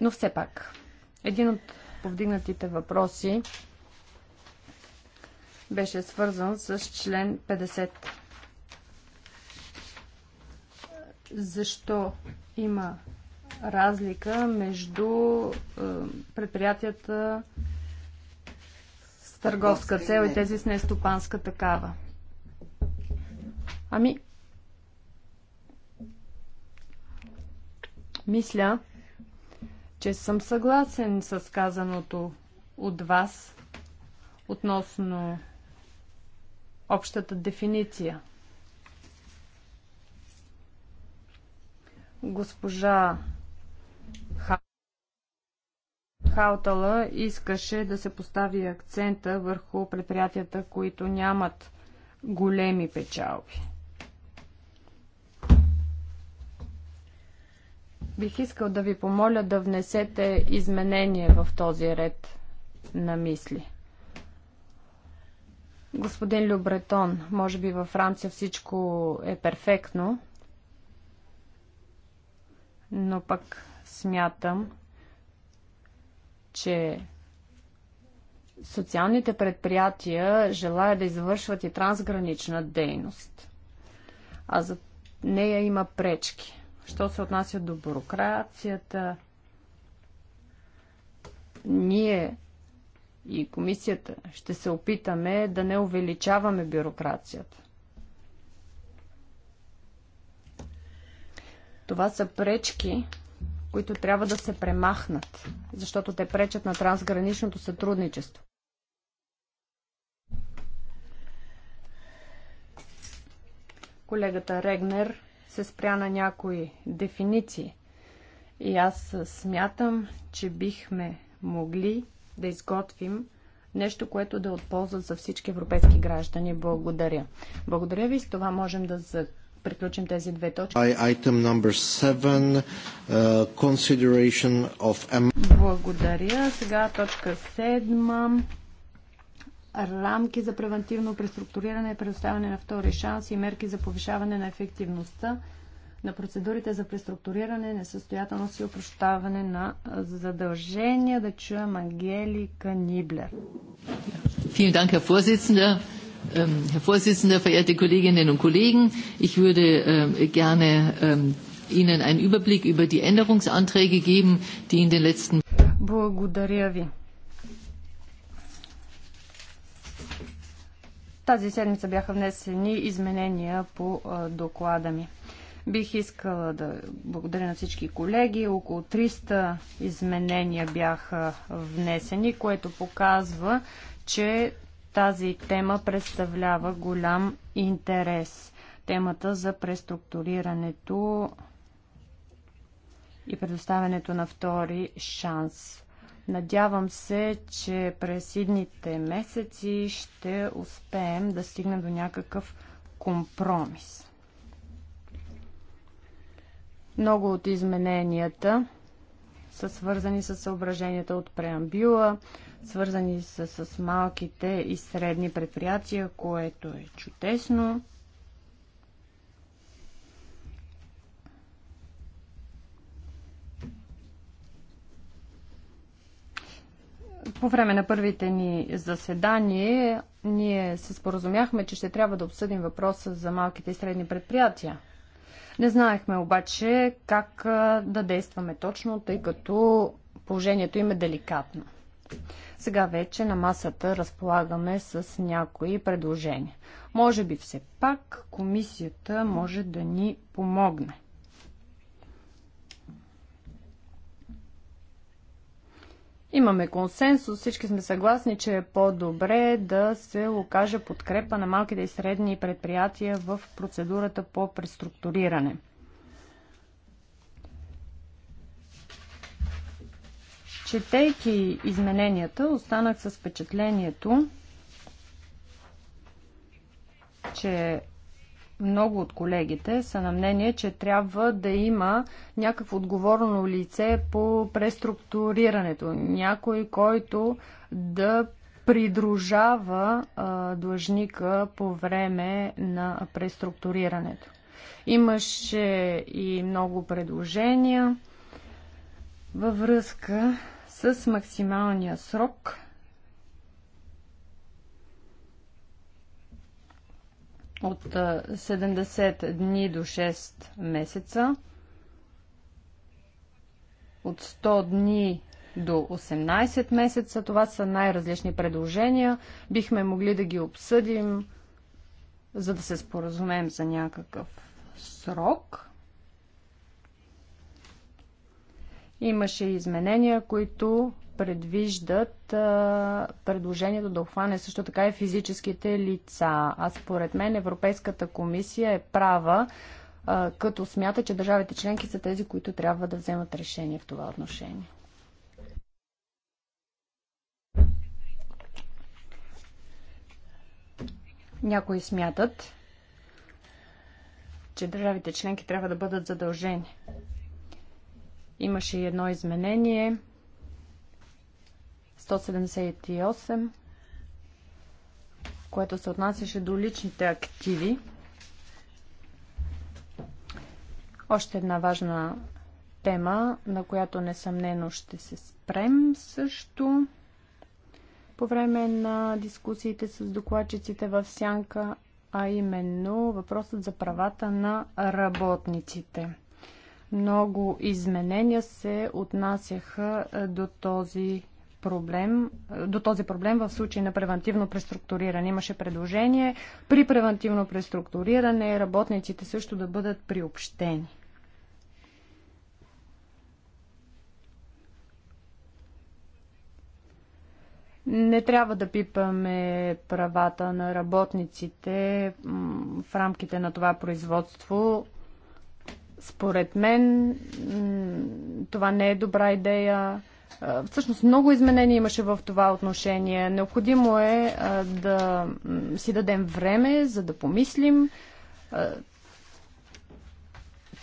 Но все пак, един от повдигнатите въпроси беше свързан с член 50. Защо има разлика между е, предприятията с търговска цел и тези с нестопанска такава. Ами, мисля, че съм съгласен с казаното от вас относно общата дефиниция. Госпожа Хаутала искаше да се постави акцента върху предприятията, които нямат големи печалби. Бих искал да ви помоля да внесете изменение в този ред на мисли. Господин Любретон, може би във Франция всичко е перфектно, но пък смятам, че социалните предприятия желаят да извършват и трансгранична дейност. А за нея има пречки. Що се отнася до бюрокрацията, ние и комисията ще се опитаме да не увеличаваме бюрокрацията. Това са пречки, които трябва да се премахнат, защото те пречат на трансграничното сътрудничество. Колегата Регнер се спря на някои дефиниции и аз смятам, че бихме могли да изготвим нещо, което да е от полза за всички европейски граждани. Благодаря. Благодаря ви. С това можем да закрепим приключим тези две точки. Seven, uh, of... Благодаря. Сега точка седма. Рамки за превентивно преструктуриране и предоставяне на втори шанс и мерки за повишаване на ефективността на процедурите за преструктуриране, несъстоятелност и опрощаване на задължения. Да чуем Ангелика Ниблер. Vielen Dank, Herr Vorsitzender. Herr Vorsitzender, verehrte Kolleginnen und Kollegen, ich würde gerne Ihnen einen Überblick über die Änderungsanträge geben, die in den letzten Тази седмица бяха внесени изменения по доклада ми. Бих искала да благодаря на всички колеги. Около 300 изменения бяха внесени, което показва, че тази тема представлява голям интерес. Темата за преструктурирането и предоставянето на втори шанс. Надявам се, че през идните месеци ще успеем да стигнем до някакъв компромис. Много от измененията са свързани с съображенията от преамбюла, свързани с, с малките и средни предприятия, което е чудесно. По време на първите ни заседания ние се споразумяхме, че ще трябва да обсъдим въпроса за малките и средни предприятия. Не знаехме обаче как да действаме точно, тъй като положението им е деликатно. Сега вече на масата разполагаме с някои предложения. Може би все пак комисията може да ни помогне. Имаме консенсус, всички сме съгласни, че е по-добре да се окаже подкрепа на малките и средни предприятия в процедурата по преструктуриране – Четейки измененията, останах с впечатлението, че много от колегите са на мнение, че трябва да има някакво отговорно лице по преструктурирането. Някой, който да придружава а, длъжника по време на преструктурирането. Имаше и много предложения във връзка с максималния срок от 70 дни до 6 месеца, от 100 дни до 18 месеца. Това са най-различни предложения. Бихме могли да ги обсъдим, за да се споразумеем за някакъв срок. Имаше изменения, които предвиждат а, предложението да охване също така и физическите лица. А според мен Европейската комисия е права, а, като смята, че държавите членки са тези, които трябва да вземат решение в това отношение. Някои смятат, че държавите членки трябва да бъдат задължени Имаше и едно изменение. 178, което се отнасяше до личните активи. Още една важна тема, на която несъмнено ще се спрем също по време на дискусиите с докладчиците в Сянка, а именно въпросът за правата на работниците. Много изменения се отнасяха е, до този проблем, е, до този проблем в случай на превентивно преструктуриране. Имаше предложение при превентивно преструктуриране работниците също да бъдат приобщени. Не трябва да пипаме правата на работниците в рамките на това производство. Според мен това не е добра идея. Всъщност много изменения имаше в това отношение. Необходимо е да си дадем време, за да помислим.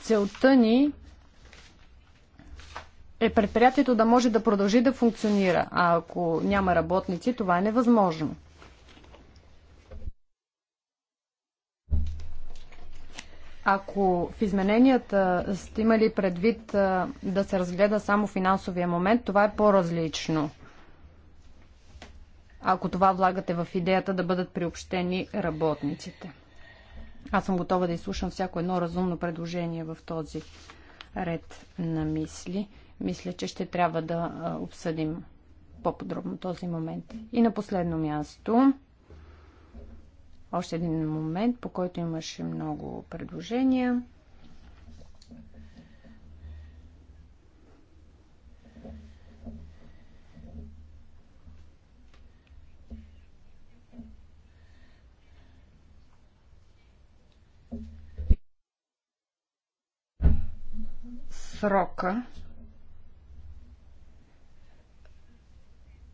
Целта ни е предприятието да може да продължи да функционира, а ако няма работници, това е невъзможно. Ако в измененията сте имали предвид да се разгледа само финансовия момент, това е по-различно. Ако това влагате в идеята да бъдат приобщени работниците. Аз съм готова да изслушам всяко едно разумно предложение в този ред на мисли. Мисля, че ще трябва да обсъдим по-подробно този момент. И на последно място още един момент, по който имаше много предложения. срока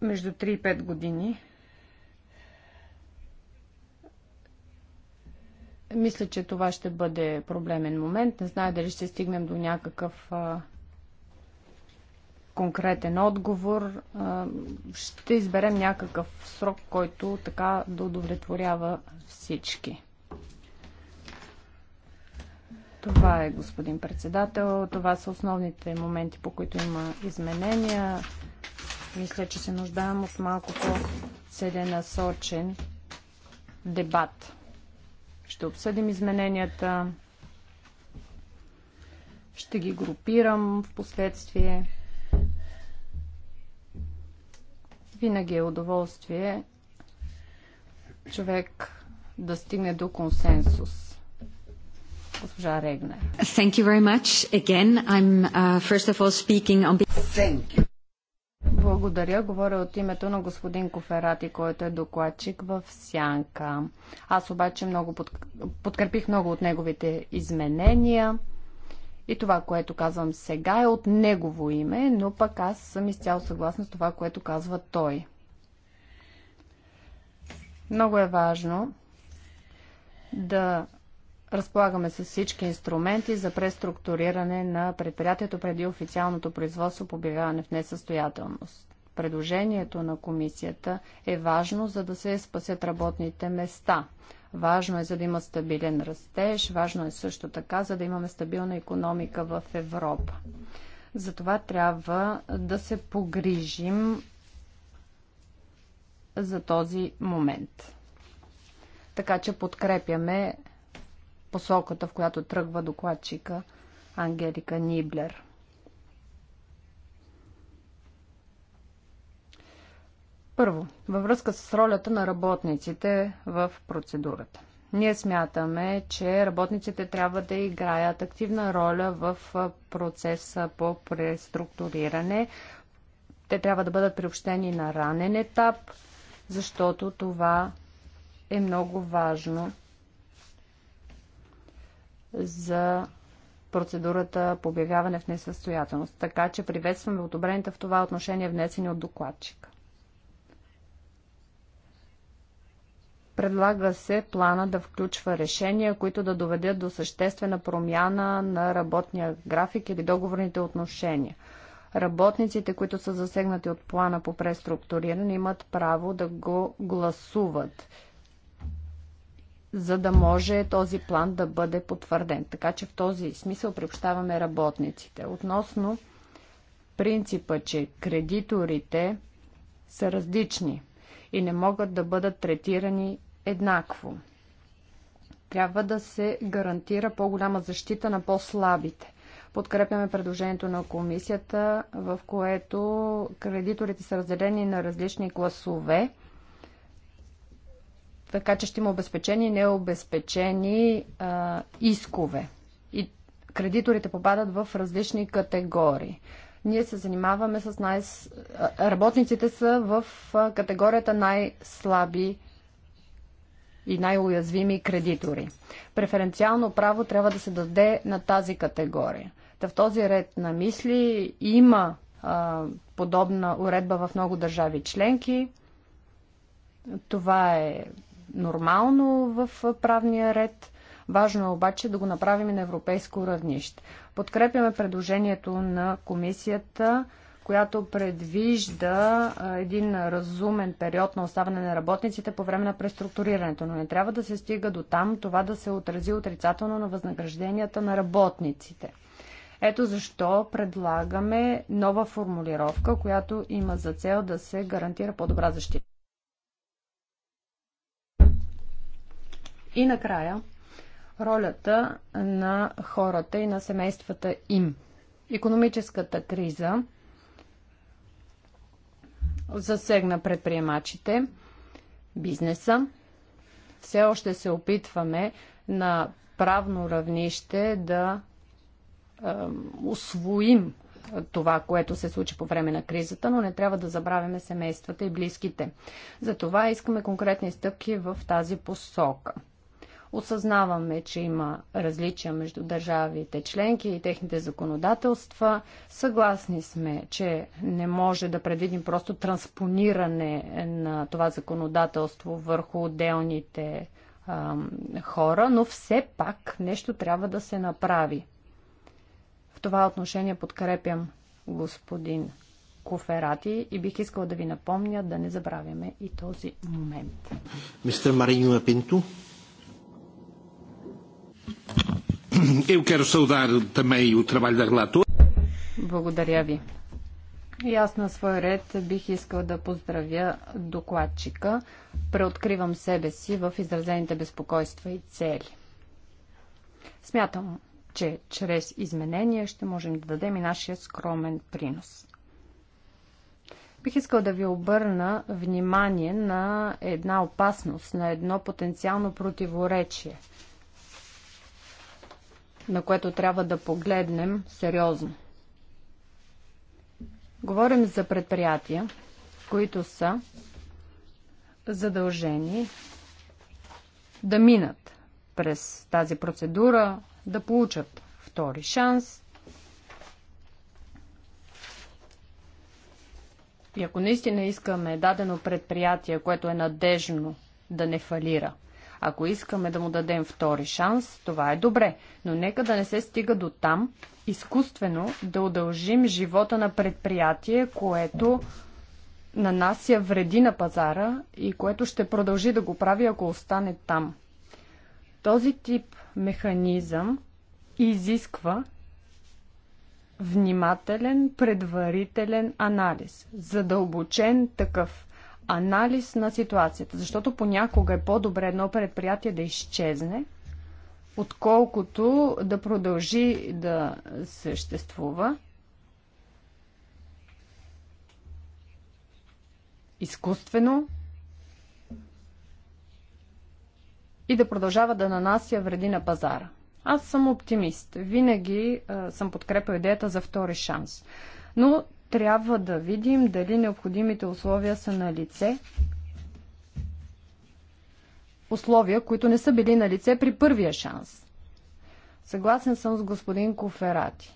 между 3 и 5 години Мисля, че това ще бъде проблемен момент. Не знае дали ще стигнем до някакъв а, конкретен отговор. А, ще изберем някакъв срок, който така да удовлетворява всички. Това е, господин председател. Това са основните моменти, по които има изменения. Мисля, че се нуждаем от малко по целенасочен дебат. Ще обсъдим измененията. Ще ги групирам в последствие. Винаги е удоволствие човек да стигне до консенсус. Госпожа Регнер. Thank you very much. Again, I'm uh, first of all speaking on... Thank you. Благодаря. Говоря от името на господин Коферати, който е докладчик в Сянка. Аз обаче много под... подкрепих много от неговите изменения. И това, което казвам сега е от негово име, но пък аз съм изцяло съгласна с това, което казва той. Много е важно да Разполагаме с всички инструменти за преструктуриране на предприятието преди официалното производство по обявяване в несъстоятелност. Предложението на комисията е важно, за да се спасят работните места. Важно е, за да има стабилен растеж, важно е също така, за да имаме стабилна економика в Европа. Затова трябва да се погрижим за този момент. Така че подкрепяме посоката, в която тръгва докладчика Ангелика Ниблер. Първо, във връзка с ролята на работниците в процедурата. Ние смятаме, че работниците трябва да играят активна роля в процеса по преструктуриране. Те трябва да бъдат приобщени на ранен етап, защото това е много важно за процедурата по обявяване в несъстоятелност. Така че приветстваме одобрените в това отношение внесени от докладчика. Предлага се плана да включва решения, които да доведат до съществена промяна на работния график или договорните отношения. Работниците, които са засегнати от плана по преструктуриране, имат право да го гласуват за да може този план да бъде потвърден. Така че в този смисъл приобщаваме работниците. Относно принципа, че кредиторите са различни и не могат да бъдат третирани еднакво. Трябва да се гарантира по-голяма защита на по-слабите. Подкрепяме предложението на комисията, в което кредиторите са разделени на различни класове – така че ще има обезпечени и необезпечени а, искове. И кредиторите попадат в различни категории. Ние се занимаваме с най... Работниците са в категорията най-слаби и най-уязвими кредитори. Преференциално право трябва да се даде на тази категория. Та в този ред на мисли има а, подобна уредба в много държави членки. Това е нормално в правния ред. Важно е обаче да го направим и на европейско равнище. Подкрепяме предложението на комисията, която предвижда един разумен период на оставане на работниците по време на преструктурирането, но не трябва да се стига до там това да се отрази отрицателно на възнагражденията на работниците. Ето защо предлагаме нова формулировка, която има за цел да се гарантира по-добра защита. И накрая, ролята на хората и на семействата им. Економическата криза засегна предприемачите, бизнеса. Все още се опитваме на правно равнище да е, освоим това, което се случи по време на кризата, но не трябва да забравяме семействата и близките. Затова искаме конкретни стъпки в тази посока. Осъзнаваме, че има различия между държавите членки и техните законодателства. Съгласни сме, че не може да предвидим просто транспониране на това законодателство върху отделните а, хора, но все пак нещо трябва да се направи. В това отношение подкрепям господин Коферати и бих искала да ви напомня да не забравяме и този момент. Мистер Мариньо Пинто. Благодаря ви. И аз на свой ред бих искал да поздравя докладчика. Преоткривам себе си в изразените безпокойства и цели. Смятам, че чрез изменения ще можем да дадем и нашия скромен принос. Бих искал да ви обърна внимание на една опасност, на едно потенциално противоречие – на което трябва да погледнем сериозно. Говорим за предприятия, които са задължени да минат през тази процедура, да получат втори шанс. И ако наистина искаме дадено предприятие, което е надежно да не фалира – ако искаме да му дадем втори шанс, това е добре, но нека да не се стига до там изкуствено да удължим живота на предприятие, което нанася вреди на пазара и което ще продължи да го прави, ако остане там. Този тип механизъм изисква внимателен предварителен анализ, задълбочен такъв анализ на ситуацията, защото понякога е по-добре едно предприятие да изчезне, отколкото да продължи да съществува. Изкуствено и да продължава да нанася вреди на пазара. Аз съм оптимист. Винаги а, съм подкрепил идеята за втори шанс. Но трябва да видим дали необходимите условия са на лице. Условия, които не са били на лице при първия шанс. Съгласен съм с господин Коферати.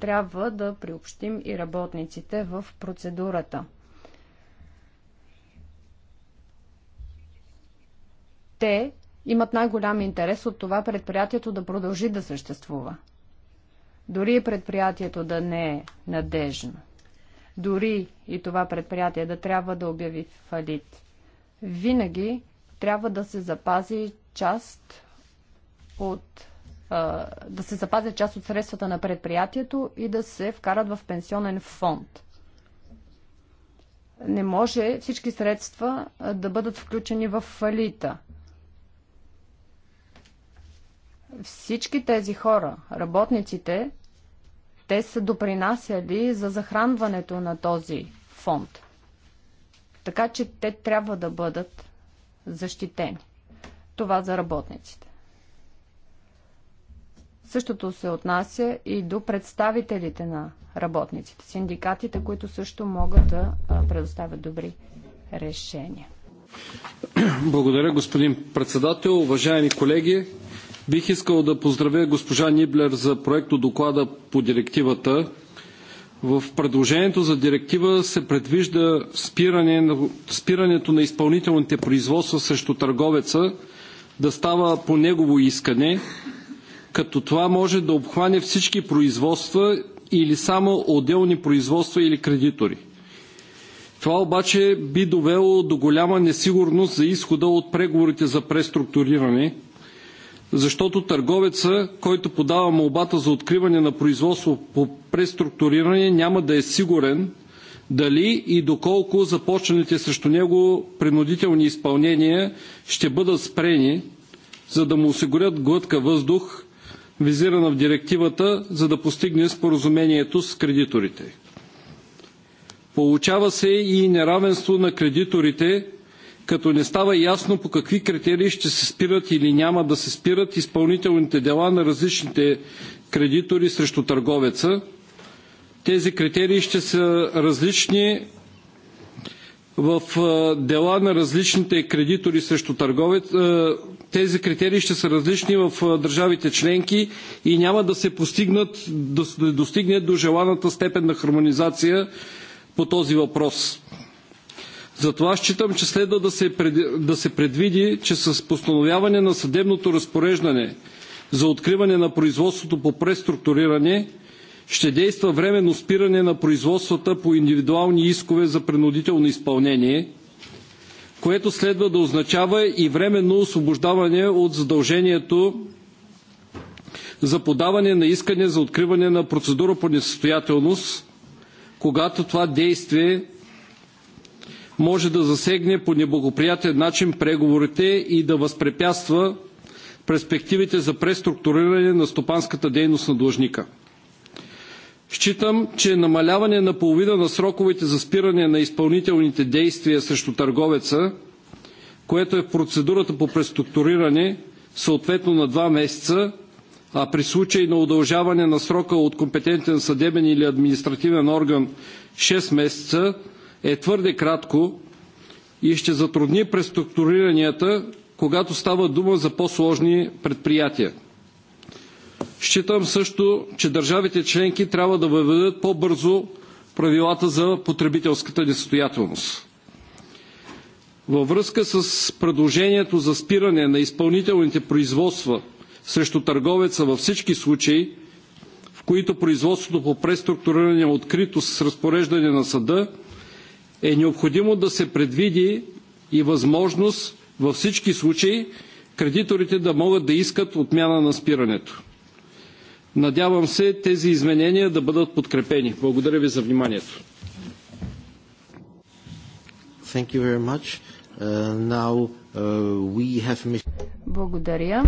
Трябва да приобщим и работниците в процедурата. Те имат най-голям интерес от това предприятието да продължи да съществува. Дори предприятието да не е надежно дори и това предприятие да трябва да обяви фалит. Винаги трябва да се запази част от да се запазят част от средствата на предприятието и да се вкарат в пенсионен фонд. Не може всички средства да бъдат включени в фалита. Всички тези хора, работниците, те са допринасяли за захранването на този фонд. Така че те трябва да бъдат защитени. Това за работниците. Същото се отнася и до представителите на работниците, синдикатите, които също могат да предоставят добри решения. Благодаря, господин председател. Уважаеми колеги, Бих искал да поздравя госпожа Ниблер за проекто доклада по директивата. В предложението за директива се предвижда спиране, спирането на изпълнителните производства срещу търговеца да става по негово искане, като това може да обхване всички производства или само отделни производства или кредитори. Това обаче би довело до голяма несигурност за изхода от преговорите за преструктуриране – защото търговеца, който подава молбата за откриване на производство по преструктуриране, няма да е сигурен дали и доколко започнаните срещу него принудителни изпълнения ще бъдат спрени, за да му осигурят глътка въздух, визирана в директивата, за да постигне споразумението с кредиторите. Получава се и неравенство на кредиторите, като не става ясно по какви критерии ще се спират или няма да се спират изпълнителните дела на различните кредитори срещу търговеца. Тези критерии ще са различни в дела на различните кредитори срещу търговец. Тези критерии ще са различни в държавите членки и няма да се постигнат, да достигне до желаната степен на хармонизация по този въпрос. Затова считам, че следва да се предвиди, че с постановяване на съдебното разпореждане за откриване на производството по преструктуриране ще действа временно спиране на производствата по индивидуални искове за принудително изпълнение, което следва да означава и временно освобождаване от задължението за подаване на искане за откриване на процедура по несъстоятелност, когато това действие може да засегне по неблагоприятен начин преговорите и да възпрепятства перспективите за преструктуриране на стопанската дейност на длъжника. Считам, че намаляване на половина на сроковете за спиране на изпълнителните действия срещу търговеца, което е в процедурата по преструктуриране, съответно на два месеца, а при случай на удължаване на срока от компетентен съдебен или административен орган 6 месеца, е твърде кратко и ще затрудни преструктуриранията, когато става дума за по-сложни предприятия. Считам също, че държавите членки трябва да въведат по-бързо правилата за потребителската несъстоятелност. Във връзка с предложението за спиране на изпълнителните производства срещу търговеца във всички случаи, в които производството по преструктуриране е открито с разпореждане на съда, е необходимо да се предвиди и възможност във всички случаи кредиторите да могат да искат отмяна на спирането. Надявам се тези изменения да бъдат подкрепени. Благодаря ви за вниманието. Thank you very much. Uh, now uh, we have Благодаря.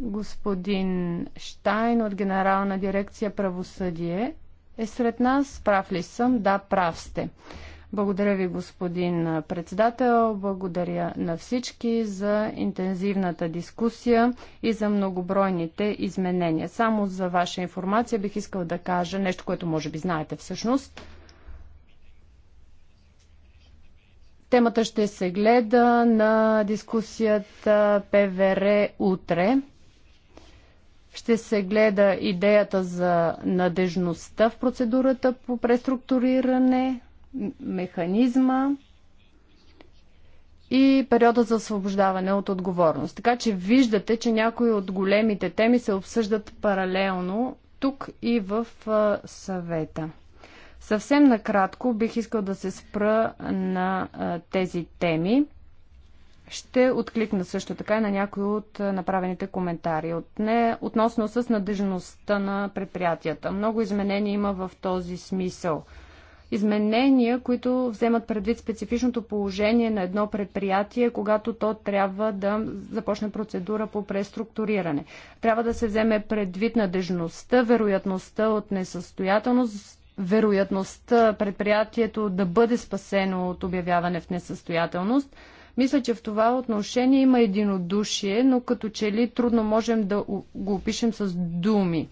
Господин Штайн от Генерална дирекция правосъдие е сред нас. Прав ли съм? Да, прав сте. Благодаря ви, господин председател. Благодаря на всички за интензивната дискусия и за многобройните изменения. Само за ваша информация бих искал да кажа нещо, което може би знаете всъщност. Темата ще се гледа на дискусията ПВР утре. Ще се гледа идеята за надежността в процедурата по преструктуриране механизма и периода за освобождаване от отговорност. Така че виждате, че някои от големите теми се обсъждат паралелно тук и в съвета. Съвсем накратко бих искал да се спра на тези теми. Ще откликна също така и на някои от направените коментари. От не, относно с надежността на предприятията. Много изменения има в този смисъл – изменения, които вземат предвид специфичното положение на едно предприятие, когато то трябва да започне процедура по преструктуриране. Трябва да се вземе предвид надежността, вероятността от несъстоятелност, вероятността предприятието да бъде спасено от обявяване в несъстоятелност. Мисля, че в това отношение има единодушие, но като че ли трудно можем да го опишем с думи.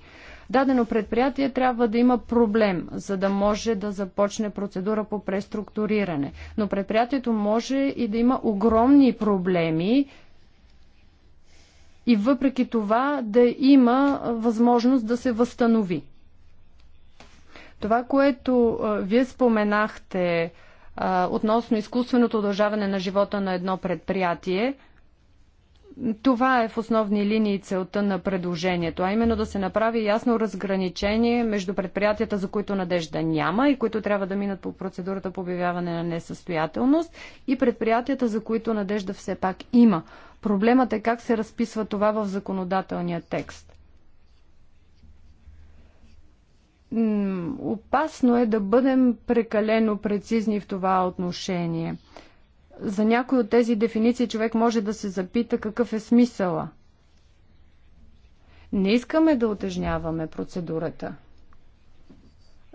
Дадено предприятие трябва да има проблем, за да може да започне процедура по преструктуриране. Но предприятието може и да има огромни проблеми, и въпреки това да има възможност да се възстанови. Това, което вие споменахте относно изкуственото удължаване на живота на едно предприятие, това е в основни линии целта на предложението, а именно да се направи ясно разграничение между предприятията, за които надежда няма и които трябва да минат по процедурата по обявяване на несъстоятелност и предприятията, за които надежда все пак има. Проблемът е как се разписва това в законодателния текст. Опасно е да бъдем прекалено прецизни в това отношение – за някои от тези дефиниции човек може да се запита какъв е смисъла. Не искаме да отежняваме процедурата.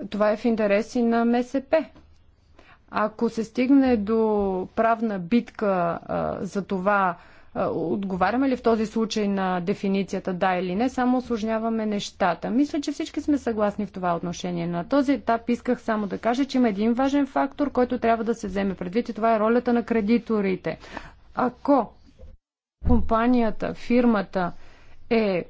Това е в интереси на МСП. Ако се стигне до правна битка а, за това, Отговаряме ли в този случай на дефиницията да или не, само осложняваме нещата. Мисля, че всички сме съгласни в това отношение. На този етап исках само да кажа, че има един важен фактор, който трябва да се вземе предвид и това е ролята на кредиторите. Ако компанията, фирмата е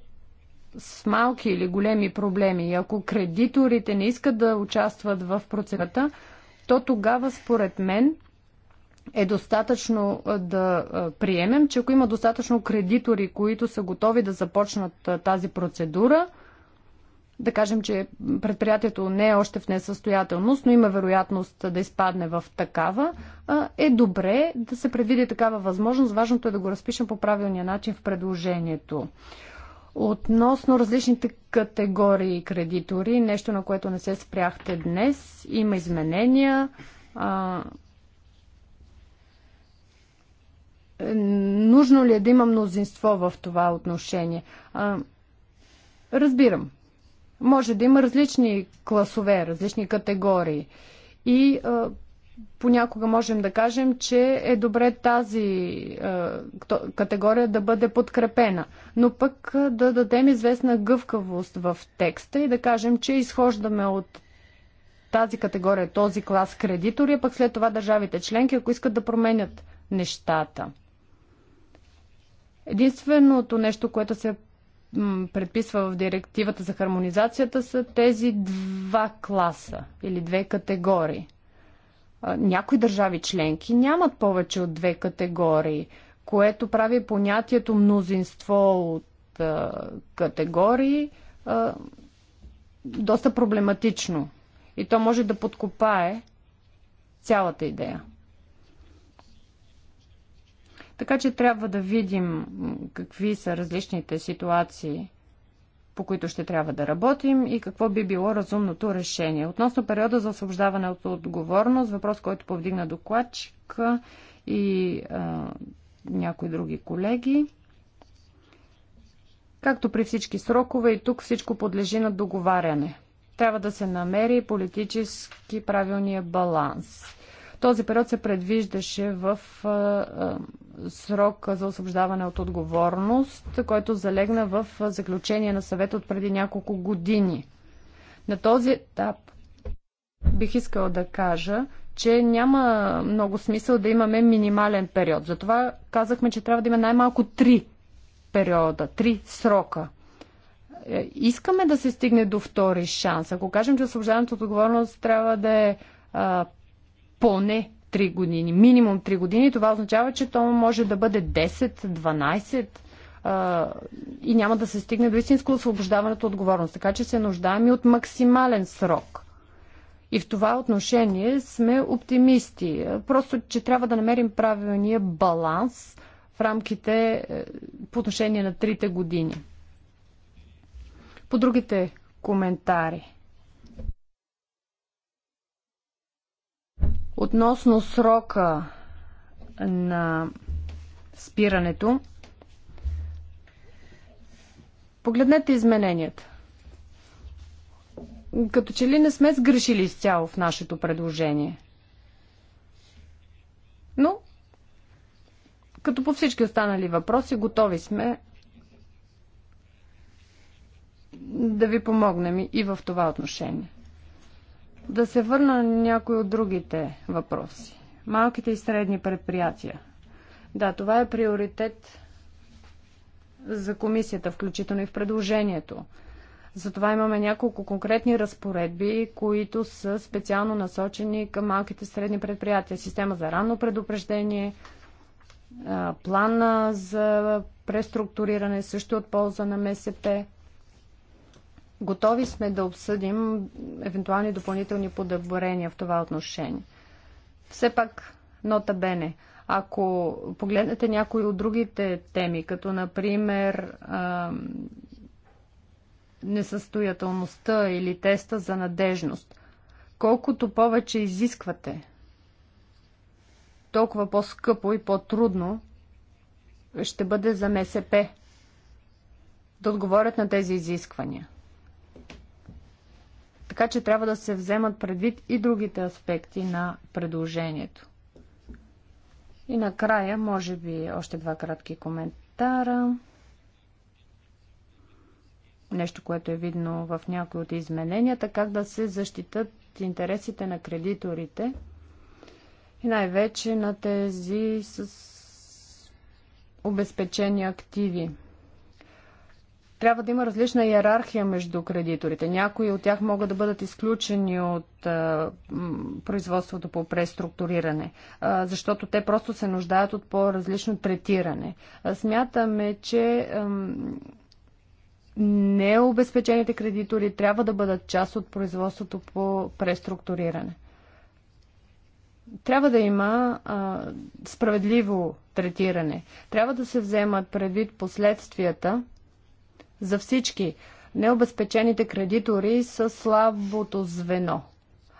с малки или големи проблеми и ако кредиторите не искат да участват в процедурата, то тогава според мен е достатъчно да приемем, че ако има достатъчно кредитори, които са готови да започнат тази процедура, да кажем, че предприятието не е още в несъстоятелност, но има вероятност да изпадне в такава, е добре да се предвиди такава възможност. Важното е да го разпишем по правилния начин в предложението. Относно различните категории кредитори, нещо на което не се спряхте днес, има изменения нужно ли е да има мнозинство в това отношение? А, разбирам. Може да има различни класове, различни категории. И а, понякога можем да кажем, че е добре тази а, категория да бъде подкрепена. Но пък а, да дадем известна гъвкавост в текста и да кажем, че изхождаме от тази категория, този клас кредитори, а пък след това държавите членки, ако искат да променят нещата. Единственото нещо, което се предписва в директивата за хармонизацията са тези два класа или две категории. Някои държави членки нямат повече от две категории, което прави понятието мнозинство от а, категории а, доста проблематично. И то може да подкопае цялата идея. Така че трябва да видим какви са различните ситуации, по които ще трябва да работим и какво би било разумното решение. Относно периода за освобождаване от отговорност, въпрос, който повдигна докладчик и а, някои други колеги. Както при всички срокове, и тук всичко подлежи на договаряне. Трябва да се намери политически правилния баланс. Този период се предвиждаше в срок за освобождаване от отговорност, който залегна в заключение на съвета от преди няколко години. На този етап бих искала да кажа, че няма много смисъл да имаме минимален период. Затова казахме, че трябва да има най-малко три периода, три срока. Е, искаме да се стигне до втори шанс. Ако кажем, че освобождаването от отговорност трябва да е поне 3 години, минимум 3 години, това означава, че то може да бъде 10, 12 и няма да се стигне до истинско освобождаването от отговорност. Така че се нуждаем и от максимален срок. И в това отношение сме оптимисти. Просто, че трябва да намерим правилния баланс в рамките е, по отношение на трите години. По другите коментари. Относно срока на спирането, погледнете измененията. Като че ли не сме сгрешили изцяло в нашето предложение. Но, като по всички останали въпроси, готови сме да ви помогнем и в това отношение. Да се върна на някои от другите въпроси. Малките и средни предприятия. Да, това е приоритет за комисията, включително и в предложението. Затова имаме няколко конкретни разпоредби, които са специално насочени към малките и средни предприятия. Система за ранно предупреждение, плана за преструктуриране също от полза на МСП – Готови сме да обсъдим евентуални допълнителни подобрения в това отношение. Все пак, нота бене, ако погледнете някои от другите теми, като например несъстоятелността или теста за надежност, колкото повече изисквате, толкова по-скъпо и по-трудно ще бъде за МСП да отговорят на тези изисквания. Така че трябва да се вземат предвид и другите аспекти на предложението. И накрая, може би, още два кратки коментара. Нещо, което е видно в някои от измененията, как да се защитат интересите на кредиторите и най-вече на тези с обезпечени активи трябва да има различна иерархия между кредиторите. Някои от тях могат да бъдат изключени от а, производството по преструктуриране, а, защото те просто се нуждаят от по-различно третиране. А, смятаме, че необезпечените кредитори трябва да бъдат част от производството по преструктуриране. Трябва да има а, справедливо третиране. Трябва да се вземат предвид последствията за всички. Необезпечените кредитори са слабото звено.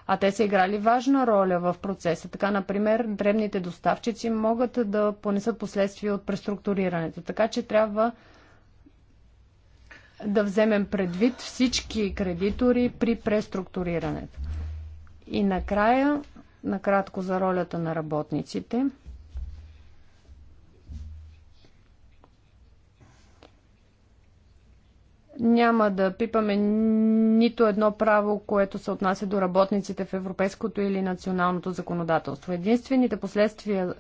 А те са играли важна роля в процеса. Така, например, древните доставчици могат да понесат последствия от преструктурирането. Така че трябва да вземем предвид всички кредитори при преструктурирането. И накрая, накратко за ролята на работниците – Няма да пипаме нито едно право, което се отнася до работниците в европейското или националното законодателство. Единствените последствия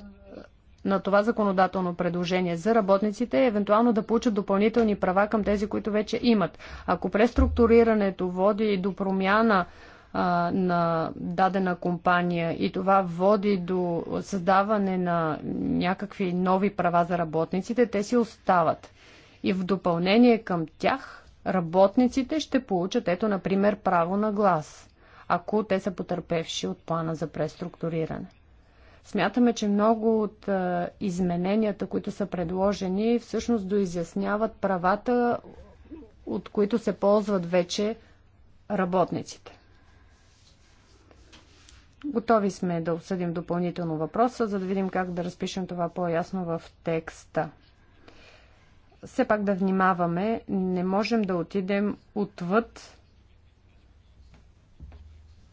на това законодателно предложение за работниците е евентуално да получат допълнителни права към тези, които вече имат. Ако преструктурирането води до промяна на дадена компания и това води до създаване на някакви нови права за работниците, те си остават. И в допълнение към тях работниците ще получат, ето, например, право на глас, ако те са потърпевши от плана за преструктуриране. Смятаме, че много от а, измененията, които са предложени, всъщност доизясняват правата, от които се ползват вече работниците. Готови сме да обсъдим допълнително въпроса, за да видим как да разпишем това по-ясно в текста все пак да внимаваме, не можем да отидем отвъд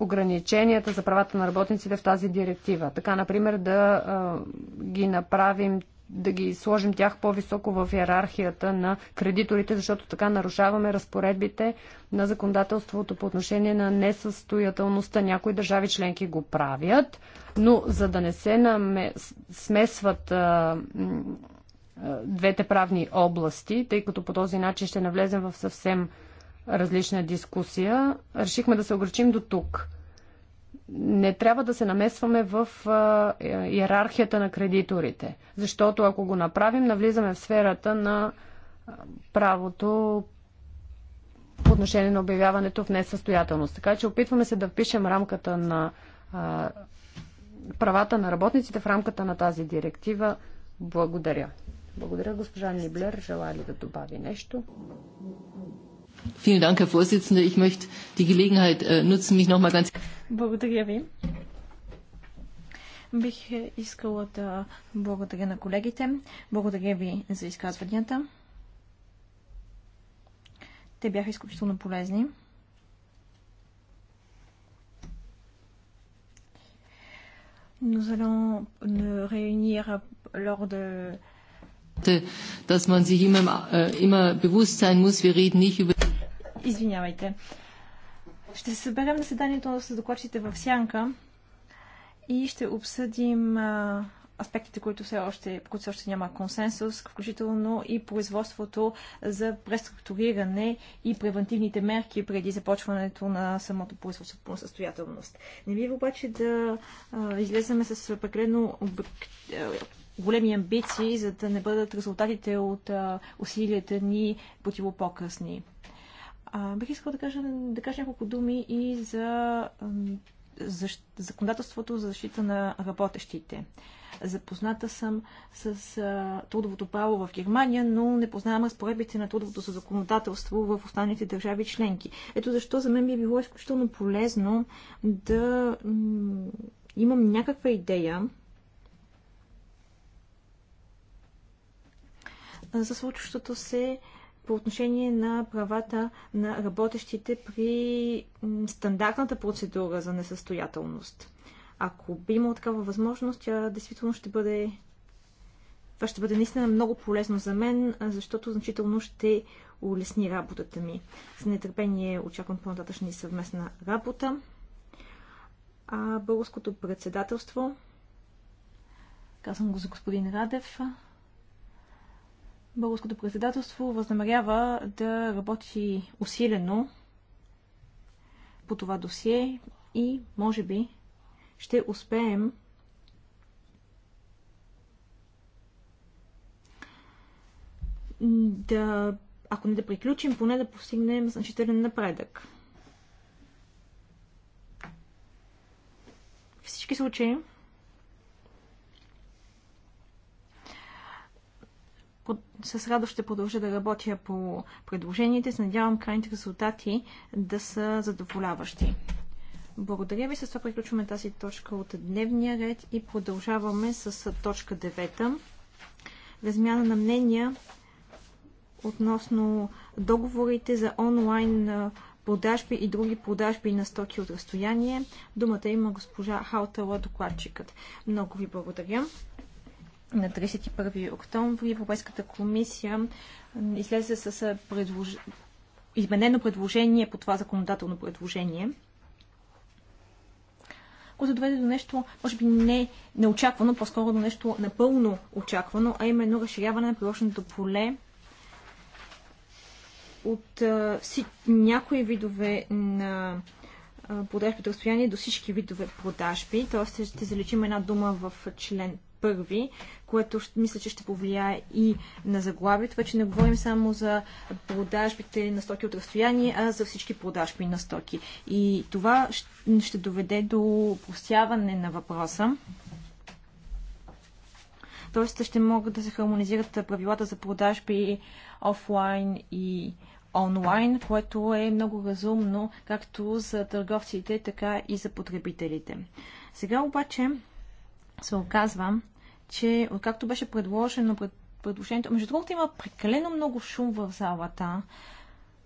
ограниченията за правата на работниците в тази директива. Така, например, да а, ги направим, да ги сложим тях по-високо в иерархията на кредиторите, защото така нарушаваме разпоредбите на законодателството по отношение на несъстоятелността. Някои държави членки го правят, но за да не се намес... смесват. А, двете правни области, тъй като по този начин ще навлезем в съвсем различна дискусия. Решихме да се ограничим до тук. Не трябва да се намесваме в иерархията на кредиторите, защото ако го направим, навлизаме в сферата на правото по отношение на обявяването в несъстоятелност. Така че опитваме се да впишем рамката на правата на работниците в рамката на тази директива. Благодаря. Благодаря, госпожа Ниблер. Желая ли да добави нещо? Vielen Dank, Herr Vorsitzender. Ich möchte die Gelegenheit äh, nutzen, mich nochmal ganz... Благодаря ви. Бих е, искала да благодаря на колегите. Благодаря ви за изказванията. Те бяха изключително полезни. Nous allons nous euh, réunir euh, lors de Äh, Извинявайте. Ще се съберем на седанието с докладчите в Сянка и ще обсъдим аспектите, които все още, по които все още няма консенсус, включително и производството за преструктуриране и превентивните мерки преди започването на самото производство по състоятелност. Не бива обаче да а, излеземе с прекалено обик големи амбиции, за да не бъдат резултатите от а, усилията ни противопокъсни. А, бих искала да кажа, да кажа няколко думи и за, законодателството за защита на работещите. Запозната съм с а, трудовото право в Германия, но не познавам разпоредбите на трудовото законодателство в останалите държави членки. Ето защо за мен би било изключително полезно да имам някаква идея за случващото се по отношение на правата на работещите при стандартната процедура за несъстоятелност. Ако би имало такава възможност, тя действително ще бъде. Това ще бъде наистина много полезно за мен, защото значително ще улесни работата ми. С нетърпение очаквам по-нататъчна и съвместна работа. А българското председателство, казвам го за господин Радев, Българското председателство възнамерява да работи усилено по това досие и може би ще успеем да, ако не да приключим, поне да постигнем значителен напредък. всички случаи, с радост ще продължа да работя по предложените. Се надявам крайните резултати да са задоволяващи. Благодаря ви. С това приключваме тази точка от дневния ред и продължаваме с точка 9. Размяна на мнения относно договорите за онлайн продажби и други продажби на стоки от разстояние. Думата има госпожа Хаутала, докладчикът. Много ви благодаря на 31 октомври Европейската комисия излезе с предлож... изменено предложение по това законодателно предложение, което доведе до нещо, може би не неочаквано, по-скоро до нещо напълно очаквано, а именно разширяване на приложеното поле от а, си, някои видове на продажбите от разстояние до всички видове продажби. Тоест ще заличим една дума в член първи, което мисля, че ще повлияе и на заглавието. Вече не говорим само за продажбите на стоки от разстояние, а за всички продажби на стоки. И това ще доведе до просяване на въпроса. Тоест ще могат да се хармонизират правилата за продажби офлайн и онлайн, което е много разумно както за търговците, така и за потребителите. Сега обаче се оказва, че откакто беше предложено пред, предложението, между другото има прекалено много шум в залата.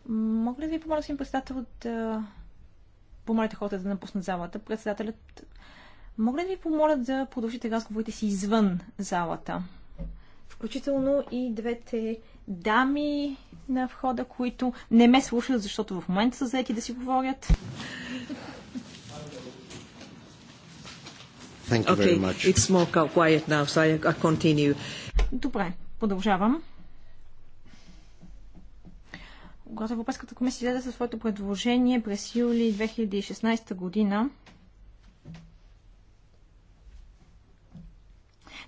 Мога ли да ви помоля, господин председател, да помолите хората да напуснат залата? Председателят, мога ли да ви помоля да продължите разговорите си извън залата? Включително и двете дами на входа, които не ме слушат, защото в момента са заети да си говорят. Thank you very much. It's more quiet now, so I, I continue. Добре, продължавам. Когато Европейската комисия излезе със своето предложение през юли 2016 година,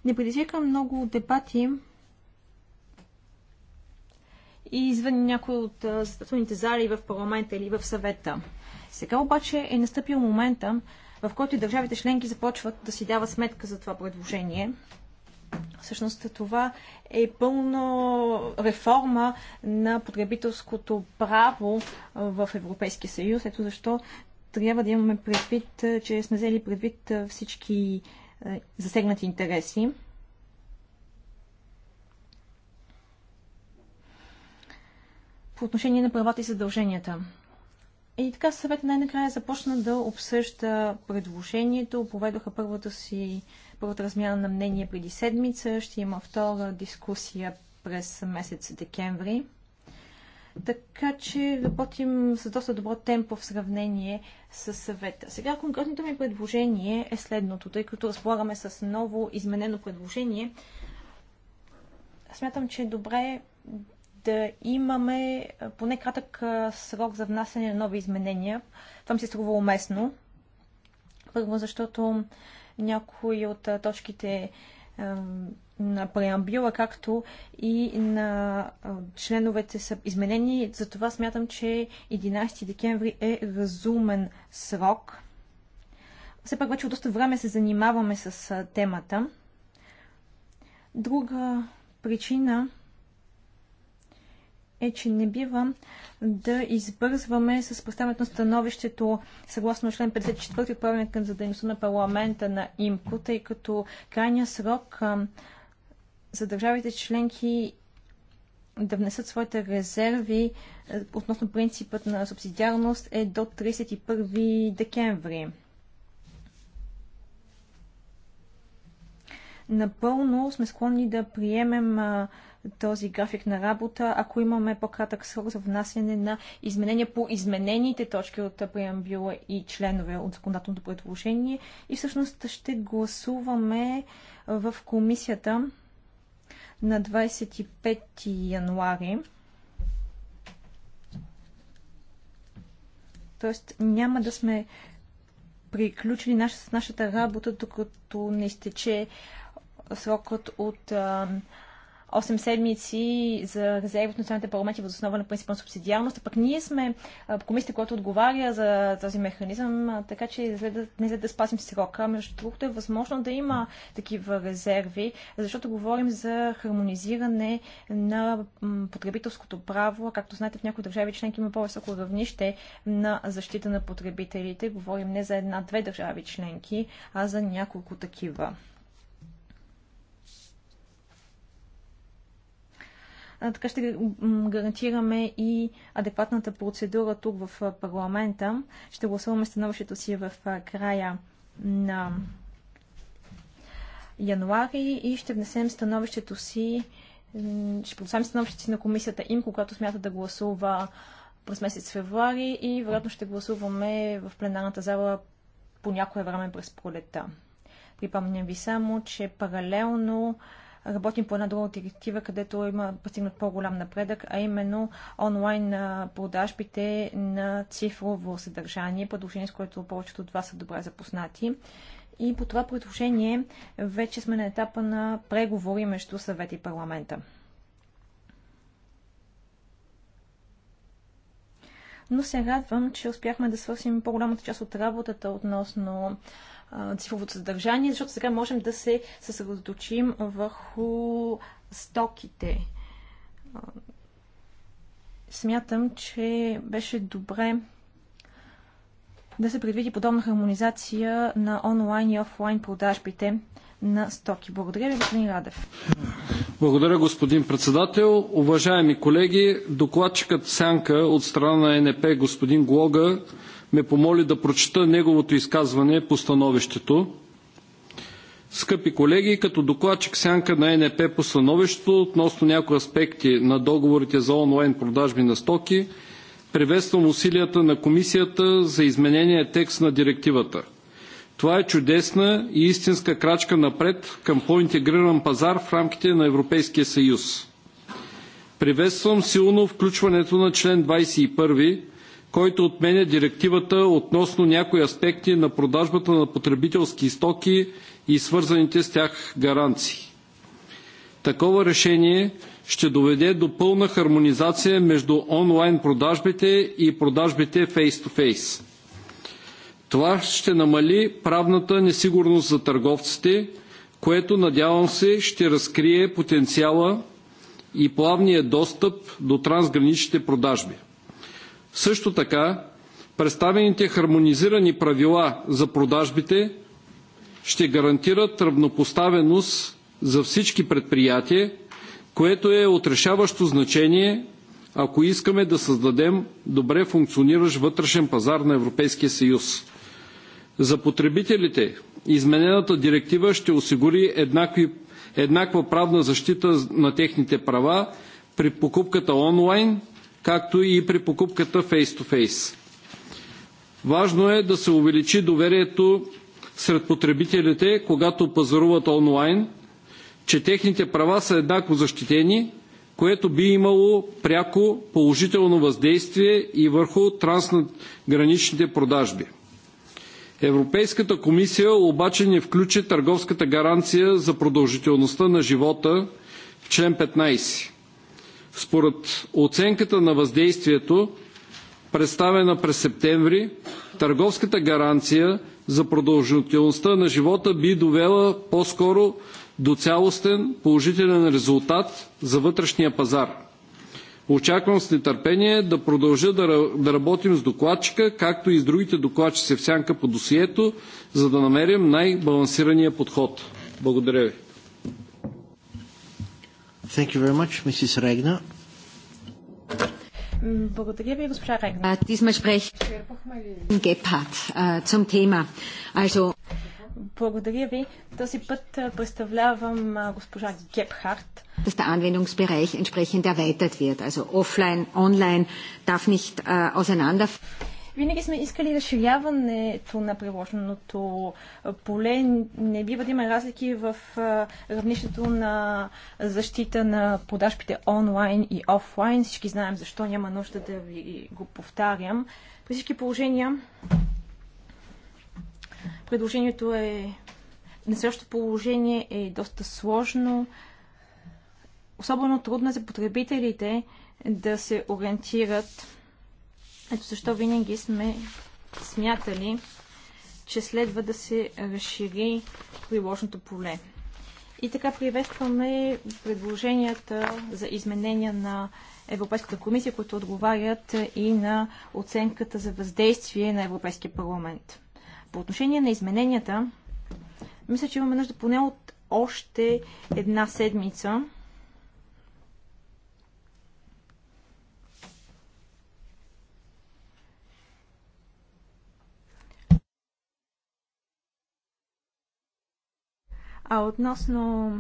не предизвика много дебати и извън някои от статуните зали в парламента или в съвета. Сега обаче е настъпил момента в който и държавите членки започват да си дават сметка за това предложение. Всъщност това е пълно реформа на потребителското право в Европейския съюз. Ето защо трябва да имаме предвид, че сме взели предвид всички е, засегнати интереси. По отношение на правата и задълженията. И така съвет най-накрая започна да обсъжда предложението. Поведоха първата си, първата размяна на мнение преди седмица. Ще има втора дискусия през месец декември. Така че работим с доста добро темпо в сравнение с съвета. Сега конкретното ми предложение е следното, тъй като разполагаме с ново изменено предложение. Смятам, че е добре да имаме поне кратък срок за внасяне на нови изменения. Това ми се струва уместно. Първо, защото някои от точките на преамбюла, както и на членовете са изменени. Затова смятам, че 11 декември е разумен срок. Все пак вече от доста време се занимаваме с темата. Друга причина е, че не бива да избързваме с представянето на становището съгласно член 54 от правилника за дейността на парламента на ИМКО, тъй като крайния срок за държавите членки да внесат своите резерви относно принципът на субсидиарност е до 31 декември. Напълно сме склонни да приемем този график на работа, ако имаме по-кратък срок за внасяне на изменения по изменените точки от преамбюла и членове от законодателното предложение. И всъщност ще гласуваме в комисията на 25 януари. Тоест няма да сме приключили наш, нашата работа, докато не изтече срокът от а, 8 седмици за резерви от националните парламенти в основа на принципа на субсидиарност. пък ние сме комисията, която отговаря за този механизъм, така че не след да спасим срока. Между другото е възможно да има такива резерви, защото говорим за хармонизиране на потребителското право. Както знаете, в някои държави членки има по-високо равнище на защита на потребителите. Говорим не за една-две държави членки, а за няколко такива. Така ще гарантираме и адекватната процедура тук в парламента. Ще гласуваме становището си в края на януари и ще внесем становището си, ще поставим становището си на комисията им, когато смята да гласува през месец февруари и вероятно ще гласуваме в пленарната зала по някое време през пролета. Припомням ви само, че паралелно работим по една друга директива, където има постигнат по-голям напредък, а именно онлайн продажбите на цифрово съдържание, предложение, с което повечето от вас са добре запознати. И по това предложение вече сме на етапа на преговори между съвет и парламента. Но се радвам, че успяхме да свършим по-голямата част от работата относно цифровото съдържание, защото сега можем да се съсредоточим върху стоките. Смятам, че беше добре да се предвиди подобна хармонизация на онлайн и офлайн продажбите на стоки. Благодаря ви, господин Радев. Благодаря, господин председател. Уважаеми колеги, докладчикът Сянка от страна на НП господин Глога ме помоли да прочета неговото изказване по становището. Скъпи колеги, като докладчик сянка на НЕП по становището относно някои аспекти на договорите за онлайн продажби на стоки, приветствам усилията на Комисията за изменение текст на директивата. Това е чудесна и истинска крачка напред към по-интегриран пазар в рамките на Европейския съюз. Приветствам силно включването на член 21 който отменя директивата относно някои аспекти на продажбата на потребителски стоки и свързаните с тях гаранции. Такова решение ще доведе до пълна хармонизация между онлайн продажбите и продажбите face-to-face. Това ще намали правната несигурност за търговците, което надявам се ще разкрие потенциала и плавния достъп до трансграничните продажби. Също така, представените хармонизирани правила за продажбите ще гарантират равнопоставеност за всички предприятия, което е от решаващо значение, ако искаме да създадем добре функциониращ вътрешен пазар на Европейския съюз. За потребителите изменената директива ще осигури еднакви, еднаква правна защита на техните права при покупката онлайн – както и при покупката face-to-face. Важно е да се увеличи доверието сред потребителите, когато пазаруват онлайн, че техните права са еднакво защитени, което би имало пряко положително въздействие и върху трансграничните продажби. Европейската комисия обаче не включи търговската гаранция за продължителността на живота в член 15. Според оценката на въздействието, представена през септември, търговската гаранция за продължителността на живота би довела по-скоро до цялостен положителен резултат за вътрешния пазар. Очаквам с нетърпение да продължа да работим с докладчика, както и с другите докладчици в сянка по досието, за да намерим най-балансирания подход. Благодаря ви. Thank you very much, Mrs. Regner. Благодаря ви, госпожа Регна. Diesmal sprechen Gebhardt zum Thema. Also... Благодаря ви. Този път представлявам госпожа Гепхарт. Dass der Anwendungsbereich entsprechend erweitert wird. Also offline, online darf nicht äh, auseinander. Винаги сме искали разширяването на приложеното поле. Не бива да има разлики в равнището на защита на продажбите онлайн и офлайн. Всички знаем защо няма нужда да ви го повтарям. При всички положения предложението е На същото положение е доста сложно. Особено трудно е за потребителите да се ориентират ето защо винаги сме смятали, че следва да се разшири приложното поле. И така приветстваме предложенията за изменения на Европейската комисия, които отговарят и на оценката за въздействие на Европейския парламент. По отношение на измененията, мисля, че имаме нужда поне от още една седмица, А относно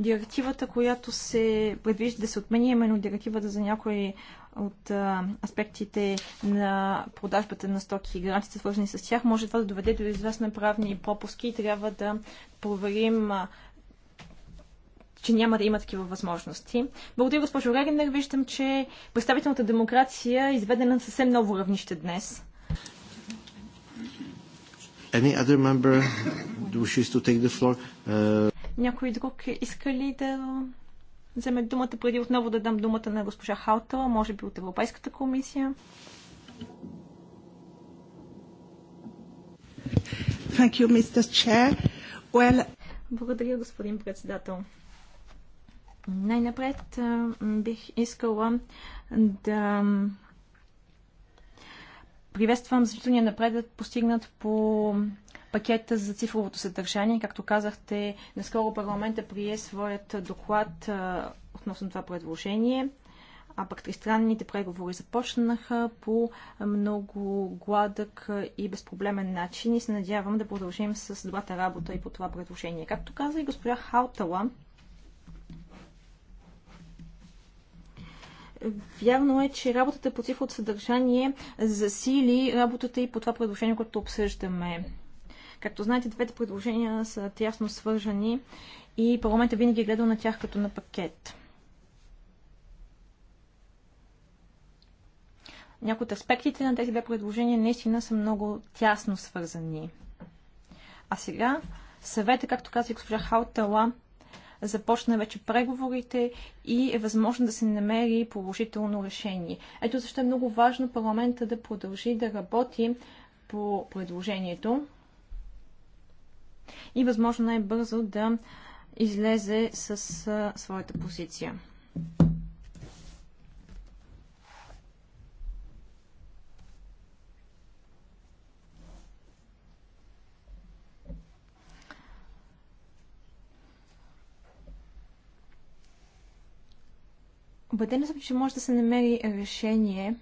директивата, която се предвижда да се отмени, именно директивата за някои от а, аспектите на продажбата на стоки и гаранциите, свързани с тях, може това да доведе до известни правни пропуски и трябва да проверим а, че няма да има такива възможности. Благодаря, госпожо Регенер. Виждам, че представителната демокрация е изведена на съвсем ново равнище днес. Any other member wishes to take the floor? Uh, Някой друг иска ли да вземе думата преди отново да дам думата на госпожа Хаутала, може би от Европейската комисия? Thank you, Mr. Chair. Well... Благодаря, господин председател. Най-напред бих искала да Приветствам значителния напредък, постигнат по пакета за цифровото съдържание. Както казахте, наскоро парламента прие своят доклад а, относно това предложение. А пък тристранните преговори започнаха по много гладък и безпроблемен начин и се надявам да продължим с добрата работа и по това предложение. Както каза и госпожа Хаутала, Вярно е, че работата по цифровото съдържание засили работата и по това предложение, което обсъждаме. Както знаете, двете предложения са тясно свържени и парламентът винаги е гледал на тях като на пакет. Някои от аспектите на тези две предложения наистина са много тясно свързани. А сега съвета, както каза и госпожа Хаутала, започна вече преговорите и е възможно да се намери положително решение. Ето защо е много важно парламента да продължи да работи по предложението и възможно най-бързо да излезе с своята позиция. Убедена съм, че може да се намери решение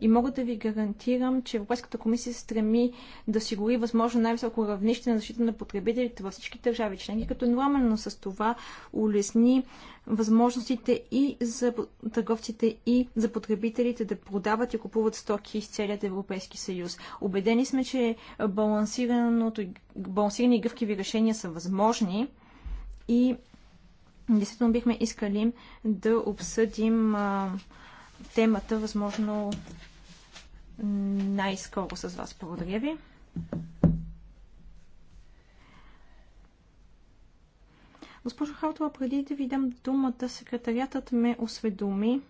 и мога да ви гарантирам, че Европейската комисия се стреми да осигури възможно най-високо равнище на защита на потребителите във всички държави членки, като едновременно с това улесни възможностите и за търговците, и за потребителите да продават и купуват стоки из целият Европейски съюз. Обедени сме, че балансираното, балансирани и гъвкиви решения са възможни и Действително бихме искали да обсъдим темата, възможно най-скоро с вас. Благодаря ви. Госпожо Халтова, преди да ви дам думата, секретариатът ме осведоми,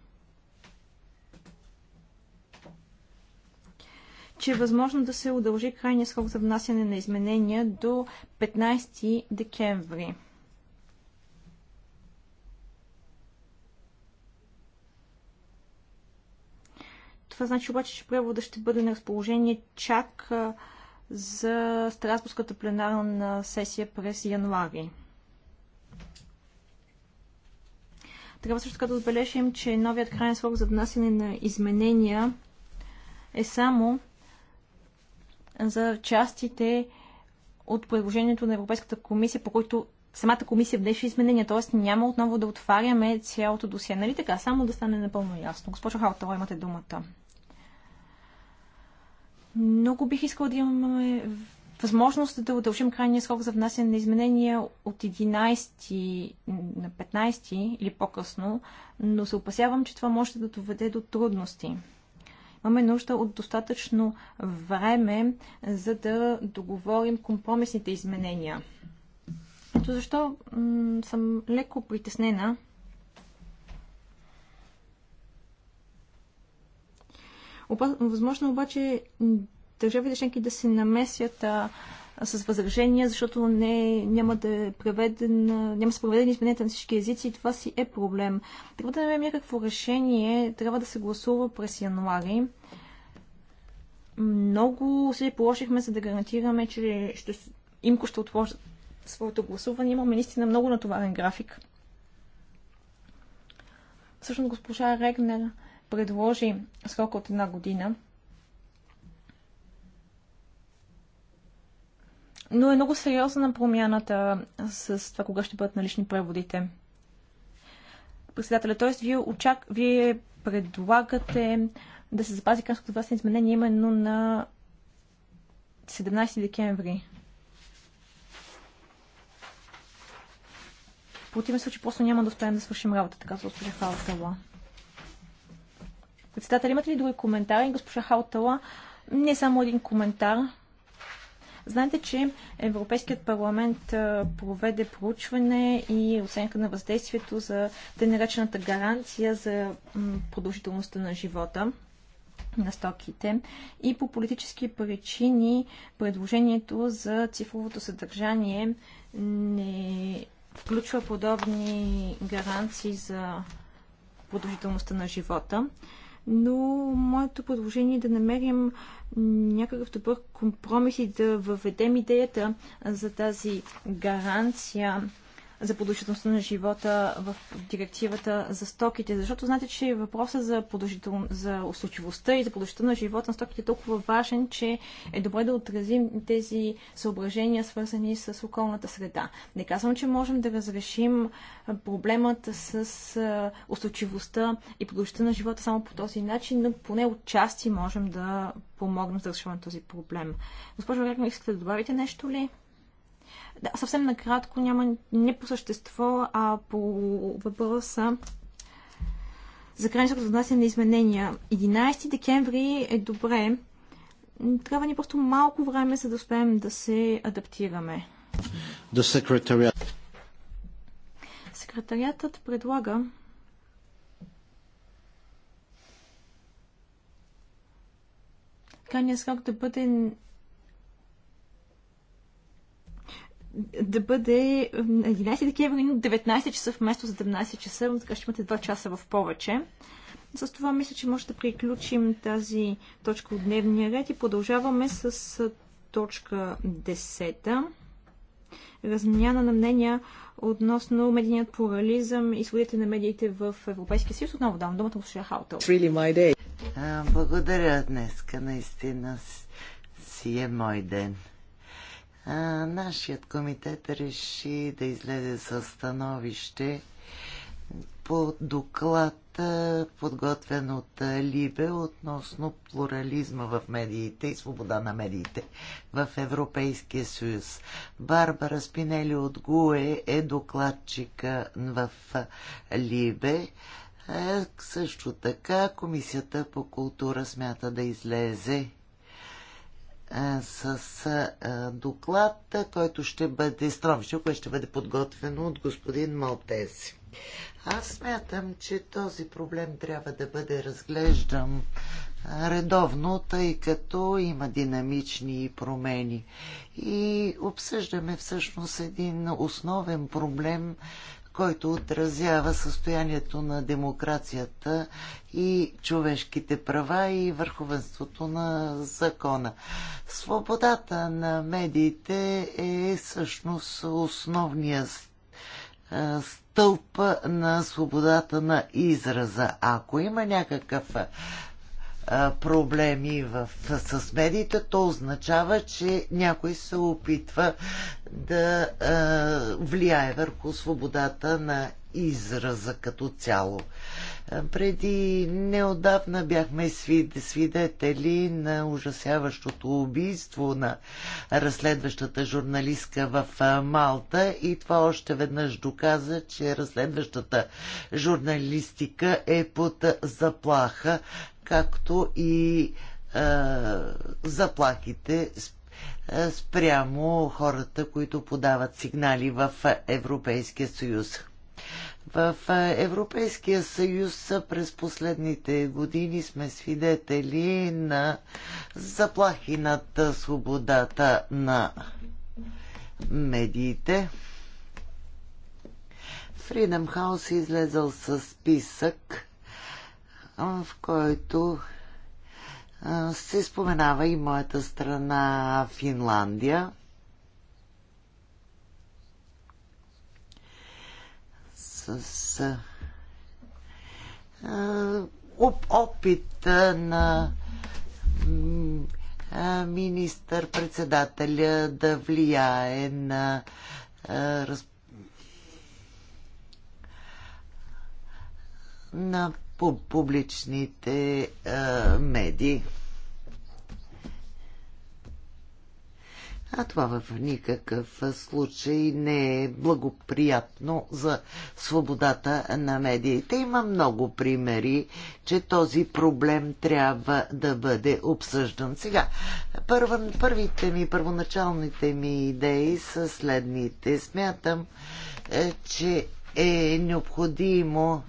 че е възможно да се удължи крайния срок за внасяне на изменения до 15 декември. Това значи обаче, че превода ще бъде на разположение чак за Страсбургската пленарна сесия през януари. Трябва също така да отбележим, че новият крайен срок за внасяне на изменения е само за частите от предложението на Европейската комисия, по който самата комисия внеше изменения, т.е. няма отново да отваряме цялото досие. Нали така? Само да стане напълно ясно. Госпожо Халтова, имате думата. Много бих искала да имаме възможност да удължим крайния срок за внасяне на изменения от 11 на 15 или по-късно, но се опасявам, че това може да доведе до трудности. Имаме нужда от достатъчно време, за да договорим компромисните изменения. Ето защо съм леко притеснена, Опа... Възможно е обаче държавите членки да се намесят а, а, с възражения, защото не, няма да е преведен, няма са проведени изменения на всички езици и това си е проблем. Трябва да намерим някакво решение, трябва да се гласува през януари. Много се положихме, за да гарантираме, че ще, имко ще отложат своето гласуване. Имаме наистина много натоварен график. Всъщност госпожа Регнер предложи срок от една година. Но е много сериозна промяната с това кога ще бъдат налични преводите. Председателя, т.е. вие, очак... вие предлагате да се запази кръмското властно изменение именно на 17 декември. В противен случай просто няма да успеем да свършим работа, така се госпожа Фалсала. Председател, имате ли други коментари? Госпожа Хаутала, не само един коментар. Знаете, че Европейският парламент проведе проучване и оценка на въздействието за те наречената гаранция за продължителността на живота на стоките и по политически причини предложението за цифровото съдържание не включва подобни гаранции за продължителността на живота но моето предложение е да намерим някакъв добър компромис и да въведем идеята за тази гаранция за продължителността на живота в директивата за стоките, защото знаете, че въпросът за, продължител... за устойчивостта и за продължителността на живота на стоките е толкова важен, че е добре да отразим тези съображения, свързани с околната среда. Не казвам, че можем да разрешим проблемата с устойчивостта и продължителността на живота само по този начин, но поне отчасти можем да помогнем за на този проблем. Госпожо Регна, искате да добавите нещо ли? Да, съвсем накратко, няма не по същество, а по въпроса за крайен срок за на изменения. 11 декември е добре. Трябва ни просто малко време, за да успеем да се адаптираме. Секретарият. Секретариатът предлага крайният срок да бъде да бъде на 11 декември но 19 часа вместо 17 часа, но така ще имате 2 часа в повече. С това мисля, че може да приключим тази точка от дневния ред и продължаваме с точка 10. Размяна на мнения относно медийният плурализъм и свободите на медиите в Европейския съюз. Отново давам думата госпожа Хаутел. Really благодаря днеска, наистина си е мой ден нашият комитет реши да излезе със становище по доклад, подготвен от Либе, относно плурализма в медиите и свобода на медиите в Европейския съюз. Барбара Спинели от ГУЕ е докладчика в Либе. също така Комисията по култура смята да излезе с доклад, който ще бъде стромище, който ще бъде подготвено от господин Малтези. Аз смятам, че този проблем трябва да бъде разглеждан редовно, тъй като има динамични промени. И обсъждаме всъщност един основен проблем, който отразява състоянието на демокрацията и човешките права и върховенството на закона. Свободата на медиите е всъщност основния е, стълб на свободата на израза. Ако има някакъв е, проблеми в, с медиите, то означава, че някой се опитва да а, влияе върху свободата на израза като цяло. Преди неодавна бяхме свидетели на ужасяващото убийство на разследващата журналистка в Малта и това още веднъж доказа, че разследващата журналистика е под заплаха, както и е, заплахите спрямо хората, които подават сигнали в Европейския съюз. В Европейския съюз през последните години сме свидетели на заплахи над свободата на медиите. Freedom House е излезъл с списък, в който се споменава и моята страна Финландия – с опита на министър-председателя да влияе на на публичните медии. а това в никакъв случай не е благоприятно за свободата на медиите. Има много примери, че този проблем трябва да бъде обсъждан. Сега, първа, първите ми, първоначалните ми идеи са следните. Смятам, е, че е необходимо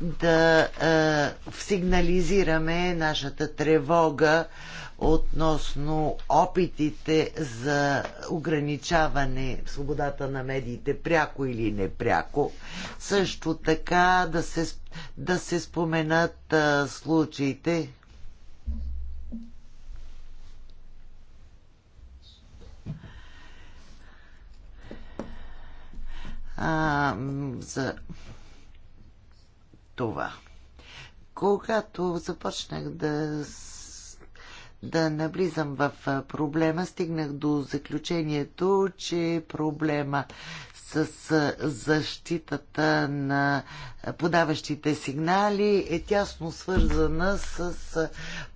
да е, сигнализираме нашата тревога относно опитите за ограничаване свободата на медиите, пряко или непряко. Също така да се, да се споменат а, случаите, а, за това. Когато започнах да да навлизам в проблема, стигнах до заключението, че проблема с защитата на подаващите сигнали е тясно свързана с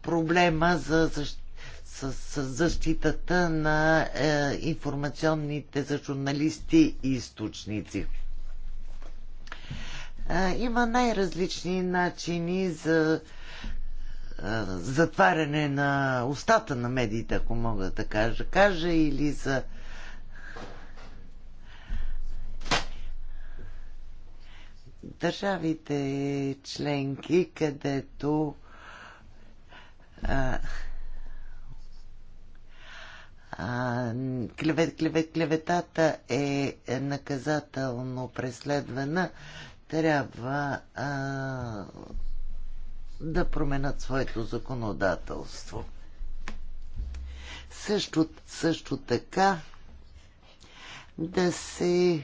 проблема за защита с защитата на е, информационните за журналисти и източници. Е, има най-различни начини за е, затваряне на устата на медиите, ако мога да кажа, кажа или за държавите членки, където клевет, клевет, клеветата е наказателно преследвана, трябва а, да променят своето законодателство. Също, също така да се,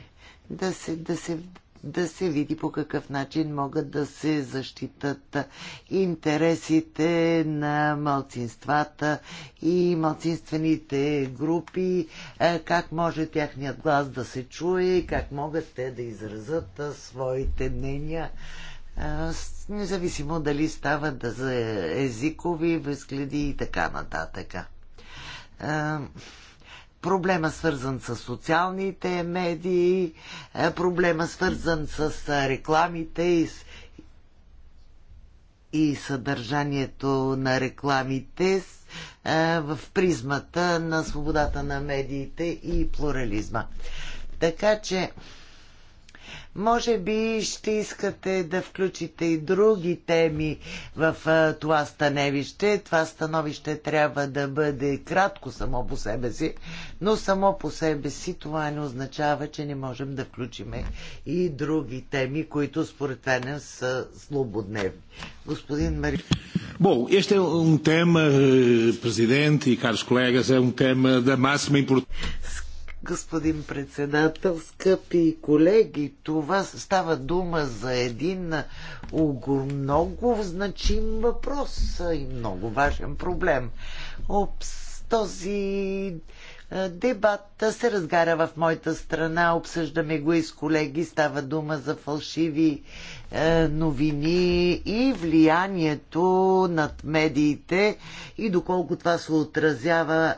да, се, да, се, да се види по какъв начин могат да се защитат интересите на малцинствата и малцинствените групи, е, как може тяхният глас да се чуе, и как могат те да изразят е, своите мнения независимо дали стават за езикови възгледи и така нататък. Проблема свързан с социалните медии, проблема свързан с рекламите и с и съдържанието на рекламите в призмата на свободата на медиите и плурализма. Така че може би ще искате да включите и други теми в това становище. Това становище трябва да бъде кратко само по себе си, но само по себе си това не означава, че не можем да включим и други теми, които според мен са злободневни. Господин Мари. Bom, este е um tema, eh, Presidente e caros colegas, é um tema da máxima importância господин председател, скъпи колеги, това става дума за един много значим въпрос и много важен проблем. Опс, този дебат се разгара в моята страна, обсъждаме го и с колеги, става дума за фалшиви новини и влиянието над медиите и доколко това се отразява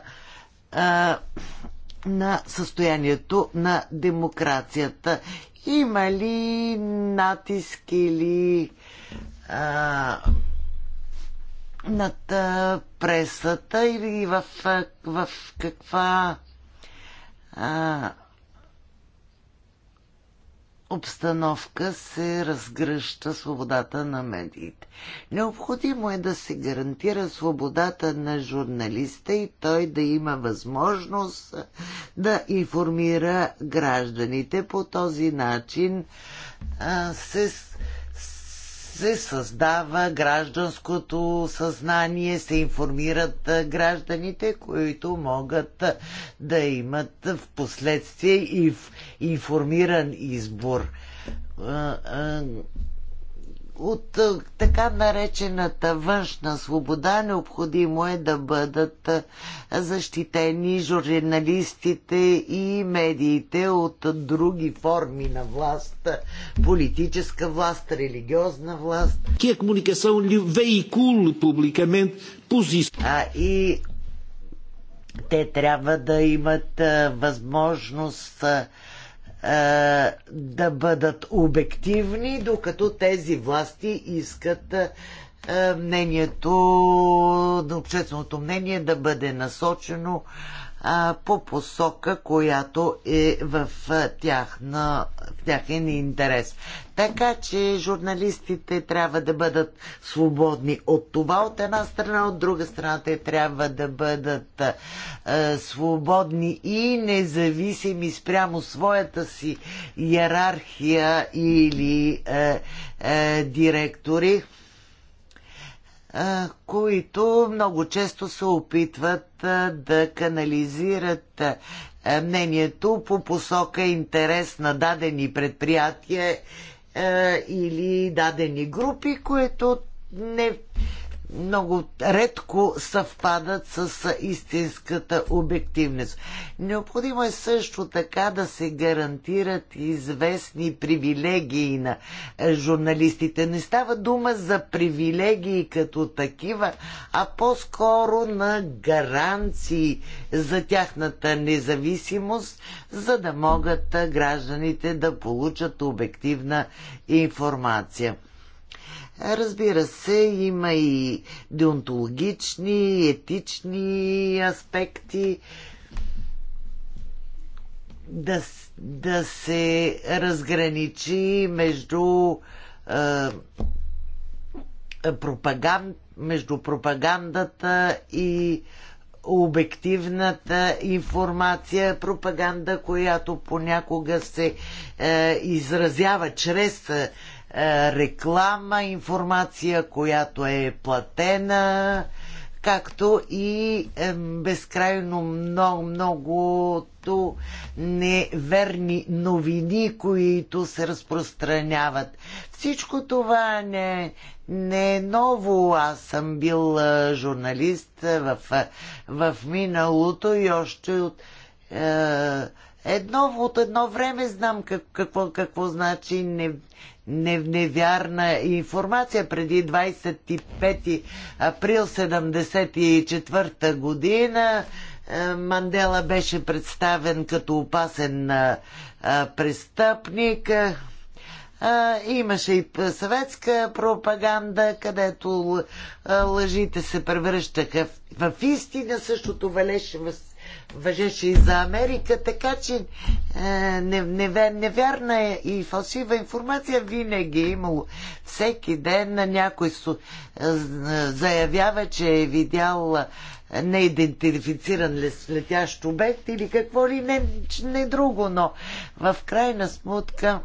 на състоянието на демокрацията. Има ли натиск или а, над а, пресата или в, в каква а, обстановка се разгръща свободата на медиите. Необходимо е да се гарантира свободата на журналиста и той да има възможност да информира гражданите. По този начин се се създава гражданското съзнание, се информират гражданите, които могат да имат в последствие и в информиран избор от така наречената външна свобода необходимо е да бъдат защитени журналистите и медиите от други форми на власт, политическа власт, религиозна власт. А и те трябва да имат възможност е, да бъдат обективни, докато тези власти искат е, мнението, общественото мнение да бъде насочено а, по посока, която е в, на, в тяхен интерес. Така че журналистите трябва да бъдат свободни от това от една страна, от друга страна те трябва да бъдат а, свободни и независими спрямо своята си иерархия или а, а, директори които много често се опитват да канализират мнението по посока интерес на дадени предприятия или дадени групи, което не, много редко съвпадат с истинската обективност. Необходимо е също така да се гарантират известни привилегии на журналистите. Не става дума за привилегии като такива, а по-скоро на гаранции за тяхната независимост, за да могат гражданите да получат обективна информация. Разбира се, има и деонтологични, етични аспекти. Да, да се разграничи между е, пропаганд, между пропагандата и обективната информация, пропаганда, която понякога се е, изразява чрез е, е, реклама, информация, която е платена, както и е, безкрайно много, много неверни новини, които се разпространяват. Всичко това не, не е ново. Аз съм бил е, журналист в, в миналото и още от е, едно, от едно време знам как, какво, какво значи не, невярна информация. Преди 25 април 1974 година е, Мандела беше представен като опасен е, е, престъпник. Имаше и съветска пропаганда, където лъжите се превръщаха в истина. Същото валеше в въжеше и за Америка, така че е, невярна е и фалшива информация винаги е имало. Всеки ден на някой су, е, заявява, че е видял е, неидентифициран летящ обект или какво ли не, не друго, но в крайна смутка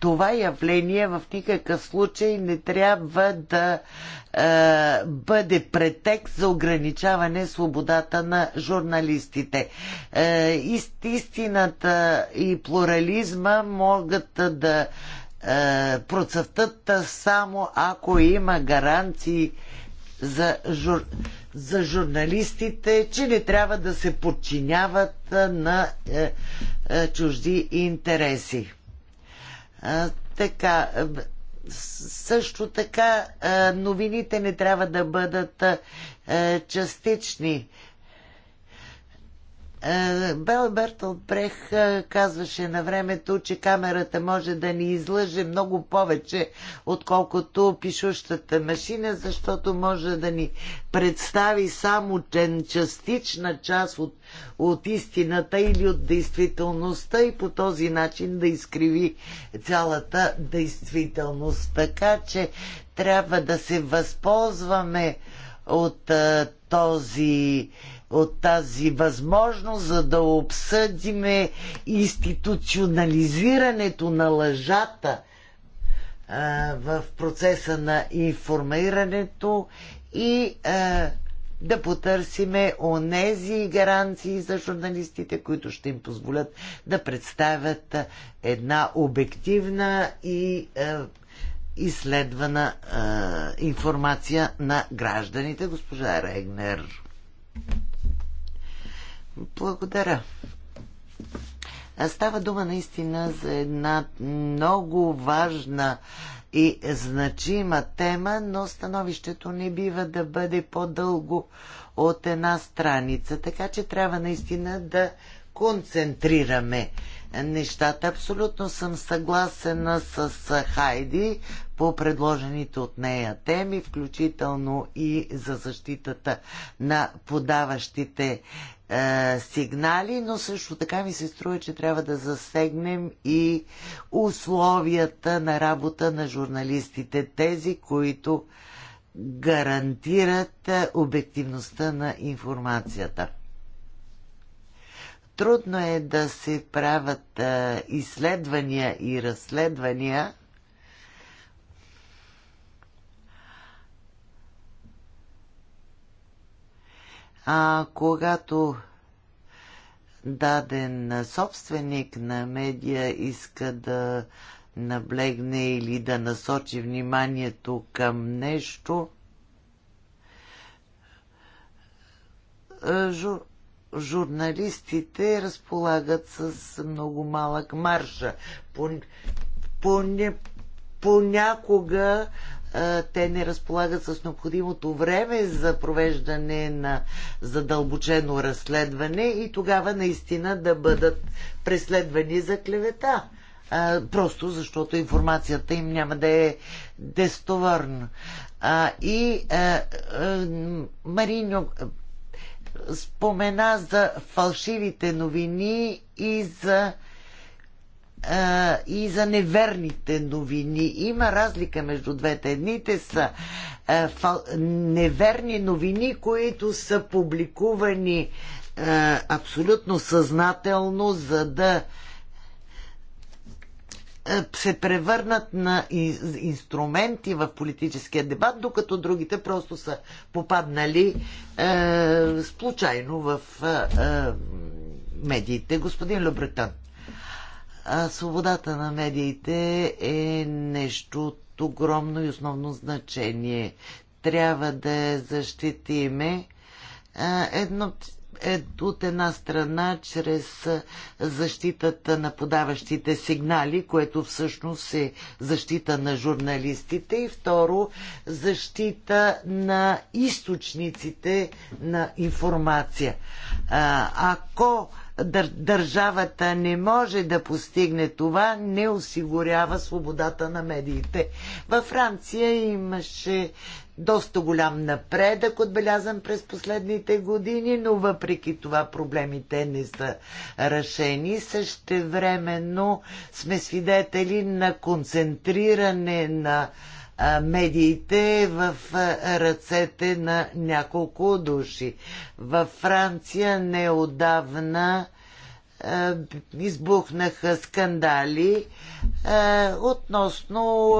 това явление в никакъв случай не трябва да е, бъде претекст за ограничаване свободата на журналистите. Е, ист, истината и плурализма могат да е, процъфтат само ако има гаранции за, жур, за журналистите, че не трябва да се подчиняват на е, е, чужди интереси. А, така, също така новините не трябва да бъдат частични. Е, Бел Бертъл Прех е, казваше на времето, че камерата може да ни излъже много повече, отколкото пишущата машина, защото може да ни представи само частична част от, от истината или от действителността и по този начин да изкриви цялата действителност. Така че трябва да се възползваме от а, е, този от тази възможност, за да обсъдиме институционализирането на лъжата а, в процеса на информирането и а, да потърсиме онези гаранции за журналистите, които ще им позволят да представят една обективна и изследвана е, информация на гражданите, госпожа Регнер. Благодаря. Става дума наистина за една много важна и значима тема, но становището не бива да бъде по-дълго от една страница, така че трябва наистина да концентрираме нещата. Абсолютно съм съгласена с Хайди по предложените от нея теми, включително и за защитата на подаващите е, сигнали, но също така ми се струва, че трябва да засегнем и условията на работа на журналистите, тези, които гарантират е, обективността на информацията. Трудно е да се правят а, изследвания и разследвания. А когато даден собственик на медия иска да наблегне или да насочи вниманието към нещо, журналистите разполагат с много малък маржа. Понякога те не разполагат с необходимото време за провеждане на задълбочено разследване и тогава наистина да бъдат преследвани за клевета. А, просто защото информацията им няма да е дестоверна. А, и а, а, Мариньо спомена за фалшивите новини и за и за неверните новини. Има разлика между двете. Едните са неверни новини, които са публикувани абсолютно съзнателно, за да е, се превърнат на инструменти в политическия дебат, докато другите просто са попаднали е, случайно в е, е, медиите. Господин Лебретан, е, свободата на медиите е нещо от огромно и основно значение. Трябва да защитиме е, едно е, от една страна чрез защитата на подаващите сигнали, което всъщност е защита на журналистите и второ защита на източниците на информация. А, ако дър, държавата не може да постигне това, не осигурява свободата на медиите. Във Франция имаше доста голям напредък, отбелязан през последните години, но въпреки това проблемите не са решени. Същевременно сме свидетели на концентриране на медиите в ръцете на няколко души. Във Франция неодавна избухнаха скандали относно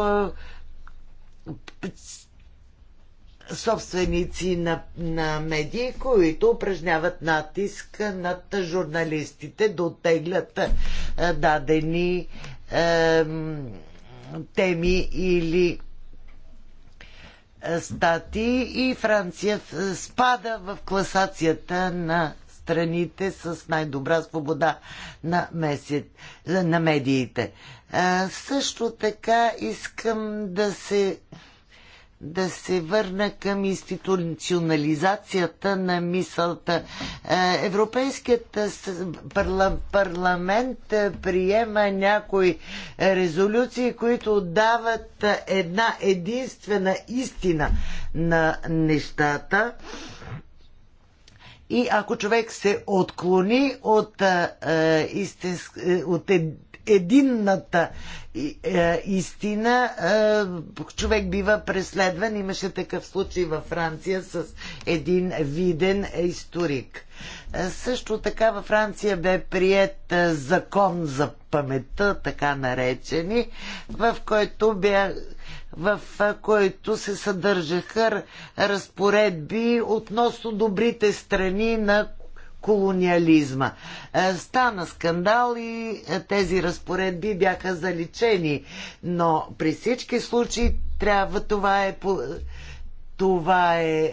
собственици на, на медии, които упражняват натиск над журналистите да оттеглят е, дадени е, теми или е, статии и Франция спада в класацията на страните с най-добра свобода на, месец, на медиите. Е, също така искам да се да се върна към институционализацията на мисълта. Е, Европейският парламент е, приема някои резолюции, които дават една единствена истина на нещата. И ако човек се отклони от, е, истинск, е, от е, единната е, истина, е, човек бива преследван. Имаше такъв случай във Франция с един виден историк. Е, също така във Франция бе прият закон за паметта, така наречени, в който бях в който се съдържаха разпоредби относно добрите страни на колониализма. Е, стана скандал и е, тези разпоредби бяха заличени, но при всички случаи трябва това е това е, е,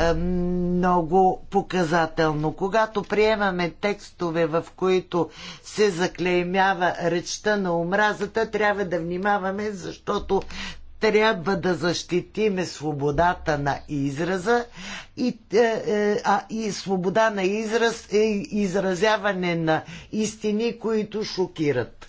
е много показателно. Когато приемаме текстове, в които се заклеймява речта на омразата, трябва да внимаваме, защото трябва да защитиме свободата на израза и, е, е, а, и свобода на израз е изразяване на истини, които шокират.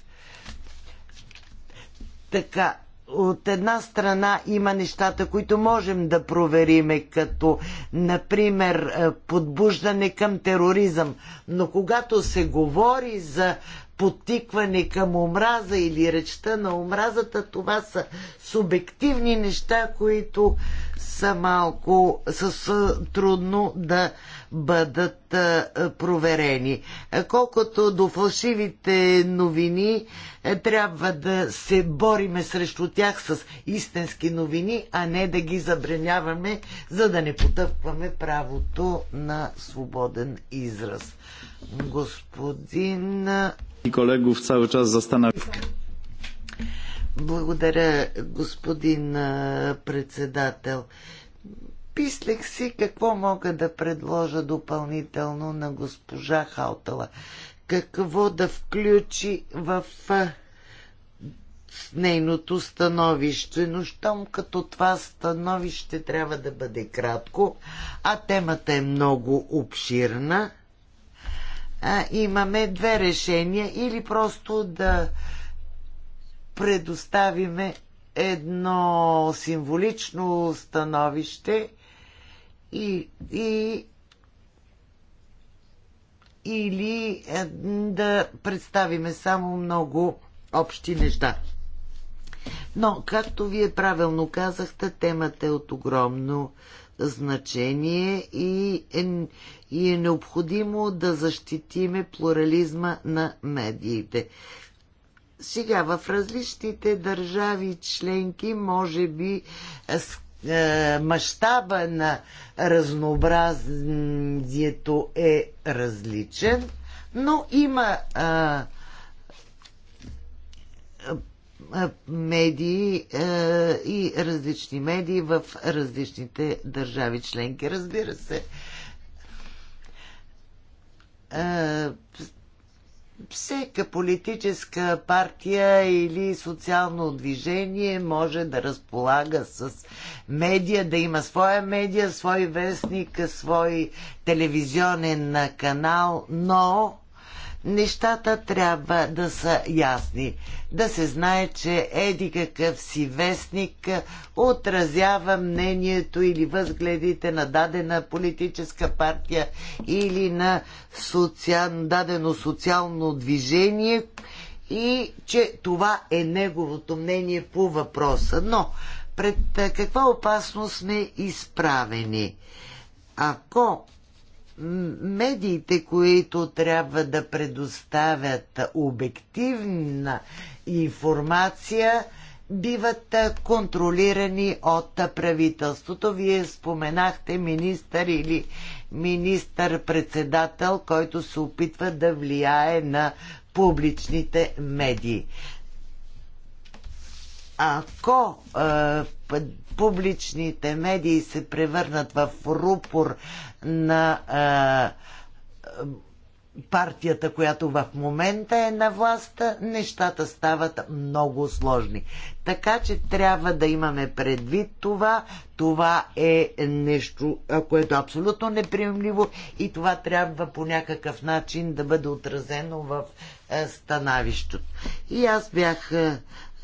Така, от една страна има нещата, които можем да провериме, като, например, е, подбуждане към тероризъм. Но когато се говори за подтикване към омраза или речта на омразата, това са субективни неща, които са малко са, са трудно да бъдат а, проверени. Колкото до фалшивите новини, е, трябва да се бориме срещу тях с истински новини, а не да ги забраняваме, за да не потъпваме правото на свободен израз. Господин i kolegów cały czas zastanawiam. Благодаря, господин председател. Пислех си какво мога да предложа допълнително на госпожа Халтала. Какво да включи в нейното становище, но щом като това становище трябва да бъде кратко, а темата е много обширна – а, имаме две решения. Или просто да предоставиме едно символично становище и, и или е, да представиме само много общи неща. Но, както вие правилно казахте, темата е от огромно значение и е, и е необходимо да защитиме плурализма на медиите. Сега в различните държави членки, може би е, е, мащаба на разнообразието е различен, но има е, медии и различни медии в различните държави членки. Разбира се, всека политическа партия или социално движение може да разполага с медия, да има своя медия, свой вестник, свой телевизионен канал, но нещата трябва да са ясни. Да се знае, че еди какъв си вестник отразява мнението или възгледите на дадена политическа партия или на социал, дадено социално движение и че това е неговото мнение по въпроса. Но пред каква опасност сме изправени? Ако медиите, които трябва да предоставят обективна информация, биват контролирани от правителството. Вие споменахте министър или министър-председател, който се опитва да влияе на публичните медии. Ако е, публичните медии се превърнат в рупор на а, партията, която в момента е на власт, нещата стават много сложни. Така че трябва да имаме предвид това. Това е нещо, което е абсолютно неприемливо и това трябва по някакъв начин да бъде отразено в становището. И аз бях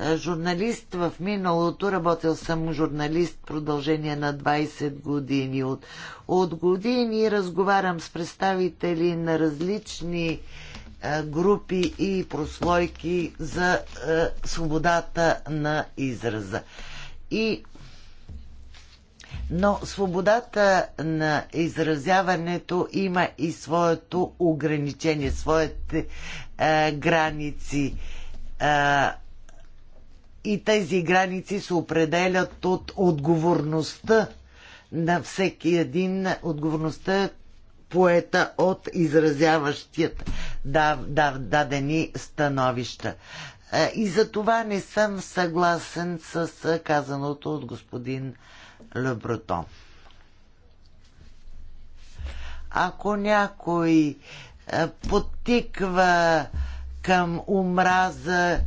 е, журналист в миналото. Работил съм журналист в продължение на 20 години. От, от години разговарям с представители на различни е, групи и прослойки за е, свободата на израза. И но свободата на изразяването има и своето ограничение, своите е, граници. Е, и тези граници се определят от отговорността на всеки един, отговорността поета от изразяващият да, да, дадени становища. Е, и за това не съм съгласен с е, казаното от господин Леброто. Ако някой е, подтиква към омраза,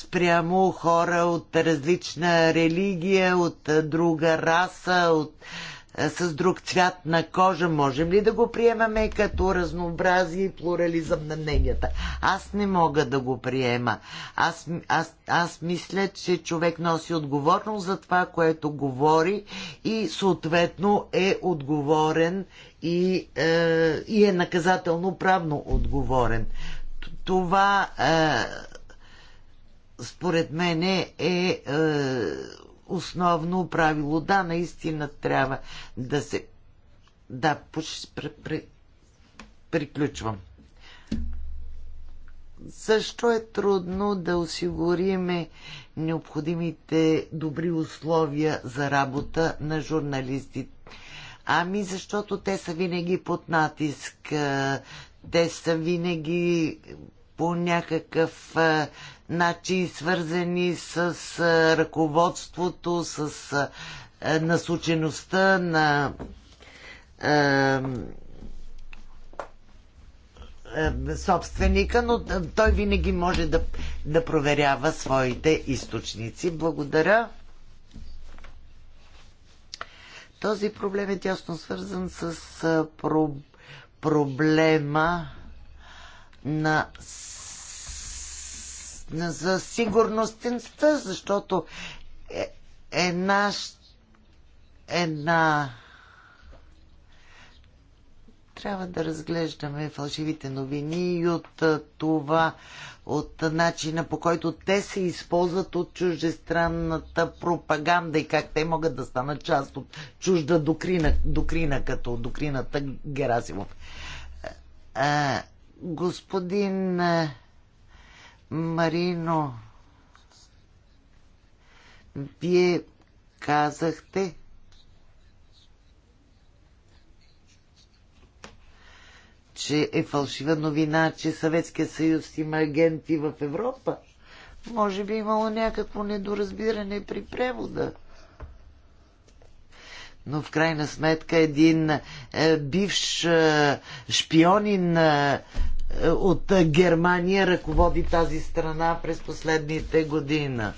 спрямо хора от различна религия, от друга раса, от, с друг цвят на кожа. Можем ли да го приемаме като разнообразие и плурализъм на мненията? Аз не мога да го приема. Аз, аз, аз мисля, че човек носи отговорност за това, което говори и съответно е отговорен и, е, и е наказателно правно отговорен. Това е, според мен е, е, е основно правило. Да, наистина трябва да се. Да, приключвам. Защо е трудно да осигуриме необходимите добри условия за работа на журналистите? Ами защото те са винаги под натиск, те са винаги по някакъв начин свързани с ръководството, с насочеността на собственика, но той винаги може да, да проверява своите източници. Благодаря. Този проблем е тясно свързан с проблема на за сигурността, защото е, една една трябва да разглеждаме фалшивите новини и от това, от начина по който те се използват от чуждестранната пропаганда и как те могат да станат част от чужда докрина, докрина като докрината Герасимов. А, е, е, господин е, Марино, вие казахте, че е фалшива новина, че Съветския съюз има агенти в Европа. Може би имало някакво недоразбиране при превода. Но в крайна сметка един е, бивш е, шпионин е, е, от Германия ръководи тази страна през последните година.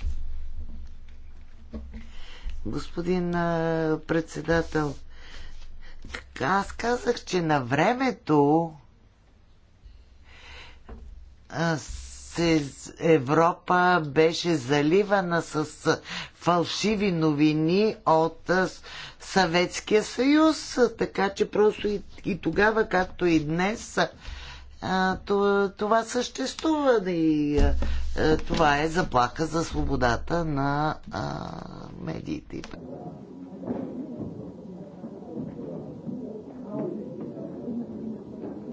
Господин е, председател, аз казах, че на времето е, Европа беше заливана с фалшиви новини от Съветския съюз, така че просто и, и тогава, както и днес, това съществува и това е заплаха за свободата на медиите.